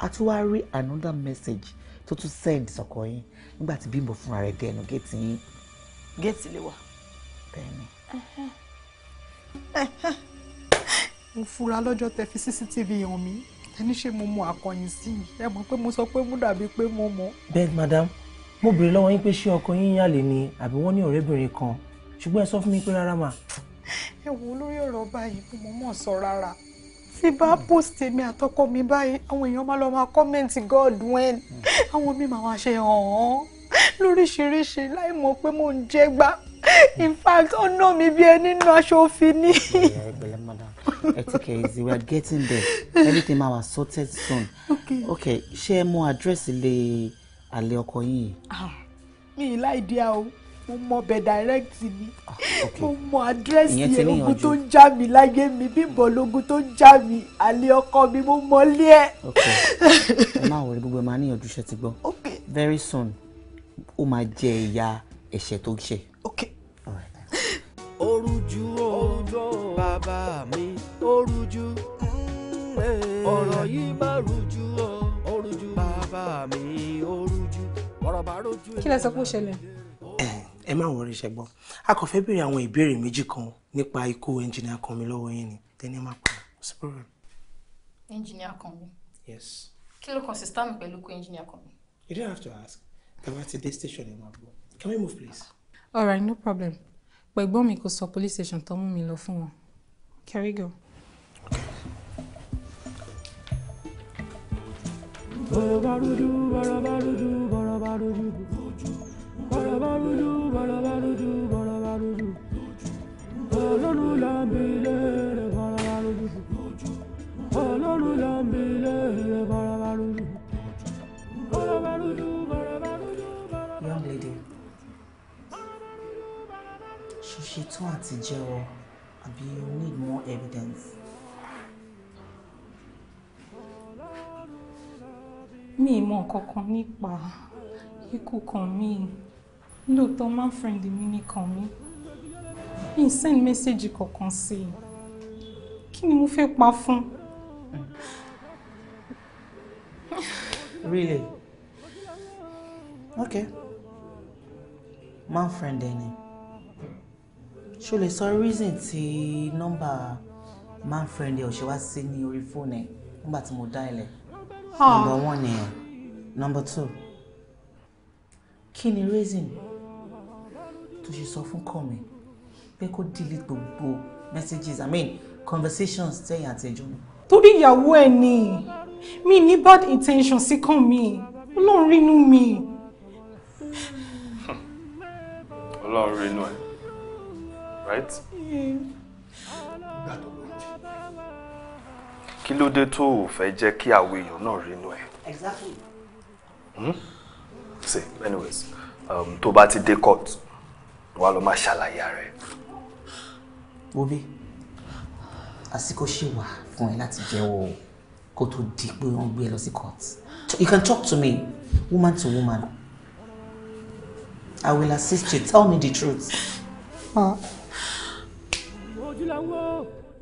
a tún wá rí another message tó tún send sọkọ yín nígbà tí Bímbọ́ fúnra rẹ̀ dẹnu géètì yín. géètì lè wà. bẹ́ẹ̀ni. mo fura lọ́jọ́ tẹ fi cctv hàn mí ẹni ṣe mo mọ akọyin sí i ẹ mọ̀ pé mo sọ pé mo dàbí pé mo mọ̀. bẹ́ẹ̀ madam mo béèrè lọ́wọ́ yín pé ṣé ọkọ yín yàlè ni àbí wọ́n ní ọ̀rẹ́bìnrin kan ṣùgbọ́n ẹ sọ fún mi pé rárá mà. ẹ wo lórí ọ̀rọ̀ báyìí mo mọ̀ sọ rárá tí bá post mi àtọkọ mi báyìí àwọn èèyàn máa lọ máa kọ́mẹ̀ntì god when àwọn mi máa wá ṣe hàn án lóríṣiríṣi láì mọ̀ pé mò ń jẹ́ in fact ó ná mi bí ẹni nínú aṣọ òfin ni. ẹ we are getting there everything ma sorted soon okay ṣé ẹ mọ̀ àdírẹ́sì lè àlè ọkọ yìí. Ah, mi ì láìdíà o mo mọ bẹ direct ni ah, mo mọ àdírẹ́sì ogun tó ń já mi láyé mi bímbọ lógun tó ń já mi àlè ọkọ mi mo mọ lé ẹ. ẹ máa wọlé gbogbo ẹ máa níyànjú iṣẹ́ ti gbọ́ very soon ó máa jẹ ìyà ẹ̀ṣẹ̀ tó ń ṣe. orújú o bàbá mi orújú mm, eh. ọ̀rọ̀ yìí máa rújú. kí lẹ sọ pé ó ṣẹlẹ̀. ẹ má wọrí iṣẹ́ gbọ́ a kò fẹ́ béèrè àwọn ìbéèrè méjì kan nípa ikú ẹnjìnìá kan mi lọ́wọ́ yín ni tẹ́ni má pa kò sí problem. ẹnjìnìá kan mi. yes. kí ló kàn sí sítámù pẹ̀lú ikú ẹnjìnìá kan mi. you don't have to ask tàbá ti dé station ẹ máa bọ̀ can we move please. all right no problem pẹ̀gbọ́n mi kò sọ police station tó mú mi lọ fún wọn carry go. Okay. Young lady, she she bá rújú the bá rújú bọ̀rọ̀ you need more evidence. mi mọ nǹkan nípa ikú kan mi lóòótọ́ man friend mi nìkan mi mi send message kankan sí i kí ni mo fẹ́ pa fún. really okay man friend ẹni ṣo lè sọ reason tí nọ́mbà man friend ẹ ò ṣe wá sí ní orí fóònù ẹ nígbà tí mo dá ilẹ̀. Huh. Number one nìyẹn. Number two. Kí ni reason tó ṣe sọ fún kọ́ mi pé kó delete gbogbo messages I mean conversations tẹ̀yìn àti ẹ̀jọ́ mi. Torí ìyàwó ẹ̀ ni mi ní bad intention sí kàn mi. Ọlọ́run rínú mi. Ọlọ́run rínú ẹ̀, right? Yeah. kí ló dé tó o fẹ́ jẹ́ kí àwọn èèyàn náà rí inú ẹ. exactly. Hmm? see anyways um, tó bá ti dé court wàá lọ máa ṣàlàyé rẹ. wobi àsìkò ṣì wà fún ẹ láti jẹ́wọ́ kó tó di pé wọ́n gbé ẹ lọ sí court you can talk to me woman to woman i will assist you tell me the truth. Huh?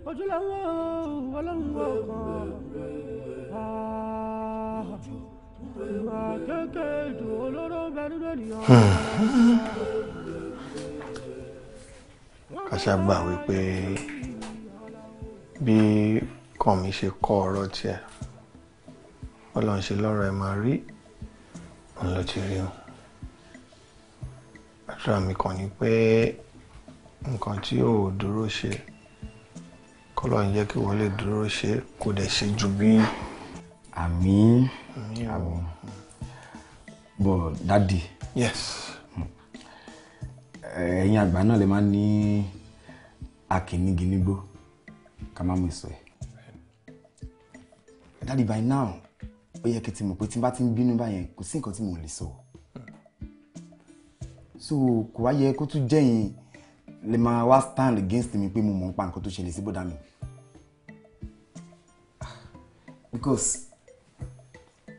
ojúlówó olóńgbò kan ah, ìwà kékeré olóró bẹ nínú ènìyàn. kàṣà gbà wípé bí kànmí ṣe kọ́ ọ̀rọ̀ tiẹ̀ ọlọ́run ṣe lọ́rọ̀ ẹ máa rí òun ló ti rí o àdúrà mi kàn ní pé nǹkan tí yóò dúró ṣe kọ́lọ́run jẹ́ kí wọ́n lè dúró ṣe kò dẹ̀ ṣe ju bí. àmín àmín bọ̀ dádì. yes. Hmm. ẹ̀yin àgbà náà lè máa ní akíníginígbó ká má mú ìsọ̀ ẹ̀. dádì by now ó yẹ kí ti mọ̀ pé tí n bá ti ń bínú báyẹn kò sí nǹkan tí mo lè sọ. so kò wá yẹ kó tún jẹ́yìn lè máa wá stand against mi pé mo mọ̀ ń pa nǹkan tó ṣẹlẹ̀ sí bọ́dà mi. because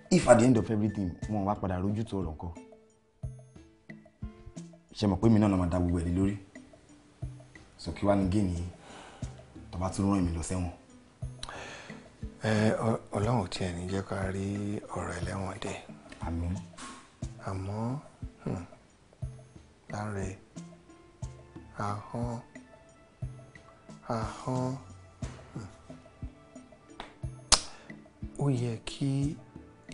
if at the end of everything wọn wá padà rojú tó ọ̀rọ̀ nǹkan ṣe mọ̀ pé mi náà ló máa da gbogbo ẹ̀rí lórí so kí wá ní géèmì yìí tó bá tún rán èmi lọ sẹ́wọ̀n. ọlọ́run tí ẹ̀ ní jẹ́ ká rí ọ̀rọ̀ ẹlẹ́wọ̀n dé. àmín. àmọ́ hmm, láre ahọ́n ahọ́n. ó yẹ kí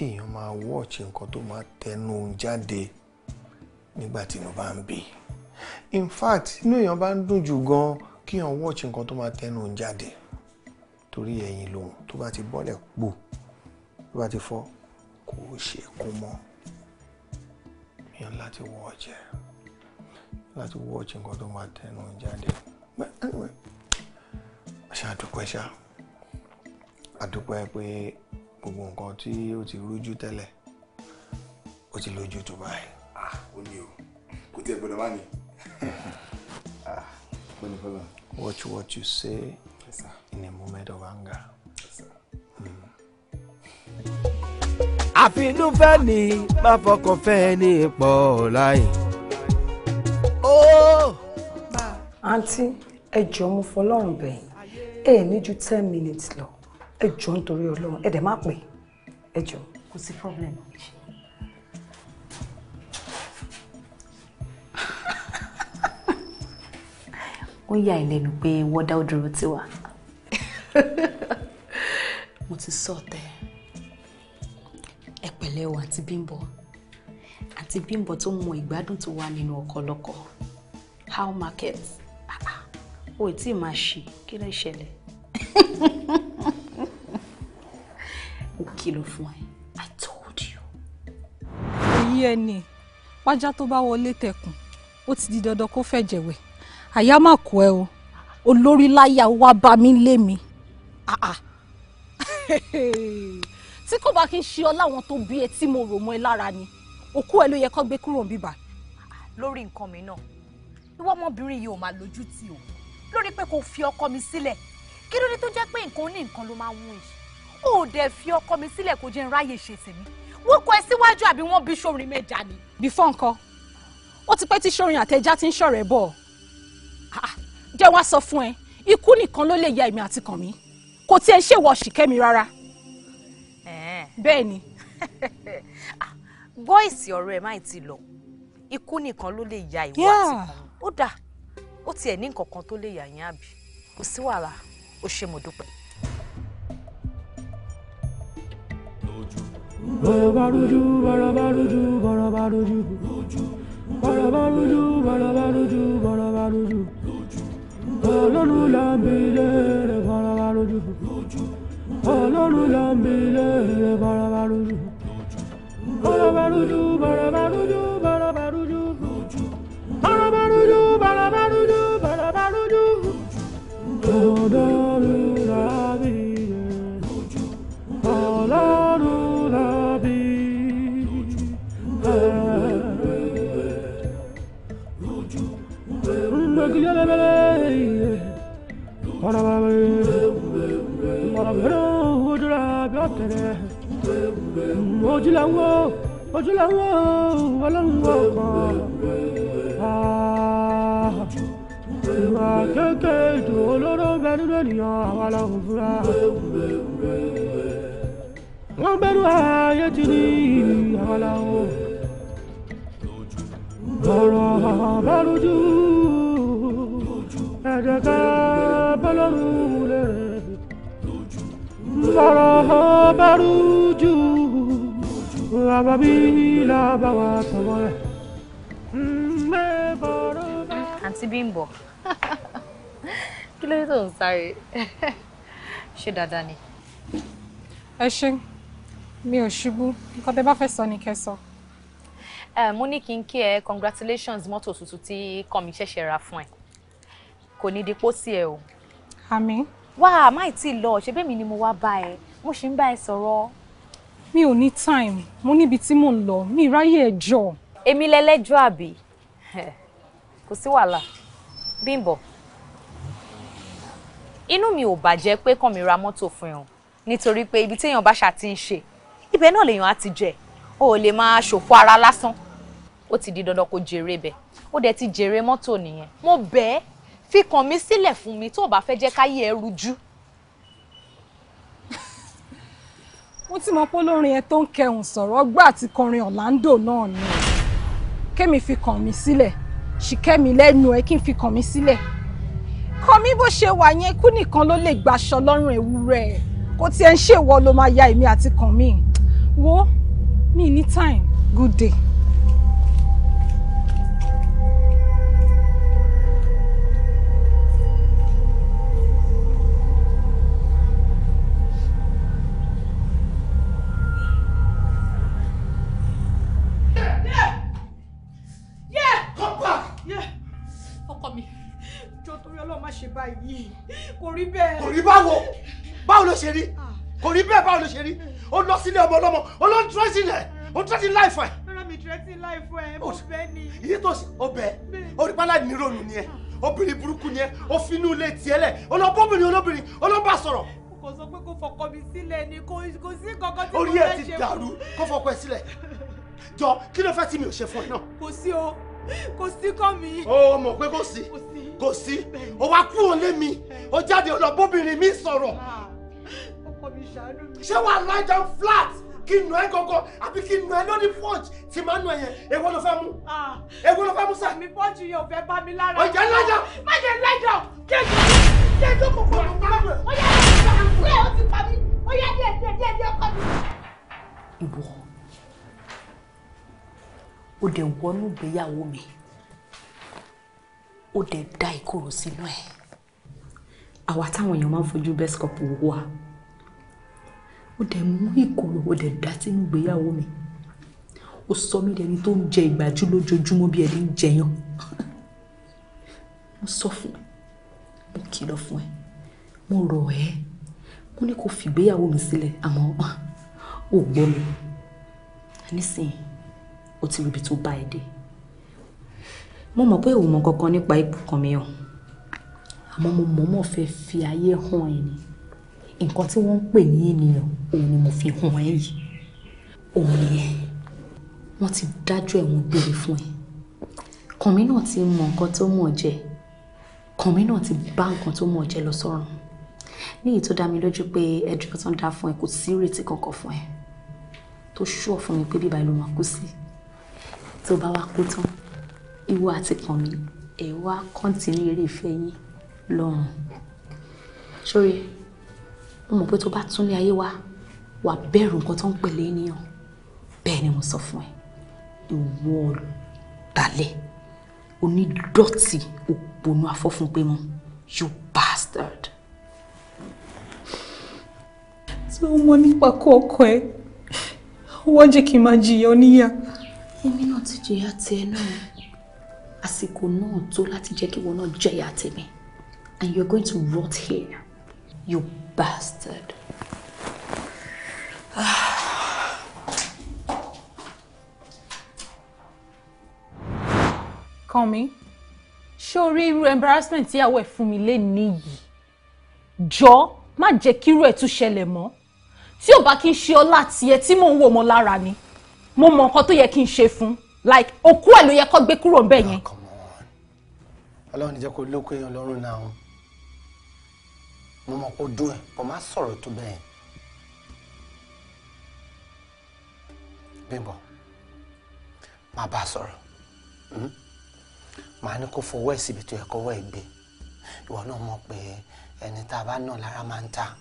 èèyàn máa wọ́ọ̀chì nǹkan tó máa tẹnu jáde nígbà tí inú bá ń bí in fact inú èèyàn bá ń dùn jù gan kí èèyàn wọ́ọ̀chì nǹkan tó máa tẹnu jáde torí ẹ̀yìn lòun tó bá ti bọ́lẹ̀ pò tó bá ti fọ́ kò ṣe kú mọ́ èèyàn láti wọ́ọ̀chì láti wọ́ọ̀chì nǹkan tó máa tẹnu jáde ṣáà dúpẹ́ ṣáà àdúpẹ́ pé gbogbo nǹkan tí ó ti rújú tẹ́lẹ̀ ó ti lójú tó báyìí. ah ó ní o kò tiẹ̀ gbọ́dọ̀ wá *laughs* ah, ní. watch what you say yes, in a moment of anger. Hmm. àfinúfẹ́ ni má fọkàn fẹ́ ní pọ̀ láì. àǹtí oh! ẹ jọ̀ọ́ mo fọlọ́run bẹ̀yìn ẹ ní ju ten minutes lọ ẹ jọ nítorí Ọlọ́run ẹ dẹ̀ má pè ẹ jọ kò sí problem. ó yà ẹ́ lẹ́nu pé wọ́dà ó dúró tiwa mo ti sọ tẹ ẹ pẹ̀lẹ́ o àti Bímbọ́ àti Bímbọ́ tó mọ ìgbádùn tó wà nínú ọkọ how market ah, ah. ó tí ì máa ṣì kí ló ṣẹlẹ̀. *laughs* mo kìlọ̀ fún ẹ i told you. èyí ẹ ní wájà tó bá wọlé tẹkùn ó ti di dandan kó fẹ́ jẹ̀wẹ̀ àyà má kó ẹ o olórí láyà wá bá mi lé mi ah, ah. *laughs* tí kò bá kí n ṣe ọ láwọn tó bí ẹ mo rò mọ́ ẹ lára ni òkú ẹ ló yẹ kó gbé kúrò bíbà. lórí nǹkan mi náà ìwọ ọmọbìnrin yìí ò máa lójú tì o lórí pé kò fi ọkọ mi sílẹ̀ kí ló dé tó jẹ́ pé nǹkan ní nǹkan ló máa ń wù yìí ò dẹ̀ fi ọkọ mi sílẹ̀ kó jẹ́ n ráyè ṣe tèmi wọ́n kọ ẹ síwájú àbí wọ́n bí sórin mẹ́ja ni. bífọ́ nǹkan ó ti pẹ́ tí sórin àtẹ̀já ti ń ṣọ̀rẹ́ bọ̀ ah, jẹ́ wá sọ fún ẹ ikú nìkan ló lè ya èmi àti kàn mí kò tiẹ̀ ṣe wọ ṣìkẹ́mi rárá. bẹ́ẹ̀ ni. gbọ́ *laughs* èsì ah, ọ̀rọ̀ ẹ̀ máa ti lọ ikú nìkan ló lè ya ìwọ àti kàn ó dà ó tiẹ̀ ní nǹkan kan tó lè yà yín àbí kò sí wàhálà ó ṣe mo barabaruju barabaruju barabaruju barabaruju barabaruju barabaruju ọlọ́run là ń bi léèrè barabaruju ọlọ́run là ń bi léèrè barabaruju barabaruju barabaruju barabaruju barabaruju barabaruju barabaruju ọdọọdún. ojúlàwọ ojúlàwọ ọlọ́wọ́ kan ìwà kékeré ètò olóró bẹ nínú ènìyàn àwa la kò fura wọn bẹ̀rù ayé ti ní àwa la kò ọ̀rọ̀ bá lójú àjàká bọ́lọ́run rẹ̀ lọ́rọ̀ bẹ́rù jù àbábí làbáwá tọwọ́ ẹ̀. àǹtí Bímbọ́ kí ló dé tó ń sáré ṣé dáadáa ni. ẹ ṣe mi ò ṣubú nǹkan tẹ́ bá fẹ́ sọ ni kẹ́ sọ. mo ní kí n kí ẹ congratulations mọ́tò tuntun tí kọ́mi ṣẹ̀ṣẹ̀ ra fún ẹ kò ní dípò sí ẹ o. àmín. wá a má tí ì lọ ṣebí mi ni mo wá bá ẹ mo ṣì ń bá ẹ sọ̀rọ̀. mi ò ní time mo níbi tí mò ń lọ mi ráyè ẹjọ́. èmi lẹlẹ́jọ́ àbí *laughs* kò sí wàhálà Bímbọ́ inú mi ò bàjẹ́ pé kàn mí ra mọ́tò fún ẹ o nítorí pé ibi téèyàn bá ṣá ti ń ṣe ibẹ̀ náà lèèyàn á ti jẹ o ò lè máa ṣòfò ara lásán ó ti di dandan kó jèrè bẹ̀ ó dẹ̀ ti jèrè mọ́tò nìyẹn mo bẹ̀ fi kàn mí sílẹ̀ fún mi tó o bá fẹ́ jẹ́ káyé ẹ rújú. mo ti mọ pé yẹn tó ń kẹhùn sọ̀rọ̀ gbà àti kọrin Orlando náà ni kémi fi kàn mí sílẹ̀ ṣìkẹ́mi lẹ́nu ẹ kí n fi kàn mí sílẹ̀ kàn mí bó ṣe wà yẹn kú nìkan ló lè gbaṣọ lọ́rùn ewúrẹ́ kò tiẹ̀ ń ṣèwọ ló máa ya èmi àti kàn mí wo mi ní good day. ṣe báyìí kò rí bẹ́ẹ̀. kò rí báwo báwo ló ṣe rí ah. kò rí bẹ́ẹ̀ báwo ló ṣe rí ó lọ sílé ọmọ ọlọ́mọ ó lọ ń tírẹ́sì rẹ̀ ó ń tírẹ́sì láìfọ̀ ẹ̀. rárá mi tírẹ́sì láìfọ̀ ẹ̀ mo bẹ́ ni. iye tó ṣe ó bẹ orí pálá nírònú ni ẹ obìnrin ah. burúkú ni ẹ ó fi inú ilé tiẹ̀ lẹ̀ olóbóbìnrin olóbìnrin olóbà sọ̀rọ̀ kò sọ pé kò fọkọ mi sílẹ̀ ni kò sí kankan tí mo fẹ́ ṣe fún. orí ẹ ti dàrú kó fọkọ ẹ sílẹ̀ jọ kí ló fẹ́ tí mi ò ṣe fún ẹ náà. kò sí o kò sí kọ́ mi. o mọ̀ pé kò sí. kò sí kò sí ó wá kúrò lé mi ó jáde ọ̀nà bóbìnrin mi sọ̀rọ̀ ah, ṣé wàá lie down flat kí nù ẹ gọgọ àbí kí nù ẹ lórí punch tí màá nù ẹ yẹn èwo ló fẹ́ mú ah, èwo ló fẹ́ mú sá. mi punch yìí ò fẹ́ bá mi lára. ọjà lie down. má jẹ lie down kí ẹ jẹ ẹ jókòó kó lọ pa mí. ó yá ẹ ó ti pa mí ó yá díẹ̀ díẹ̀ díẹ̀ díẹ̀ kọ́ mi. ìwọ o dẹ̀ wọnú ìgbéyàwó mi ó dẹ̀ dá ìkorò sínú ẹ̀. àwa táwọn èèyàn máa ń fojú best couple wò wá ó dẹ̀ mú ìkorò ó dẹ̀ dá sínú ìgbéyàwó mi ó sọ mí dẹni tó ń jẹ ìgbájú lójoojúmọ́ bí ẹni ń jẹyàn mo sọ fún ẹ mo kìlọ̀ fún ẹ mo rọ̀ ẹ́ mo ní kó fìgbéyàwó mi sílẹ̀ àmọ́ ò gbọ́ mi nísìnyí o ti ríbi tó bá ẹ dé mo mọ̀ pé ìwò mọ̀ kankan nípa ìbùkún mi o àmọ́ mo mọ̀ọ́mọ̀ fẹ́ fi ayé hàn ẹ́ ni nǹkan tí wọ́n ń pè ní ènìyàn òun ni mo fi hàn ẹ́ yìí òun nìyẹn wọ́n ti dájọ́ ẹ̀wọ̀n gbére fún ẹ kànmí náà ti mọ nǹkan tó mọ̀ jẹ kànmí náà ti bá nǹkan tó mọ̀ jẹ lọ sọ́run níyì tó dá mi lójú pé ẹjọ́ tó ń dá fún ẹ kò sí ìrètí kankan fún ẹ tó ṣùọ́ fún mi pé bíbá ìlú máa kú sí tó bá wá kú tán ìwọ àti kànmí ẹ wá kọ́ńtínú eré ìfẹ́ yín lọ́rùn sórí mo mọ̀ pé tó bá túnlé ayé wa wà bẹ̀rù nǹkan tó ń pèlè ènìyàn bẹ́ẹ̀ ni mo sọ fún ẹ ìwọ dalẹ̀ onídọ̀tí òpònú afọ́fúnpémọ́ you bastard. tí ó mọ nípa kó ọkọ ẹ wọ́n jẹ́ kí n máa jìyà oníyà. èmi náà ti jìyà tiẹ̀ náà àsìkò náà tó láti jẹ́ kí wọn náà jẹ̀yà tèmi and you are going to rot here you bastard. *sighs* kàn mí ṣé o rí irú embarrassment tíyàwó ẹ̀ fún mi lé níyì jọ má jẹ́ kírú ẹ̀ tún ṣẹlẹ̀ mọ́ tí ò bá kí n ṣe ọlá tiẹ̀ tí mò ń wò mọ́ lára ni mo mọ nǹkan tó yẹ kí n ṣe fún like òkú ẹ̀ ló yẹ kó gbé kúrò ńbẹ̀ yẹn. Ah, ọlọ́run jẹ́ kó lóko èèyàn lọ́rùn náà o mo mọ̀ kó dún ẹ̀ kó má sọ̀rọ̀ tó bẹ́ẹ̀. bímbọ máa bá a sọ̀rọ̀ hmm? màá ní kó fọwọ́ ẹ̀ síbi tó yẹ kó wọ́ ẹ̀ gbé ìwọ náà mọ̀ pé ẹni tá a bá nà lára máa ń ta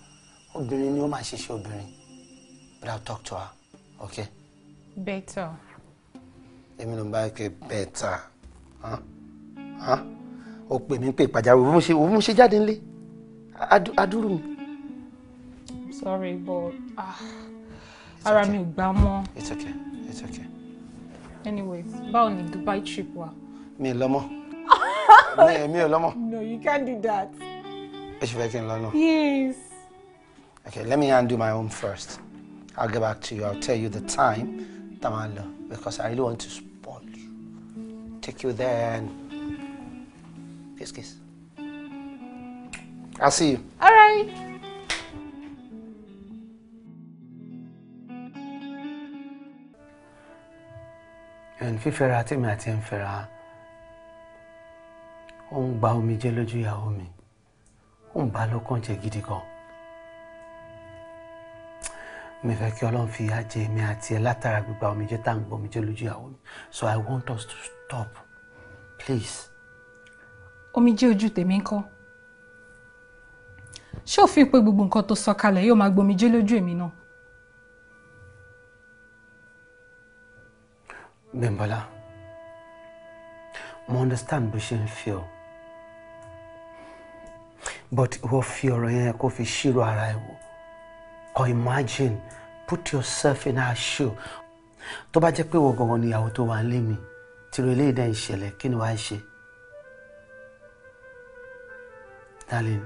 obìnrin ni ó máa ṣiṣẹ́ obìnrin but I'll talk to her okay. better èmi ló ń bá ike bẹ́ẹ̀ ta ó pè mí pé pàjáwìrì òun ṣe òun ṣe jáde ńlé adúrú mi. sorry but ah, ara mi ò gbà mọ́. it's okay it's okay. anyway báwo ni Dubai trip wa. mi ò lọ́mọ *laughs* mi ò lọ́mọ. no you can't do that. ẹ ṣe fẹ́ kí n lọ yes. okay let me undo my own first. I'll get back to you. I'll tell you the time. Tamalo because I really want to spoil you. Take you there and kiss, kiss. I'll see you. All right. And fífẹ́ra tèmi àti ẹn fẹ́ra ó ń gba omijé lójú ìyàwó mi ó ń bà lọ́kàn jẹ́ gidi gan mi fẹ́ kí ọlọ́run fi ajé mi àti ẹ látara gbígba omijé tá à ń gbọ́ omijé lójú ìyàwó mi so i want us to stop please. omijé ojú tèmi ńkọ́ ṣé òfin pé gbogbo nǹkan tó sọ kalẹ̀ yóò máa gbomijé lójú èmi náà. Bímbọ́lá mo understand bó ṣe ń fi ọ but ìwọ fi ọ̀rọ̀ yẹn kó fi ṣírò ara ẹ wò or imagine put yourself in her shoe tó bá jẹ́ pé wọ́n gangan ni ìyàwó tó wà ń lé mi tìrò eléyìí dá ìṣẹ̀lẹ̀ kí ni wàá ṣe. darling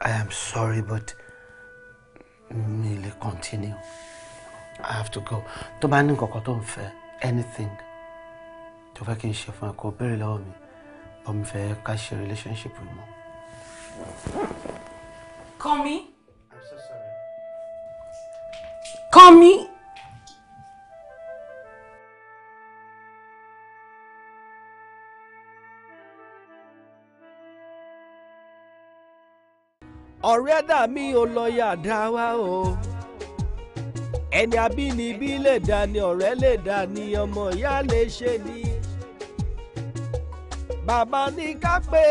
i am sorry but mi lè continue i have to go tó bá ní nǹkan tó ń fẹ́ anything tó fẹ́ kí n ṣe fún ẹ kó béèrè lọ́wọ́ mi bọ́ mi fẹ́ ká ṣe relationship mọ́. Call me. I'm so sorry. Call me. ọ̀rẹ́ dà mí ò lọ́ọ̀yà dá wa o ẹni abínibí lè dá ni ọ̀rẹ́ lè dá ni ọmọ ìyá lè ṣe ni bàbá ní ká pé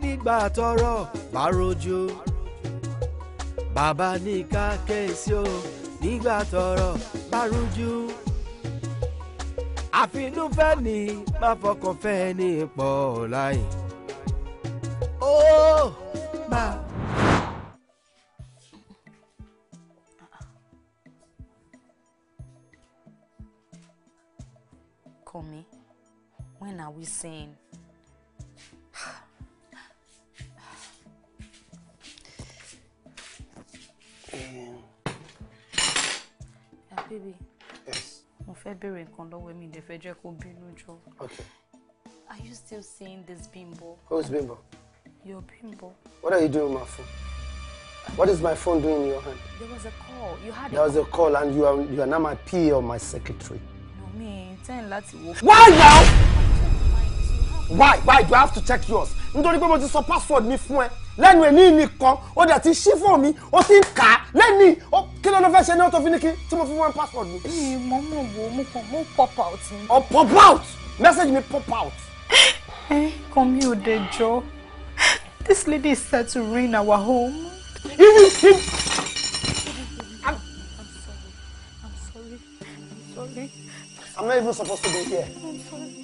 nígbà tọrọ bá rojú bàbá ní ká kẹ́sí o nígbà tọrọ bá rújú àfinúfẹ́ ni má fọkàn fẹ́ ní pọ̀ láì. ó máa. Kọ́mi, when are we seeing? Baby. Yes. Mo fẹ́ béèrè nǹkan lọ́wọ́ mi dẹ̀ fẹ́ jẹ́ kó bínú jọ. Okay. Are you still seeing this bimbo? Who is bimbo? Your bimbo. What are you doing with my phone? What is my phone doing in your hand? There was a call. You had. There a was a call, and you are you are now my PA or my secretary. No me, ten láti wo. Why now? why why do I have to check yours nítorí pé mo ti sọ password mi fún ẹ lẹ́nu ẹ̀ ní nìkan ó dẹ̀ ti ṣí fún mi ó ti ń kà á lẹ́ni kí ló ló fẹ́ ṣe ní ọ̀tọ̀ fínníkì tí mo fi wọ́n password mi. ee mo mọ wo mo kàn mo pop out ni. ọ pop out message mi pop out. ẹ kàn mí ò dé this lady is set to ruin our home. ibi ibi. I'm, sorry. I'm sorry. I'm sorry. I'm not even supposed to be here. I'm sorry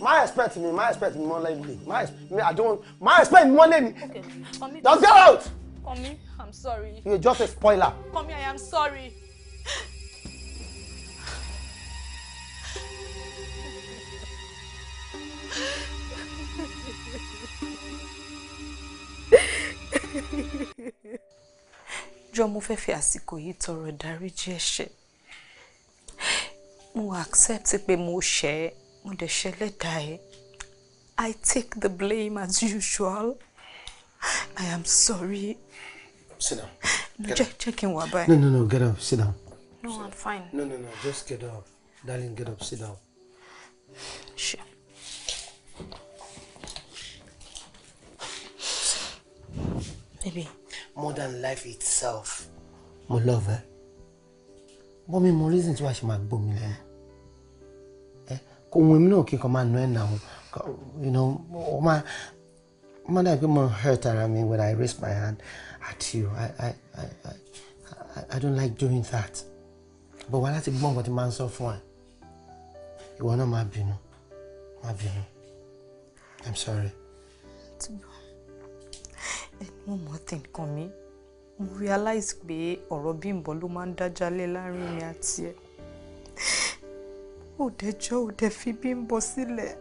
my expect me my expect me more lately my me i don't my expect me more lately. okay Kọ́mi just get out. Kọ́mi i'm sorry. you're just a spoiler. Kọ́mi i am sorry. jọ mo fẹ́ fi àsìkò yìí tọrọ ìdáríjì ẹ̀ṣẹ̀ mo accept pé mo ṣẹ̀ ẹ́ mo dẹ̀ ṣẹlẹ̀ dà ẹ́ I take the blame as usual I am sorry. Sit down. No, get check, up. check in Wabai. No, no, no, get up, sit down. No, I'm fine. No, no, no, just get up. Darling, get up, sit down. Sure. Baby. More than life itself. Mo love, eh? Bọ́mi mo reason tí wàá ṣe máa gbómi lẹ́nu ohun èmi náà kí n kàn máa nà ẹ́ nà ọ́ ọ máa máa dàbí mo hurt ara mi when I raise my hand at you I I I I, don't like doing that but wàá láti gbọ́ nǹkan tí máa ń sọ fún ẹ ìwọ náà má bínú má bínú I'm sorry. ẹni mo mọ̀ tẹ̀ nǹkan mi mo realize pé ọ̀rọ̀ Bímbọ́ ló máa ń dájálẹ̀ láàrin mi àti ẹ̀ ò dẹjọ́ ò dẹ fi bí ń bọ sílẹ̀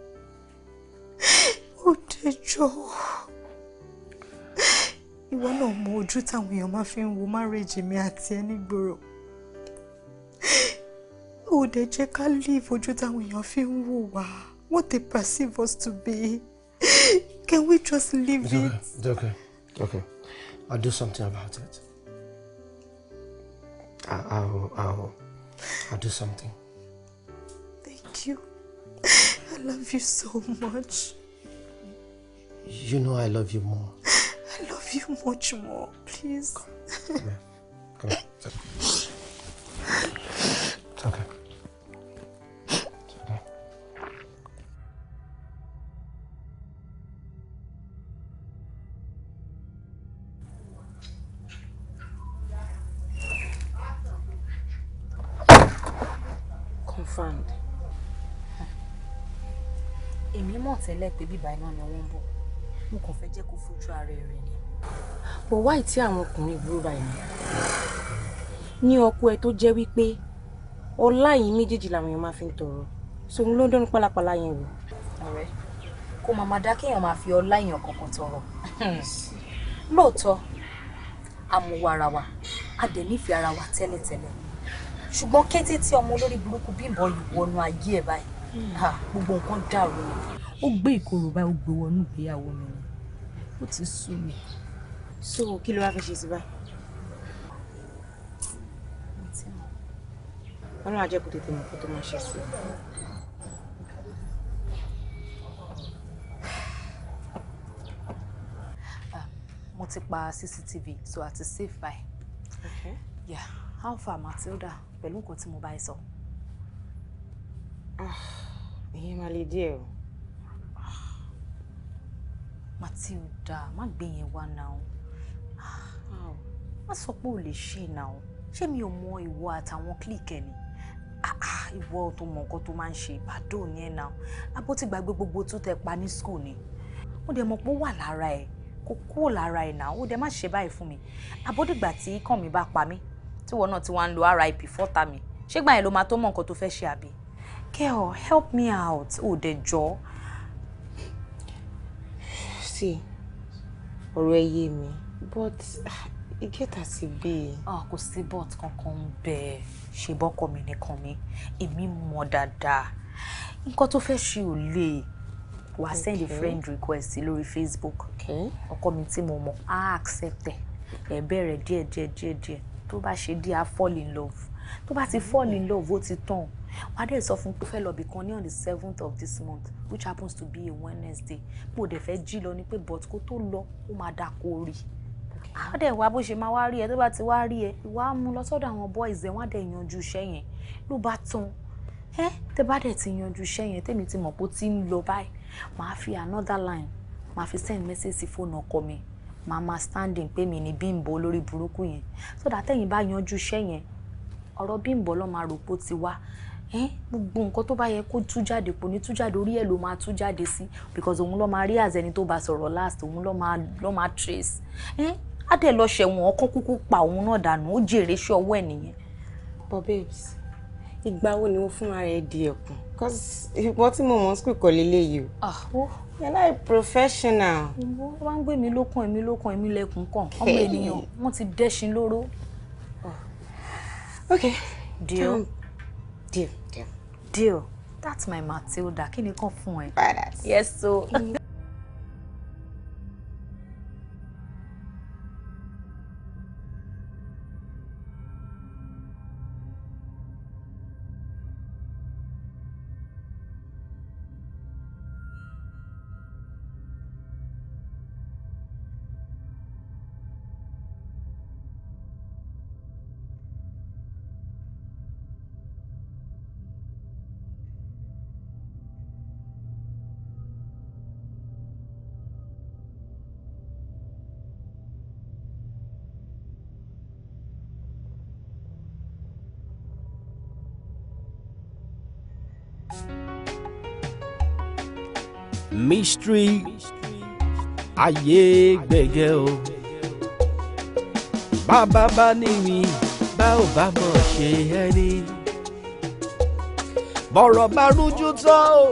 ò dẹjọ́ ìwọ náà mọ ojú táwọn èèyàn máa fi ń wo márèjì mi àti ẹni gbòòrò ò ká leave ojú táwọn èèyàn fi ń wò wá what they perceive us to be can we just leave it's it. it's okay it's okay i'll do something about it. I, I'll, I'll, I'll do something. I love you so much. You know I love you more. *laughs* I love you much more. Please. Come, come Come. It's okay. tẹ́lẹ̀ pé bíbá iná ni wọ́n ń bọ̀ mo kàn fẹ́ jẹ́ kó fojú ara ẹ̀ ni. but why tí àwọn ọkùnrin búrúra ẹ̀ ní ọkọ ẹ tó jẹ́ wípé ọlá yìí méjèèjì làwọn èèyàn máa fi ń tọrọ sóun ló ń dọ́nu pálapàla yẹn wò. ọ̀rẹ́ kó máa máa dá kéèyàn máa fi ọlá èèyàn kankan tọrọ hmm. lóòótọ́ àmúwò ara wa a dẹ̀ nífẹ̀ẹ́ ara wa tẹ́lẹ̀tẹ́lẹ̀ ṣùgbọ́n kété tí ọmọ olórí burúkú Bímbọ́ yìí wọnú ayé ẹ̀ báyìí gbogbo nǹkan dàrú ni ó gbé ìkorò báyìí ó gbé wọnú ìgbéyàwó mi ni ó ti sú mi. so kí ló wá fẹ́ ṣe sí báyìí. ọlọ́run ajẹ́ kò tètè mọ̀ kó tó máa ṣe sí i. Ah, mo ti pa cctv so àti safe by. Okay. yeah how far Matilda pẹ̀lú nǹkan tí mo bá ẹ sọ. So èyí ah, máa le díẹ̀ o. Ah, Matilda má gbé yẹn wá náà ah, má sọ pé ò lè ṣe náà ṣé mi ò mọ ìwọ àtàwọn clique ni ìwọ tó mọ nǹkan tó máa ń ṣe ìbàdàn ni ẹ náà abó ti gbàgbé gbogbo tó tẹ pa ní school ni ó dẹ̀ mọ̀ pé ó wà lára ẹ̀ kó kúrò lára ẹ̀ náà ó dẹ̀ má ṣe báyìí fún mi abódìgbà tí kàn mí bá pa mí tíwọ náà ti wá ń lo rip fọ́ta mi ṣégbà yẹn ló máa tó mọ nǹkan tó fẹ́ ṣe àbí girl help me out ò the jaw. see ọ̀rọ̀ ẹ yé mi but e get as e be. kò sí but kankan ń bẹ come in nìkan mi èmi mọ̀ dáadáa nǹkan tó fẹ́ ṣe ò lè wá send a friend request lórí facebook ọkọ mi tí mo mọ̀ á accept it. ẹ̀ bẹ̀rẹ̀ díẹ̀ díẹ̀ díẹ̀ díẹ̀ tó bá ṣe díẹ̀ fall in love tó bá ti fall in love What's it tán wọ́n á dẹ̀ sọ fún pé fẹ́ lọ bìkan ní on the seventh of this month which happens to be a Wednesday bó dẹ̀ fẹ́ jí lọ ni pé but kó tó lọ ó máa dà kó rí á dẹ̀ wá bó ṣe máa wá rí ẹ tó bá ti wá rí ẹ ìwà á mú lọ sọ́dọ̀ àwọn boys ẹ̀ wọ́n á dẹ̀ yanjú iṣẹ́ yẹn ló bá tán ẹ tẹ bá dẹ̀ ti yanjú iṣẹ́ yẹn tèmi ti mọ̀ pé ó ti ń lọ báyìí màá fi another line màá fi send message sí fóònù ọkọ mi màá máa standing pé mi ní bímbọ lórí burúkú yẹn so that tẹ̀yin bá yanjú iṣẹ́ yẹn ọ̀rọ̀ bímbọ ló máa rò pé ó ti wá gbogbo nǹkan tó bá yẹ kó tú jáde kò ní tú jáde orí ẹ̀ ló máa tú jáde sí because òun ló máa rí àzẹni tó bá sọ̀rọ̀ last òun ló máa ló máa trace á lọ ṣẹ̀wọ̀n ọkàn kúkú pa òun náà dànù ó jèrè iṣẹ́ ọwọ́ ẹ̀ but babes ìgbà wo ni wọ́n fúnra rẹ̀ di ẹ̀kún because wọ́n tí mo mọ̀ school kọ́ lélẹ́yìí o. Ah, You're not a professional. Wọ́n wá ń gbé mi lókun èmi lókun èmi lẹ́kùn kàn. Ọmọ ènìyàn wọ́n ti dẹ́ṣin lóró. Okay. Deal deal deal deal that's my Matilda kí ni kàn fún ẹ. yes so. *laughs* mystery ayé gbẹ̀gẹ́ o bàbá bá níwì bá ò bá mọ̀ ṣe ẹni bọ̀rọ̀ bá rújú tán o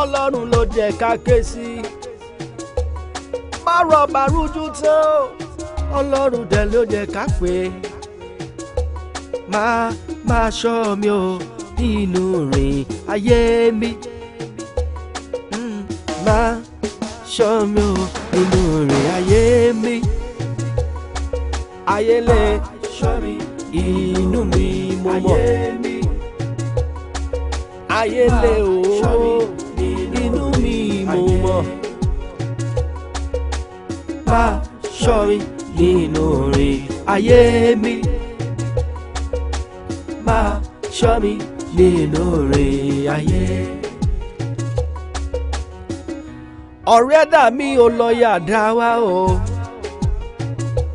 ọlọ́run ló jẹ́ ká ké sí bọ̀rọ̀ bá rújú tán o ọlọ́run dẹ̀ ló jẹ́ ká pé máa máa ṣọ́ mi o nínú rìn ayé mi bá ṣọ́ mi ò inú rẹ̀ ayé mi ayé lè ṣọ́ mi inú mi mo mọ̀ ayé lè o inú mi mo mọ̀ bá ṣọ́ mi nínú rẹ̀ ayé mi bá ṣọ́ mi nínú rẹ̀ ayé mi ọ̀rẹ́ dà mi ò lọ dá wa o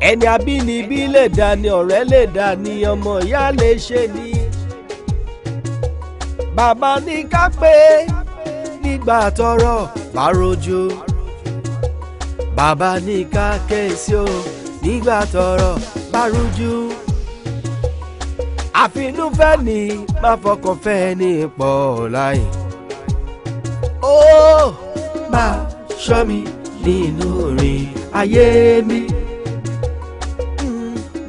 ẹni abínibí lè dà ní ọ̀rẹ́ lè dà ní ọmọ ìyá lè ṣe ni bàbá ní ká pé nígbà tọrọ bá rojú bàbá ní ká kẹ́sí o nígbà tọrọ bá rújú àfinúfẹ́ ni má fọkàn fẹ́ ní pọ̀ láì. ó máa ṣọ́ mi nínú rìn ayé mi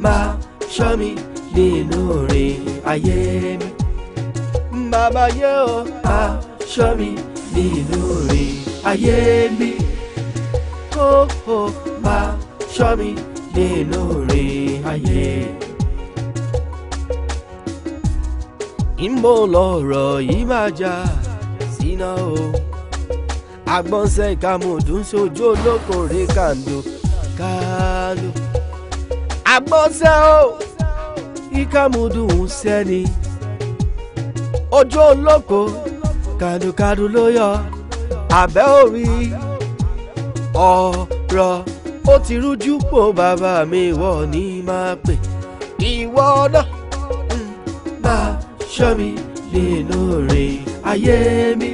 máa ṣọ́ mi nínú rìn ayé mi bàbá yé o máa ṣọ́ mi nínú rìn ayé mi ó ó máa ṣọ́ mi nínú rìn ayé mi. ìmọ̀ lọ̀rọ̀ yìí máa jà sínú o agbọ́nsẹ̀ ìkàmùdù ń ṣojú olókòrè kàndó kálù. agbọ́nsẹ̀ o ìkàmùdù ń sẹ́ni ojú olóko kàndùkàndù ló yọ abẹ́ orí ọ̀rọ̀ ó ti rújú pò bàbá mi ìwọ ni máa pè ìwọ náà máa ṣọ́ mi nínú rè ayé mi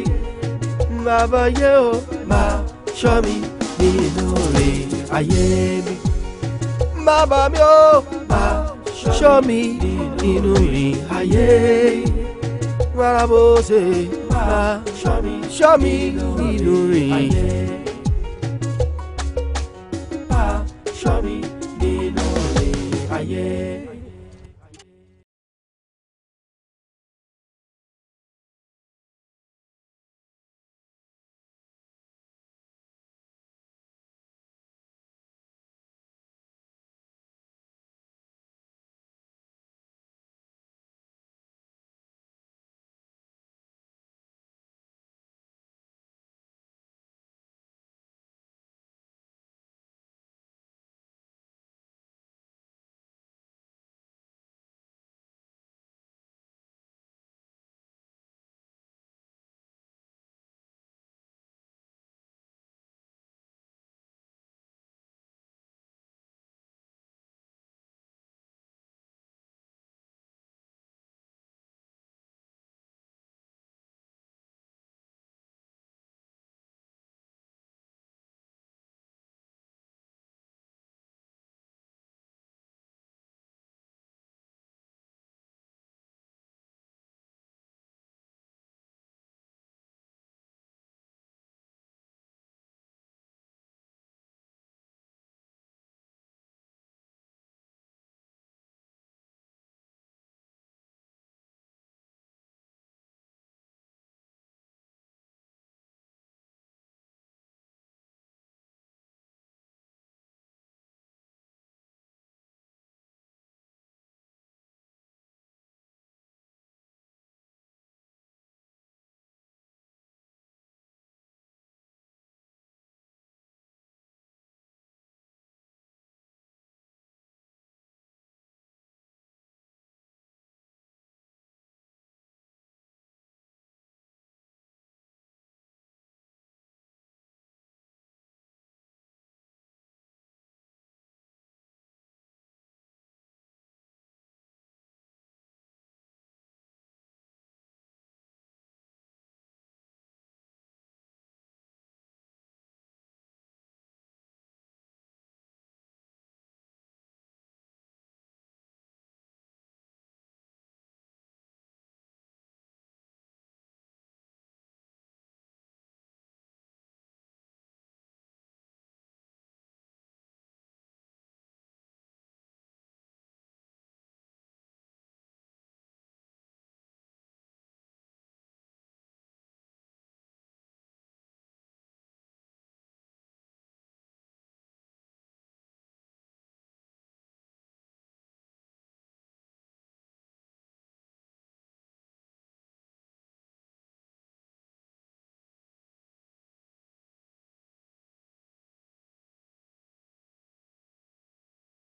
bàbá yé o ma ṣọ́ mi nínú rè ayé mi. bàbá mi o ma ṣọ́ mi nínú rè ayé mi. rárá bó ṣe máa ṣọ́ mi nínú rè ayé mi. ṣọ́ mi nínú rè ayé mi.